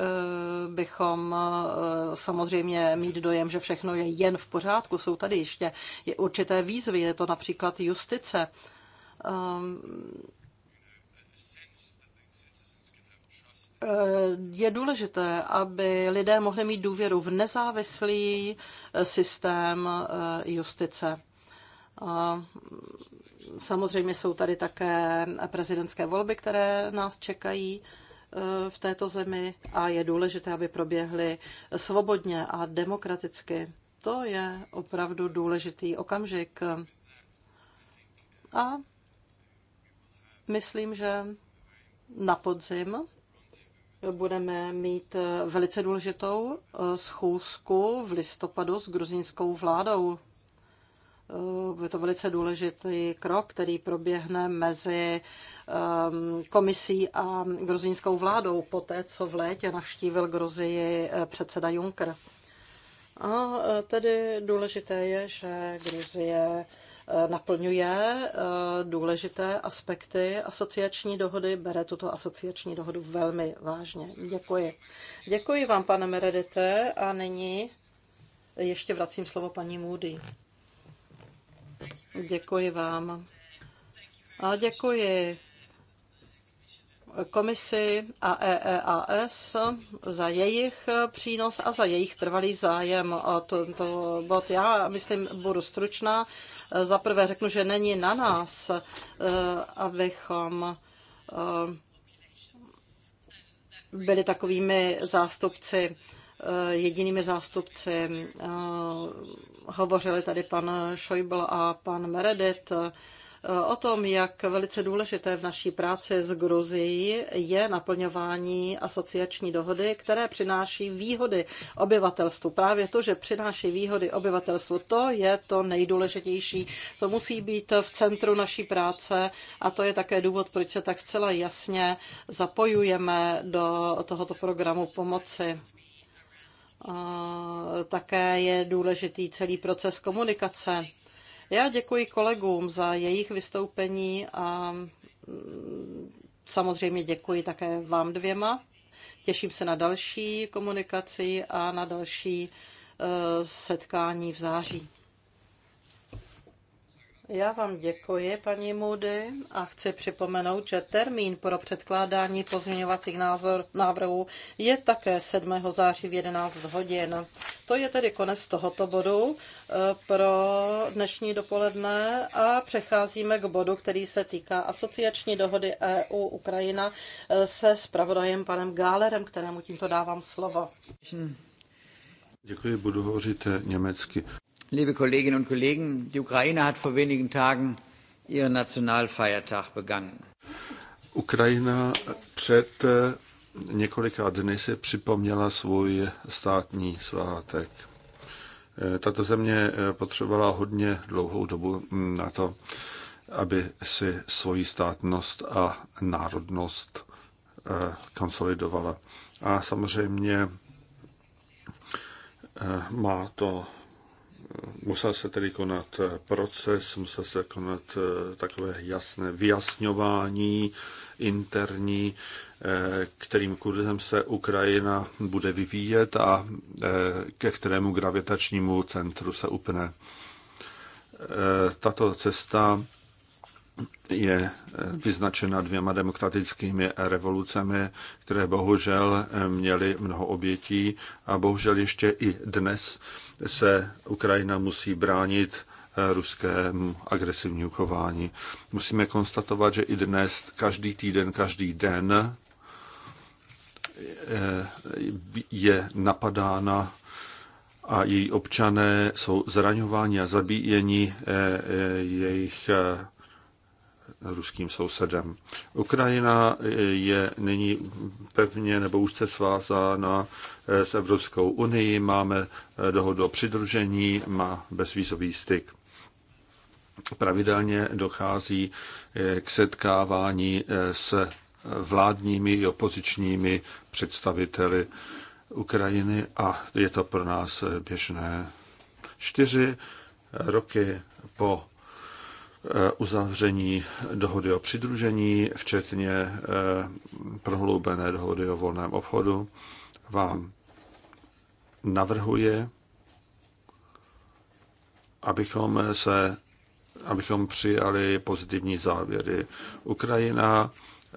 bychom eh, samozřejmě mít dojem, že všechno je jen v pořádku. Jsou tady ještě je určité výzvy, je to například justice. Eh, je důležité, aby lidé mohli mít důvěru v nezávislý systém justice. Samozřejmě jsou tady také prezidentské volby, které nás čekají. Eh, v této zemi a je důležité, aby proběhly svobodně a demokraticky. To je opravdu důležitý okamžik. A myslím, že na podzim budeme mít velice důležitou eh, schůzku v listopadu s gruzínskou vládou. Eh, je to velice důležitý krok, který proběhne mezi ehm, komisí a gruzínskou vládou po té, co v létě navštívil Gruzii eh, předseda Juncker. A eh, tedy důležité je, že Gruzie naplňuje důležité aspekty asociační dohody, bere tuto asociační dohodu velmi vážně. Děkuji. Děkuji vám, pane Meredite, a nyní ještě vracím slovo paní Moody. Děkuji vám. A děkuji komisi a EEAS za jejich přínos a za jejich trvalý zájem o tento bod. Já myslím, budu stručná. Za prvé řeknu, že není na nás, e, abychom e, byli takovými zástupci, e, jedinými zástupci Hovořili tady pan Schäuble a pan Meredith eh, o tom, jak velice důležité v naší práci s Gruzií je naplňování asociační dohody, které přináší výhody obyvatelstvu. Právě to, že přináší výhody obyvatelstvu, to je to nejdůležitější. To musí být v centru naší práce a to je také důvod, proč se tak zcela jasně zapojujeme do tohoto programu pomoci. Také je důležitý celý proces komunikace. Já děkuji kolegům za jejich vystoupení a mm, samozřejmě děkuji také vám dvěma. Těším se na další komunikaci a na další e, setkání v září. Já vám děkuji, paní Moody, a chci připomenout, že termín pro předkládání pozměňovacích názor, návrhů je také 7. září v 11 hodin. To je tedy konec tohoto bodu eh, pro dnešní dopoledne a přecházíme k bodu, který se týká asociační dohody EU-Ukrajina eh, se spravodajem panem Gálerem, kterému tímto dávám slovo. Děkuji, budu hovořit německy liebe Kolleginnen und Kollegen, die Ukraine hat vor wenigen Tagen ihren Nationalfeiertag begangen. Ukrajina před eh, několika dny si připomněla svůj státní svátek. Eh, tato země eh, potřebovala hodně dlouhou dobu mm, na to, aby si svoji státnost a národnost konsolidovala. A samozřejmě má to musel se tedy konat eh, proces, musel se konat eh, takové jasné vyjasňování interní, eh, kterým kurzem se Ukrajina bude vyvíjet a ke kterému gravitačnímu centru se upne. Tato cesta je vyznačena dvěma demokratickými revolucemi, které bohužel měly mnoho obětí a bohužel ještě i dnes se Ukrajina musí bránit eh, ruskému agresivnímu chování. Musíme konstatovat, že i dnes, každý týden, každý den eh, je napadána a její občané jsou zraňováni a zabíjeni, eh, jejich ruským sousedem. Ukrajina je nyní pevně nebo se svázána eh, s Evropskou unii, máme eh, dohodu o přidružení, má bezvízový styk. Pravidelně dochází eh, k setkávání s vládními i opozičními představiteli Ukrajiny a je to pro nás běžné. Čtyři roky po Eh, uzavření dohody o přidružení, včetně eh, prohloubené dohody o volném obchodu, vám navrhuje, abychom se abychom přijali pozitivní závěry. Ukrajina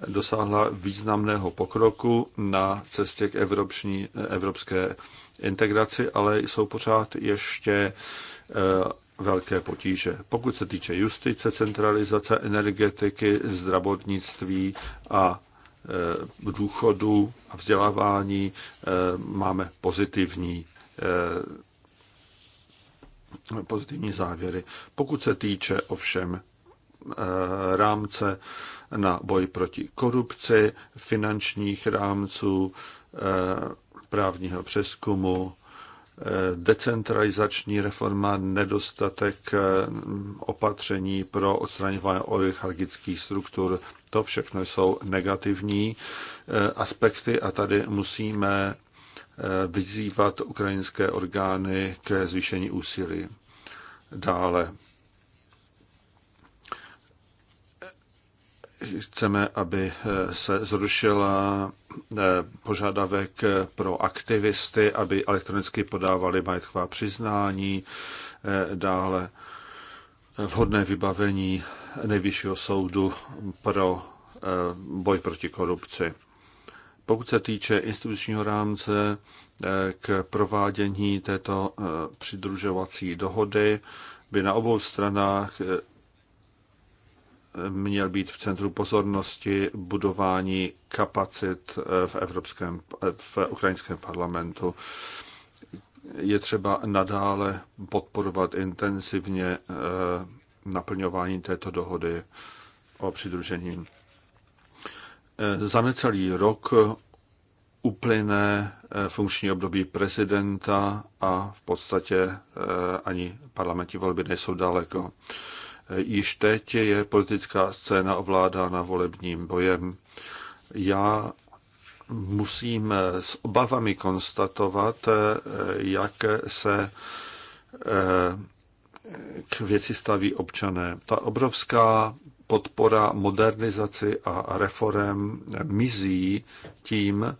dosáhla významného pokroku na cestě k evropční, eh, evropské integraci, ale jsou pořád ještě velké potíže. Pokud se týče justice, centralizace, energetiky, zdravotnictví a e, důchodu a vzdělávání e, máme pozitivní, e, pozitivní závěry. Pokud se týče ovšem rámce na boj proti korupci, finančních rámců, právního přeskumu, decentralizační reforma, nedostatek eh, opatření pro odstraňování oligarchických struktur. To všechno jsou negativní eh, aspekty a tady musíme eh, vyzývat ukrajinské orgány ke zvýšení úsilí. Dále chceme, aby eh, se zrušila eh, požadavek eh, pro aktivisty, aby elektronicky podávali majetková přiznání, dále vhodné vybavení nejvyššího soudu pro boj proti korupci. Pokud se týče institučního rámce k provádění této přidružovací dohody, by na obou stranách měl být v centru pozornosti budování kapacit eh, v, Evropském, eh, v ukrajinském parlamentu. Je třeba nadále podporovat intenzivně eh, naplňování této dohody o přidružení. Za necelý rok uplyne funkční období prezidenta a v podstatě ani parlamentní volby nejsou daleko. Již teď je politická scéna ovládána volebním bojem. Já musím s obavami konstatovat, jak se eh, k věci staví občané. Ta obrovská podpora modernizaci a reform mizí tím,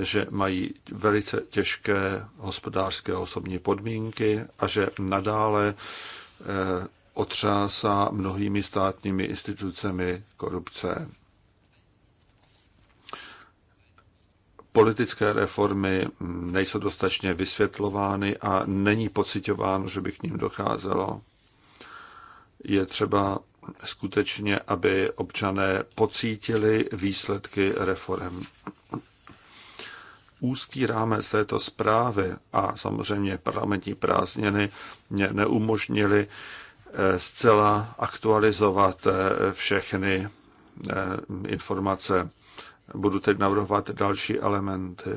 že mají velice těžké hospodářské osobní podmínky a že nadále eh, otřásá mnohými státními institucemi korupce. Politické reformy nejsou dostatečně vysvětlovány a není pocitováno, že by k ním docházelo. Je třeba skutečně, aby občané pocítili výsledky reform. Úzký rámec této zprávy a samozřejmě parlamentní prázdniny mě neumožnili Eh, zcela aktualizovat eh, všechny eh, informace. Budu teď navrhovat další elementy.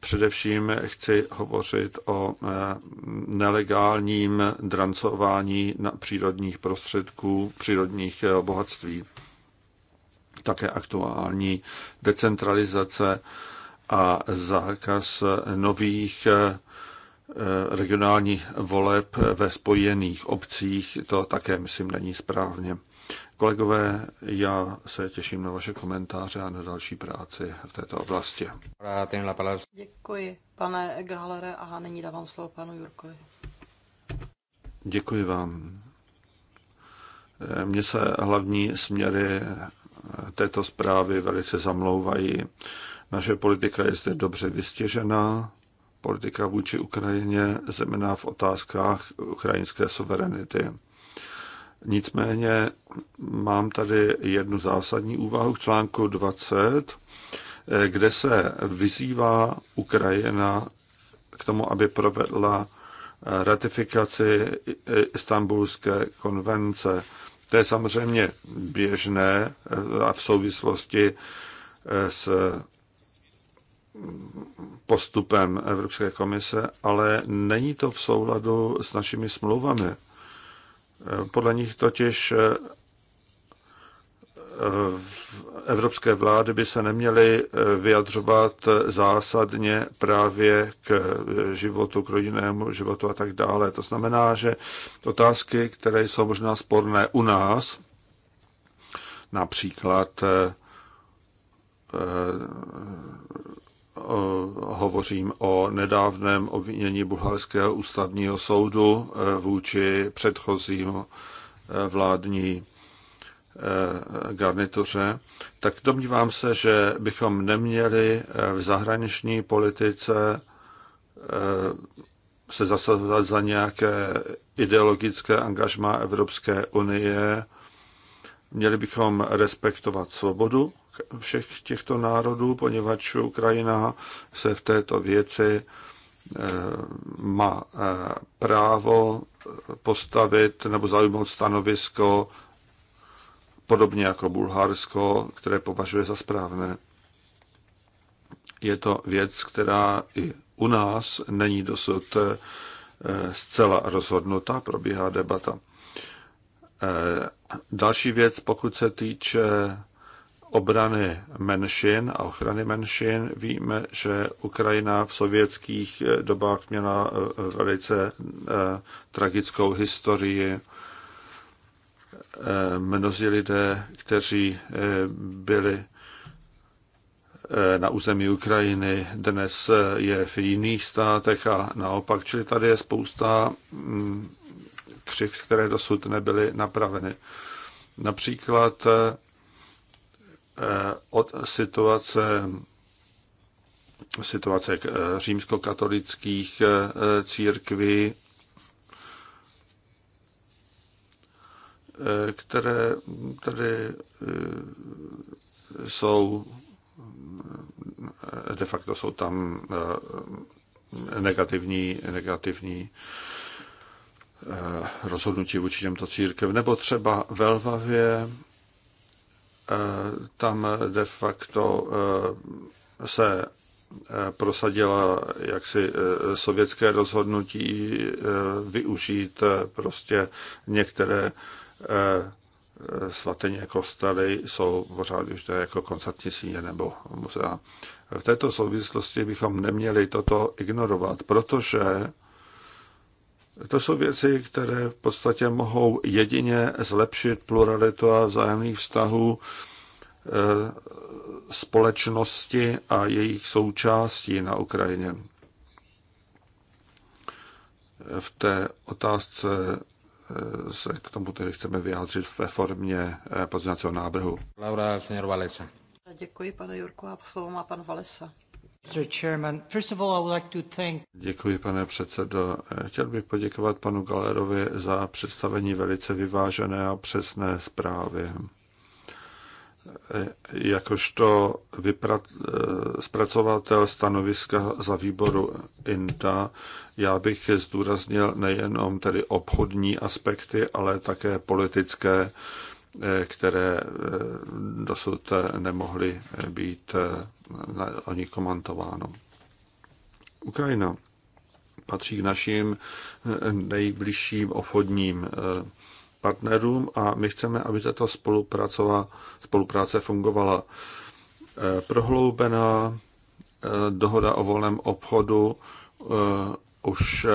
Především chci hovořit o nelegálním drancování na přírodních prostředků, přírodních bohatství. Také aktuální decentralizace a zákaz nových Eh, regionální voleb eh, ve spojených obcích, to také, myslím, není správně. Kolegové, já se těším na vaše komentáře a na další práci v této oblasti. Děkuji, pane Gahlere, a nyní dávám slovo panu Jurkovi. Děkuji vám. Eh, mně se hlavní směry této zprávy velice zamlouvají. Naše politika je zde dobře vystěžená, politika vůči Ukrajině, zejména v otázkách ukrajinské suverenity. Nicméně mám tady jednu zásadní úvahu v článku 20, kde se vyzývá Ukrajina k tomu, aby provedla ratifikaci Istanbulské konvence. To je samozřejmě běžné a v souvislosti s postupem Evropské komise, ale není to v souladu s našimi smlouvami. Podle nich totiž eh, evropské vlády by se neměly eh, vyjadřovat zásadně právě k eh, životu, k rodinnému životu a tak dále. To znamená, že otázky, které jsou možná sporné u nás, například Eh, hovořím o nedávném obvinění Bulharského ústavního soudu eh, vůči předchozím eh, vládní garnituře, tak domnívám se, že bychom neměli v zahraniční politice se zasazovat za nějaké ideologické angažmá Evropské unie. Měli bychom respektovat svobodu všech těchto národů, poněvadž Ukrajina se v této věci eh, má eh, právo postavit nebo zaujmout stanovisko podobně jako Bulharsko, které považuje za správné. Je to věc, která i u nás není dosud eh, zcela rozhodnutá, probíhá debata. Další věc, pokud se týče obrany menšin a ochrany menšin. Víme, že Ukrajina v sovětských eh, dobách měla eh, eh, velice tragickou historii. Mnozí lidé, kteří byli na území Ukrajiny, dnes je v jiných státech a naopak. Čili tady je spousta mm, křiv, které dosud nebyly napraveny. Například od situace situace eh, římskokatolických eh, církví, eh, které tady jsou de facto jsou tam negativní, negativní rozhodnutí vůči těmto církev. Nebo třeba ve Lvavě Eh, tam de facto eh, se eh, prosadila jaksi sovětské rozhodnutí využít prostě některé svatyně kostely jsou pořád už to jako koncertní síně nebo muzea. V této souvislosti bychom neměli toto ignorovat, protože to jsou věci, které v podstatě mohou jedině zlepšit pluralitu a vzájemných vztahů eh, společnosti a jejich součástí na Ukrajině. V té otázce eh, se k tomu tedy chceme vyjádřit ve formě eh, pozměňovacího návrhu. Laura, senior Valesa. Děkuji, pane Jurko, a slovo má pan Valesa. Děkuji, pane předsedo. Chtěl bych poděkovat panu Galerovi za představení velice vyvážené a přesné zprávy. Jakožto vyprat, zpracovatel stanoviska za výboru INTA, já bych zdůraznil nejenom tedy obchodní aspekty, ale také politické, eh, které eh, dosud nemohly být eh, o nich komentováno. Ukrajina patří k našim eh, nejbližším obchodním eh, partnerům a my chceme, aby tato spolupráce fungovala eh, prohloubená. Dohoda o volném obchodu už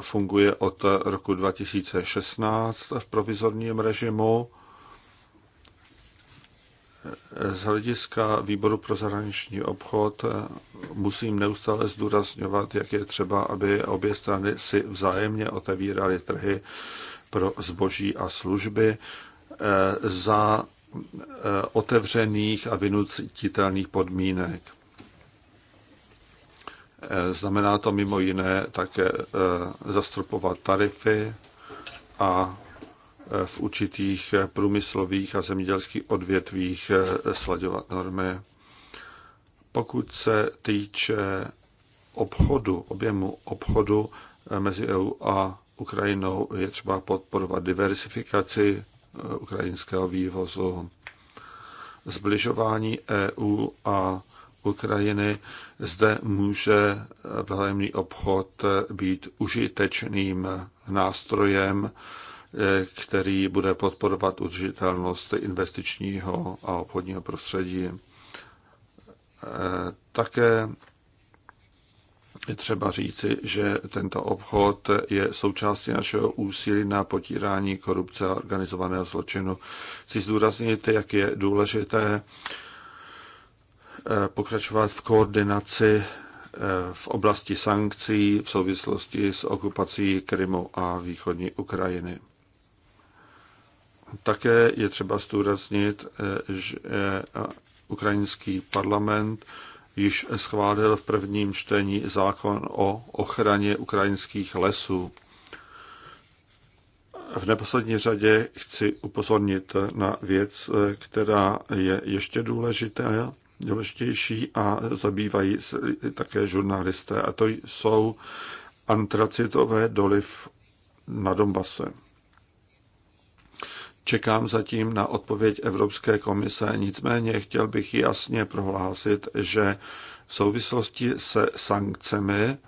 funguje od roku 2016 v provizorním režimu z hlediska výboru pro zahraniční obchod musím neustále zdůrazňovat, jak je třeba, aby obě strany si vzájemně otevíraly trhy pro zboží a služby eh, za eh, otevřených a vynutitelných podmínek. Eh, znamená to mimo jiné také zastropovat tarify a v určitých průmyslových a zemědělských odvětvích sledovat normy. Pokud se týče obchodu, objemu obchodu mezi EU a Ukrajinou, je třeba podporovat diversifikaci e, ukrajinského vývozu. Zbližování EU a Ukrajiny zde může vzájemný obchod být užitečným nástrojem který bude podporovat udržitelnost investičního a obchodního prostředí. E, také je třeba říci, že tento obchod je součástí našeho úsilí na potírání korupce a organizovaného zločinu. Chci zdůraznit, jak je důležité e, pokračovat v koordinaci e, v oblasti sankcí v souvislosti s okupací Krymu a východní Ukrajiny. Také je třeba zdůraznit, eh, že eh, ukrajinský parlament již schválil v prvním čtení zákon o ochraně ukrajinských lesů. V neposlední řadě chci upozornit na věc, eh, která je ještě důležitá, důležitější a zabývají se také žurnalisté, a to jsou antracitové doly na Donbase. Čekám zatím na odpověď Evropské komise, nicméně chtěl bych jasně prohlásit, že v souvislosti se sankcemi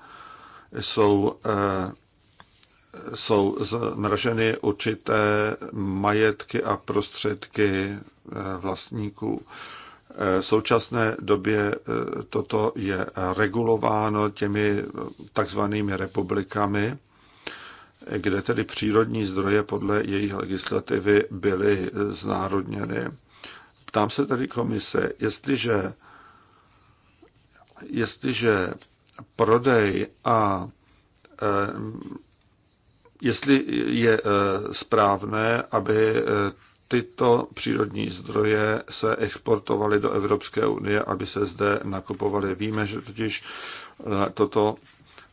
jsou, eh, jsou zmraženy určité majetky a prostředky eh, vlastníků. Eh, v současné době toto je regulováno těmi takzvanými republikami kde tedy přírodní zdroje podle jejich legislativy byly znárodněny. Ptám se tedy komise, jestliže, jestliže prodej a eh, jestli je eh, správné, aby eh, tyto přírodní zdroje se exportovaly do Evropské unie, aby se zde nakupovaly. Víme, že totiž toto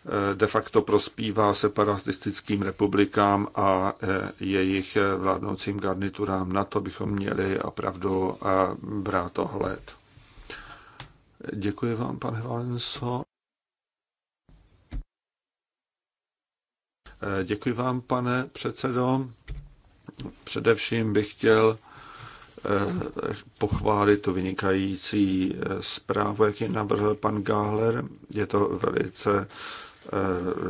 Eh, de facto prospívá separatistickým republikám a eh, jejich eh, vládnoucím garniturám. Na to bychom měli opravdu brát ohled. Děkuji vám, pane Valenso. Děkuji vám, pane předsedo. Především bych chtěl pochválit tu vynikající zprávu, jak ji navrhl pan Gáhler. Je to velice Eh,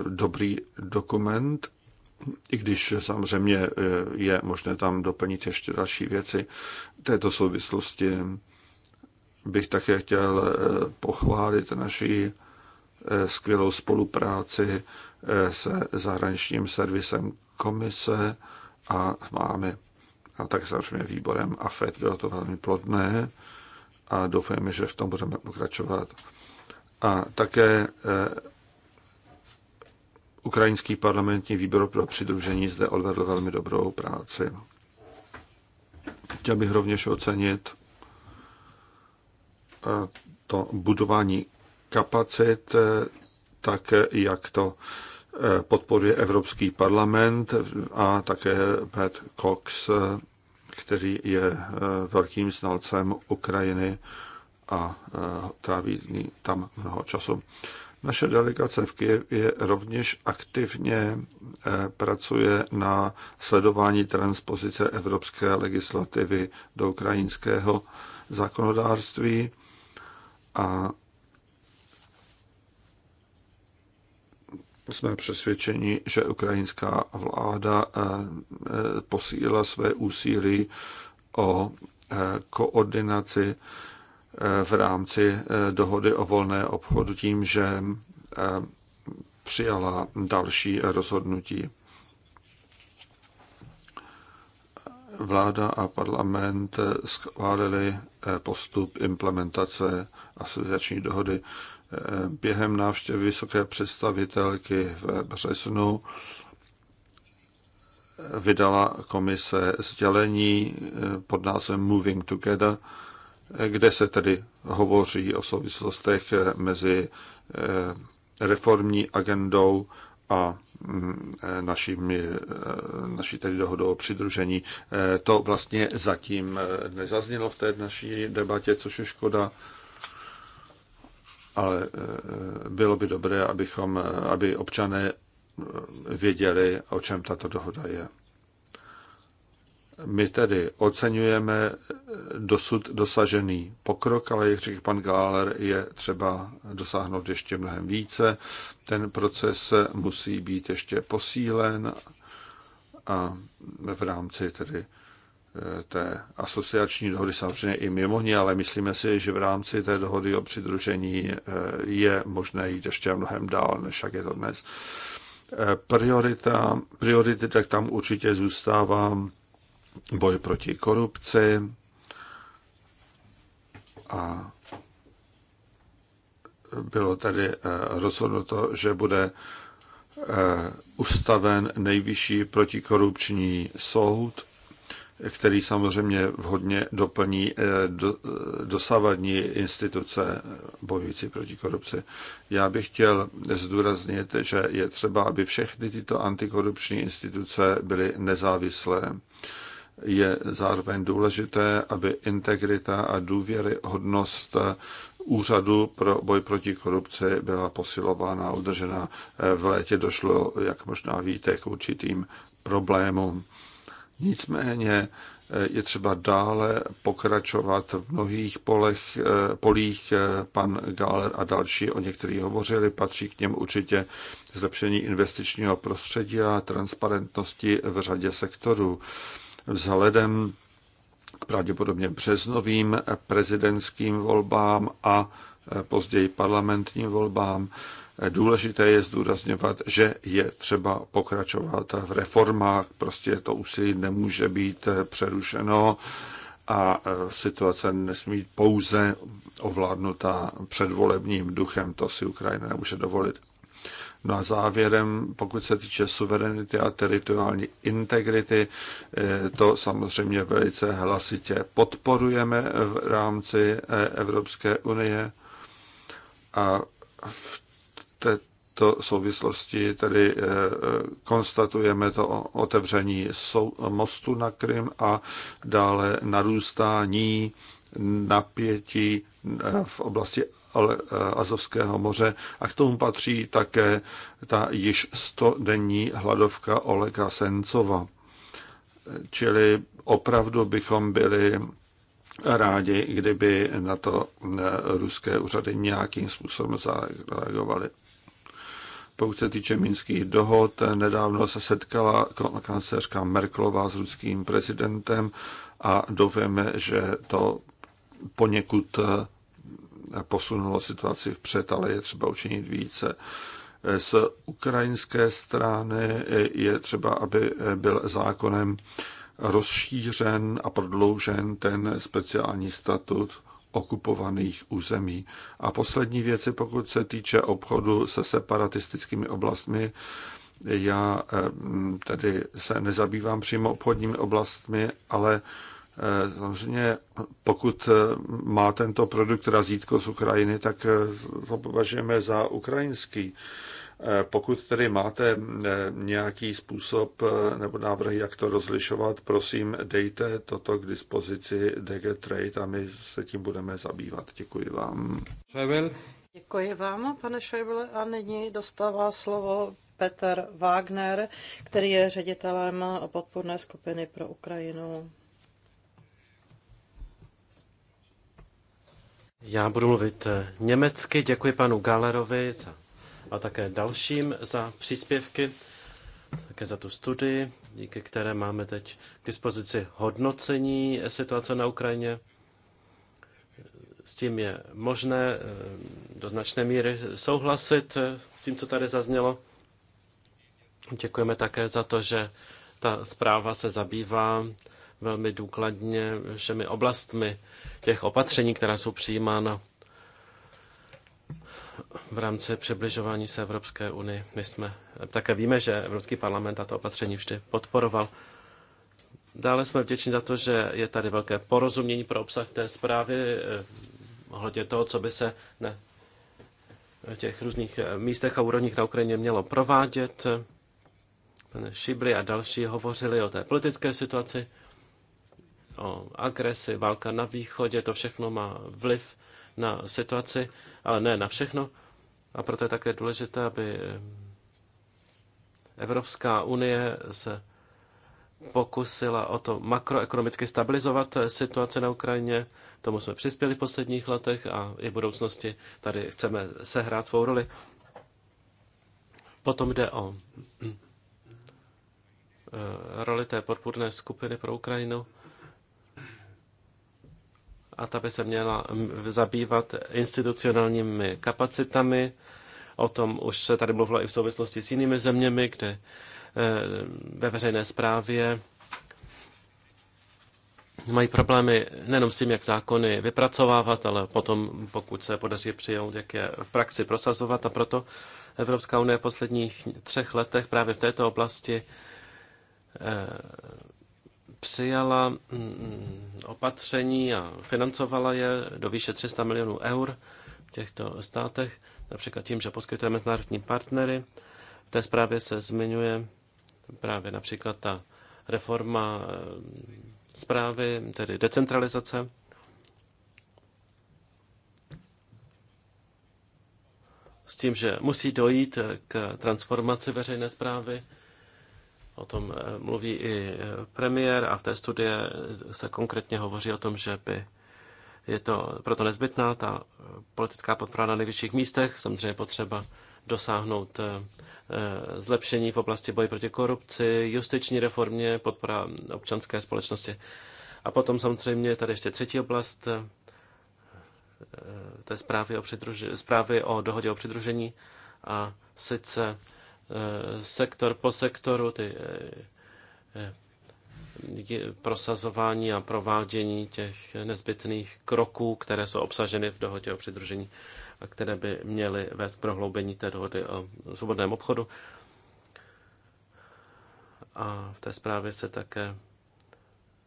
dobrý dokument, i když samozřejmě eh, je možné tam doplnit ještě další věci. V této souvislosti bych také chtěl eh, pochválit naší skvělou spolupráci se zahraničním servisem komise a máme a tak samozřejmě výborem Afet Bylo to velmi plodné a doufáme, že v tom budeme pokračovat. A také Ukrajinský parlamentní výbor pro přidružení zde odvedl velmi dobrou práci. Chtěl bych rovněž ocenit eh, to budování kapacit, eh, tak jak to eh, podporuje Evropský parlament a také Pat Cox, který je velkým znalcem Ukrajiny a tráví tam mnoho času. Naše delegace v Kijevě rovněž aktivně eh, pracuje na sledování transpozice evropské legislativy do ukrajinského zákonodárství a jsme přesvědčeni, že ukrajinská vláda eh, eh, posílila své úsilí o koordinaci Eh, v rámci eh, dohody o volné obchodu tím, že eh, přijala další rozhodnutí. Vláda a parlament schválili postup implementace asociační dohody během návštěvy vysoké představitelky v březnu vydala komise sdělení pod názvem Moving Together, kde se tedy hovoří o souvislostech eh, mezi eh, reformní agendou a mm, eh, našimi, naší tedy dohodou o přidružení. To vlastně zatím nezaznělo v té naší debatě, což je škoda, ale bylo by dobré, abychom, aby občané věděli, o čem tato dohoda je. My tedy oceňujeme dosud dosažený pokrok, ale jak řekl pan Gáler, je třeba dosáhnout ještě mnohem více. Ten proces musí být ještě posílen a v rámci tedy eh, té asociační dohody, samozřejmě i mimo ní, ale myslíme si, že v rámci té dohody o přidružení eh, je možné jít ještě mnohem dál, než jak je to dnes. Eh, priorita, priority, tak tam určitě zůstávám boj proti korupci a bylo tady eh, rozhodnuto, že bude eh, ustaven nejvyšší protikorupční soud, který samozřejmě vhodně doplní eh, dosavadní instituce bojující proti korupci. Já bych chtěl zdůraznit, že je třeba, aby všechny tyto antikorupční instituce byly nezávislé je zároveň důležité, aby integrita a důvěryhodnost úřadu pro boj proti korupci byla posilována a udržena. V létě došlo, jak možná víte, k určitým problémům. Nicméně eh, je třeba dále pokračovat v mnohých polech, eh, polích. Eh, pan Galer a další o některých hovořili, patří k něm určitě zlepšení investičního prostředí a transparentnosti v řadě sektorů vzhledem k pravděpodobně březnovým prezidentským volbám a e, později parlamentním volbám. E, důležité je zdůrazňovat, že je třeba pokračovat v reformách, prostě to úsilí nemůže být e, přerušeno a situace nesmí být pouze ovládnutá předvolebním duchem, to si Ukrajina nemůže dovolit. No a závěrem, pokud se týče suverenity a teritoriální integrity, eh, to samozřejmě velice hlasitě podporujeme v rámci eh, Evropské unie a v této souvislosti tedy eh, konstatujeme to otevření mostu na Krym a dále narůstání napětí v oblasti Eh, Azovského moře a k tomu patří také ta již 100 denní hladovka Olega Sencova. Čili opravdu bychom byli rádi, kdyby na to eh, ruské úřady nějakým způsobem zareagovaly. Pokud se týče minských dohod, nedávno se setkala kancelářka Merklová s ruským prezidentem a doufáme, že to poněkud eh, posunulo situaci vpřed, ale je třeba učinit více. Z ukrajinské strany je třeba, aby byl zákonem rozšířen a prodloužen ten speciální statut okupovaných území. A poslední věci, pokud se týče obchodu se separatistickými oblastmi, já eh, tedy se nezabývám přímo obchodními oblastmi, ale Eh, samozřejmě, pokud eh, má tento produkt razítko z Ukrajiny, tak to eh, považujeme za ukrajinský. Pokud tedy máte nějaký způsob nebo návrhy, jak to rozlišovat, prosím, dejte toto k dispozici DG Trade a my se tím budeme zabývat. Děkuji vám. Šajbel. Děkuji vám, pane Šajbele. A nyní dostává slovo Petr Wagner, který je ředitelem podpůrné skupiny pro Ukrajinu. Já budu mluvit eh, německy. Děkuji panu Galerovi za, a také dalším za příspěvky, také za tu studii, díky které máme teď k dispozici hodnocení situace na Ukrajině. S tím je možné eh, do značné míry souhlasit eh, s tím, co tady zaznělo. Děkujeme také za to, že ta zpráva se zabývá velmi důkladně všemi oblastmi těch opatření, která jsou přijímána v rámci přibližování se Evropské unii. My jsme také víme, že Evropský parlament tato opatření vždy podporoval. Dále jsme vděční za to, že je tady velké porozumění pro obsah té zprávy eh, ohledně toho, co by se na těch různých eh, místech a úrovních na Ukrajině mělo provádět. Pane Šibli a další hovořili o té politické situaci o agresi, válka na východě, to všechno má vliv na situaci, ale ne na všechno. A proto je také důležité, aby Evropská unie se pokusila o to makroekonomicky stabilizovat situaci na Ukrajině. Tomu jsme přispěli v posledních letech a i v budoucnosti tady chceme sehrát svou roli. Potom jde o eh, roli té podpůrné skupiny pro Ukrajinu a ta by se měla zabývat institucionálními kapacitami. O tom už se tady mluvilo i v souvislosti s jinými zeměmi, kde e, ve veřejné správě mají problémy nejenom s tím, jak zákony vypracovávat, ale potom, pokud se podaří přijmout, jak je v praxi prosazovat. A proto Evropská unie v posledních třech letech právě v této oblasti e, přijala mm, opatření a financovala je do výše 300 milionů eur v těchto státech, například tím, že poskytuje mezinárodní partnery. V té zprávě se zmiňuje právě například ta reforma eh, zprávy, tedy decentralizace. S tím, že musí dojít eh, k transformaci veřejné zprávy O tom eh, mluví i eh, premiér a v té studie eh, se konkrétně hovoří o tom, že by je to proto nezbytná ta politická podpora na nejvyšších místech. Samozřejmě potřeba dosáhnout zlepšení v oblasti boje proti korupci, justiční reformě, podpora občanské společnosti. A potom samozřejmě tady ještě třetí oblast té zprávy o, zprávy o dohodě o přidružení a sice Eh, sektor po sektoru, ty eh, eh, prosazování a provádění těch nezbytných kroků, které jsou obsaženy v dohodě o přidružení a které by měly vést k prohloubení té dohody o svobodném obchodu. A v té zprávě se také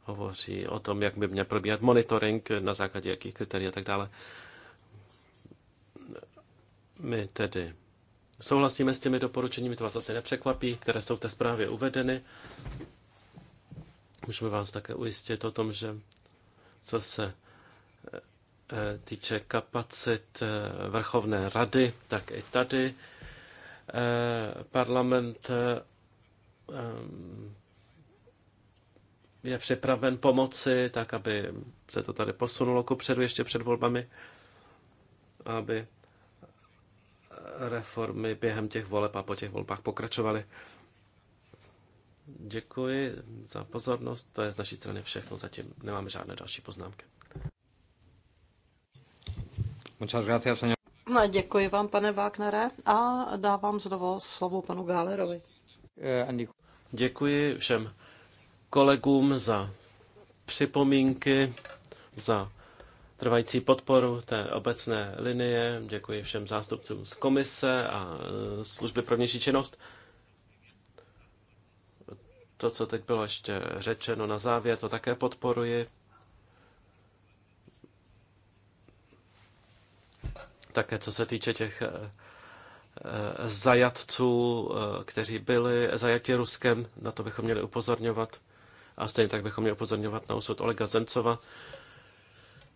hovoří o tom, jak by měl probíhat monitoring, na základě jakých kritérií a tak dále. My tedy Souhlasíme s těmi doporučeními, to vás asi nepřekvapí, které jsou v té zprávě uvedeny. Můžeme vás také ujistit o tom, že co se e, e, týče kapacit e, vrchovné rady, tak i tady parlament je připraven pomoci, tak aby se to tady posunulo ku předu ještě před volbami, aby reformy během těch voleb a po těch volbách pokračovaly. Děkuji za pozornost. To je z naší strany všechno. Zatím nemáme žádné další poznámky. No, děkuji vám, pane Wagnere, a dávám znovu slovo panu Gálerovi. Eh, děkuji všem kolegům za připomínky, za trvající podporu té obecné linie. Děkuji všem zástupcům z komise a e, služby pro vnější činnost. To, co teď bylo ještě řečeno na závěr, to také podporuji. Také co se týče těch e, e, zajatců, kteří byli zajati Ruskem, na to bychom měli upozorňovat. A stejně tak bychom měli upozorňovat na osud Olega Zemcova,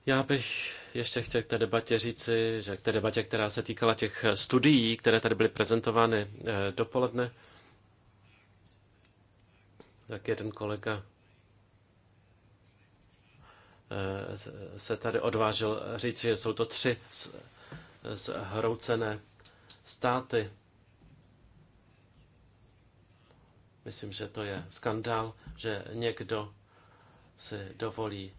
já bych ještě chtěl k té debatě říci, že k té debatě, která se týkala těch studií, které tady byly prezentovány eh, dopoledne, tak jeden kolega eh, se tady odvážil říct, že jsou to tři zhroucené státy. Myslím, že to je skandál, že někdo si dovolí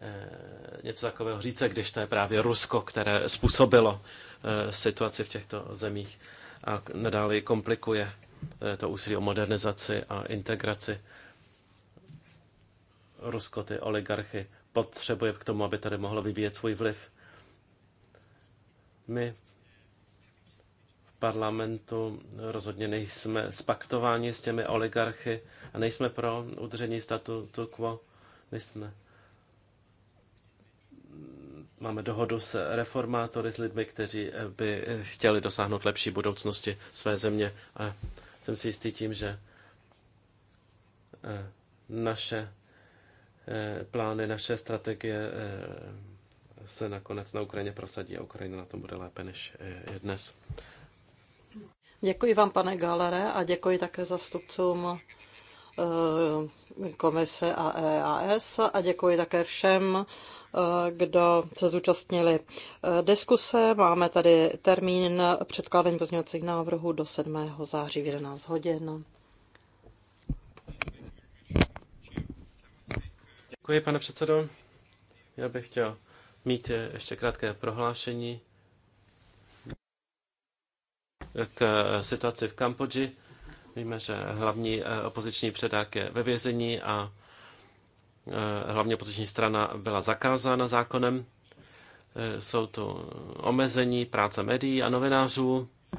Eh, něco takového říce, když to je právě Rusko, které způsobilo eh, situaci v těchto zemích a nadále komplikuje eh, to úsilí o modernizaci a integraci. Rusko ty oligarchy potřebuje k tomu, aby tady mohlo vyvíjet svůj vliv. My v parlamentu rozhodně nejsme spaktováni s těmi oligarchy a nejsme pro udržení statutu quo. My jsme Máme dohodu s reformátory, s lidmi, kteří eh, by eh, chtěli dosáhnout lepší budoucnosti své země a jsem si jistý tím, že eh, naše plány, naše strategie se nakonec na Ukrajině prosadí a Ukrajina na tom bude lépe než je dnes. Děkuji vám, pane Galere, a děkuji také zastupcům komise a EAS a děkuji také všem Eh, kdo se zúčastnili eh, diskuse. Máme tady termín předkládání pozměňovacích návrhů do 7. září v 11 hodin. Děkuji, pane předsedo. Já bych chtěl mít ještě krátké prohlášení k situaci v Kambodži. Víme, že hlavní eh, opoziční předák je ve vězení a Eh, hlavně opoziční strana byla zakázána zákonem. Eh, jsou to omezení práce médií a novinářů. Eh,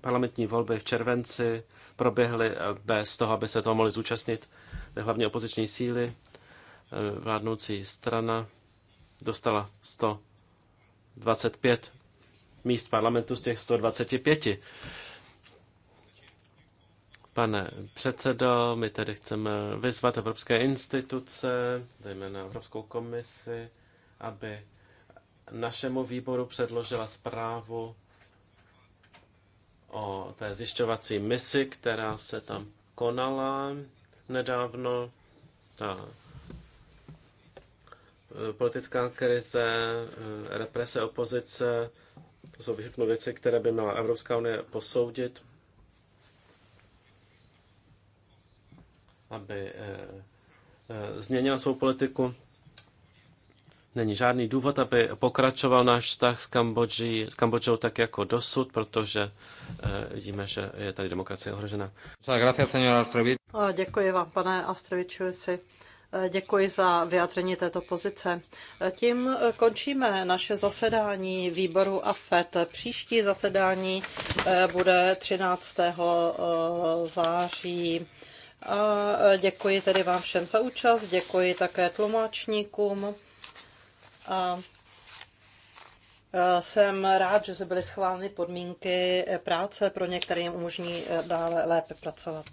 parlamentní volby v červenci proběhly bez toho, aby se toho mohli zúčastnit hlavně opoziční síly. Vládnoucí strana dostala 125 míst parlamentu z těch 125 Pane předsedo, my tedy chceme vyzvat evropské instituce, zejména Evropskou komisi, aby našemu výboru předložila zprávu o té zjišťovací misi, která se tam konala nedávno. Ta eh, politická krize, eh, represe opozice, to jsou všechno věci, které by měla Evropská unie posoudit aby eh, eh, změnila svou politiku. Není žádný důvod, aby pokračoval náš vztah s, Kambodži, s Kambodžou tak jako dosud, protože eh, vidíme, že je tady demokracie ohrožena. Děkuji vám, pane Astrovičusi. Děkuji za vyjádření této pozice. Tím končíme naše zasedání výboru AFET. Příští zasedání bude 13. září. A e, děkuji tedy vám všem za účast, děkuji také tlumočníkům. A e, jsem rád, že se byly schváleny podmínky práce pro některým umožní e, dále lépe pracovat.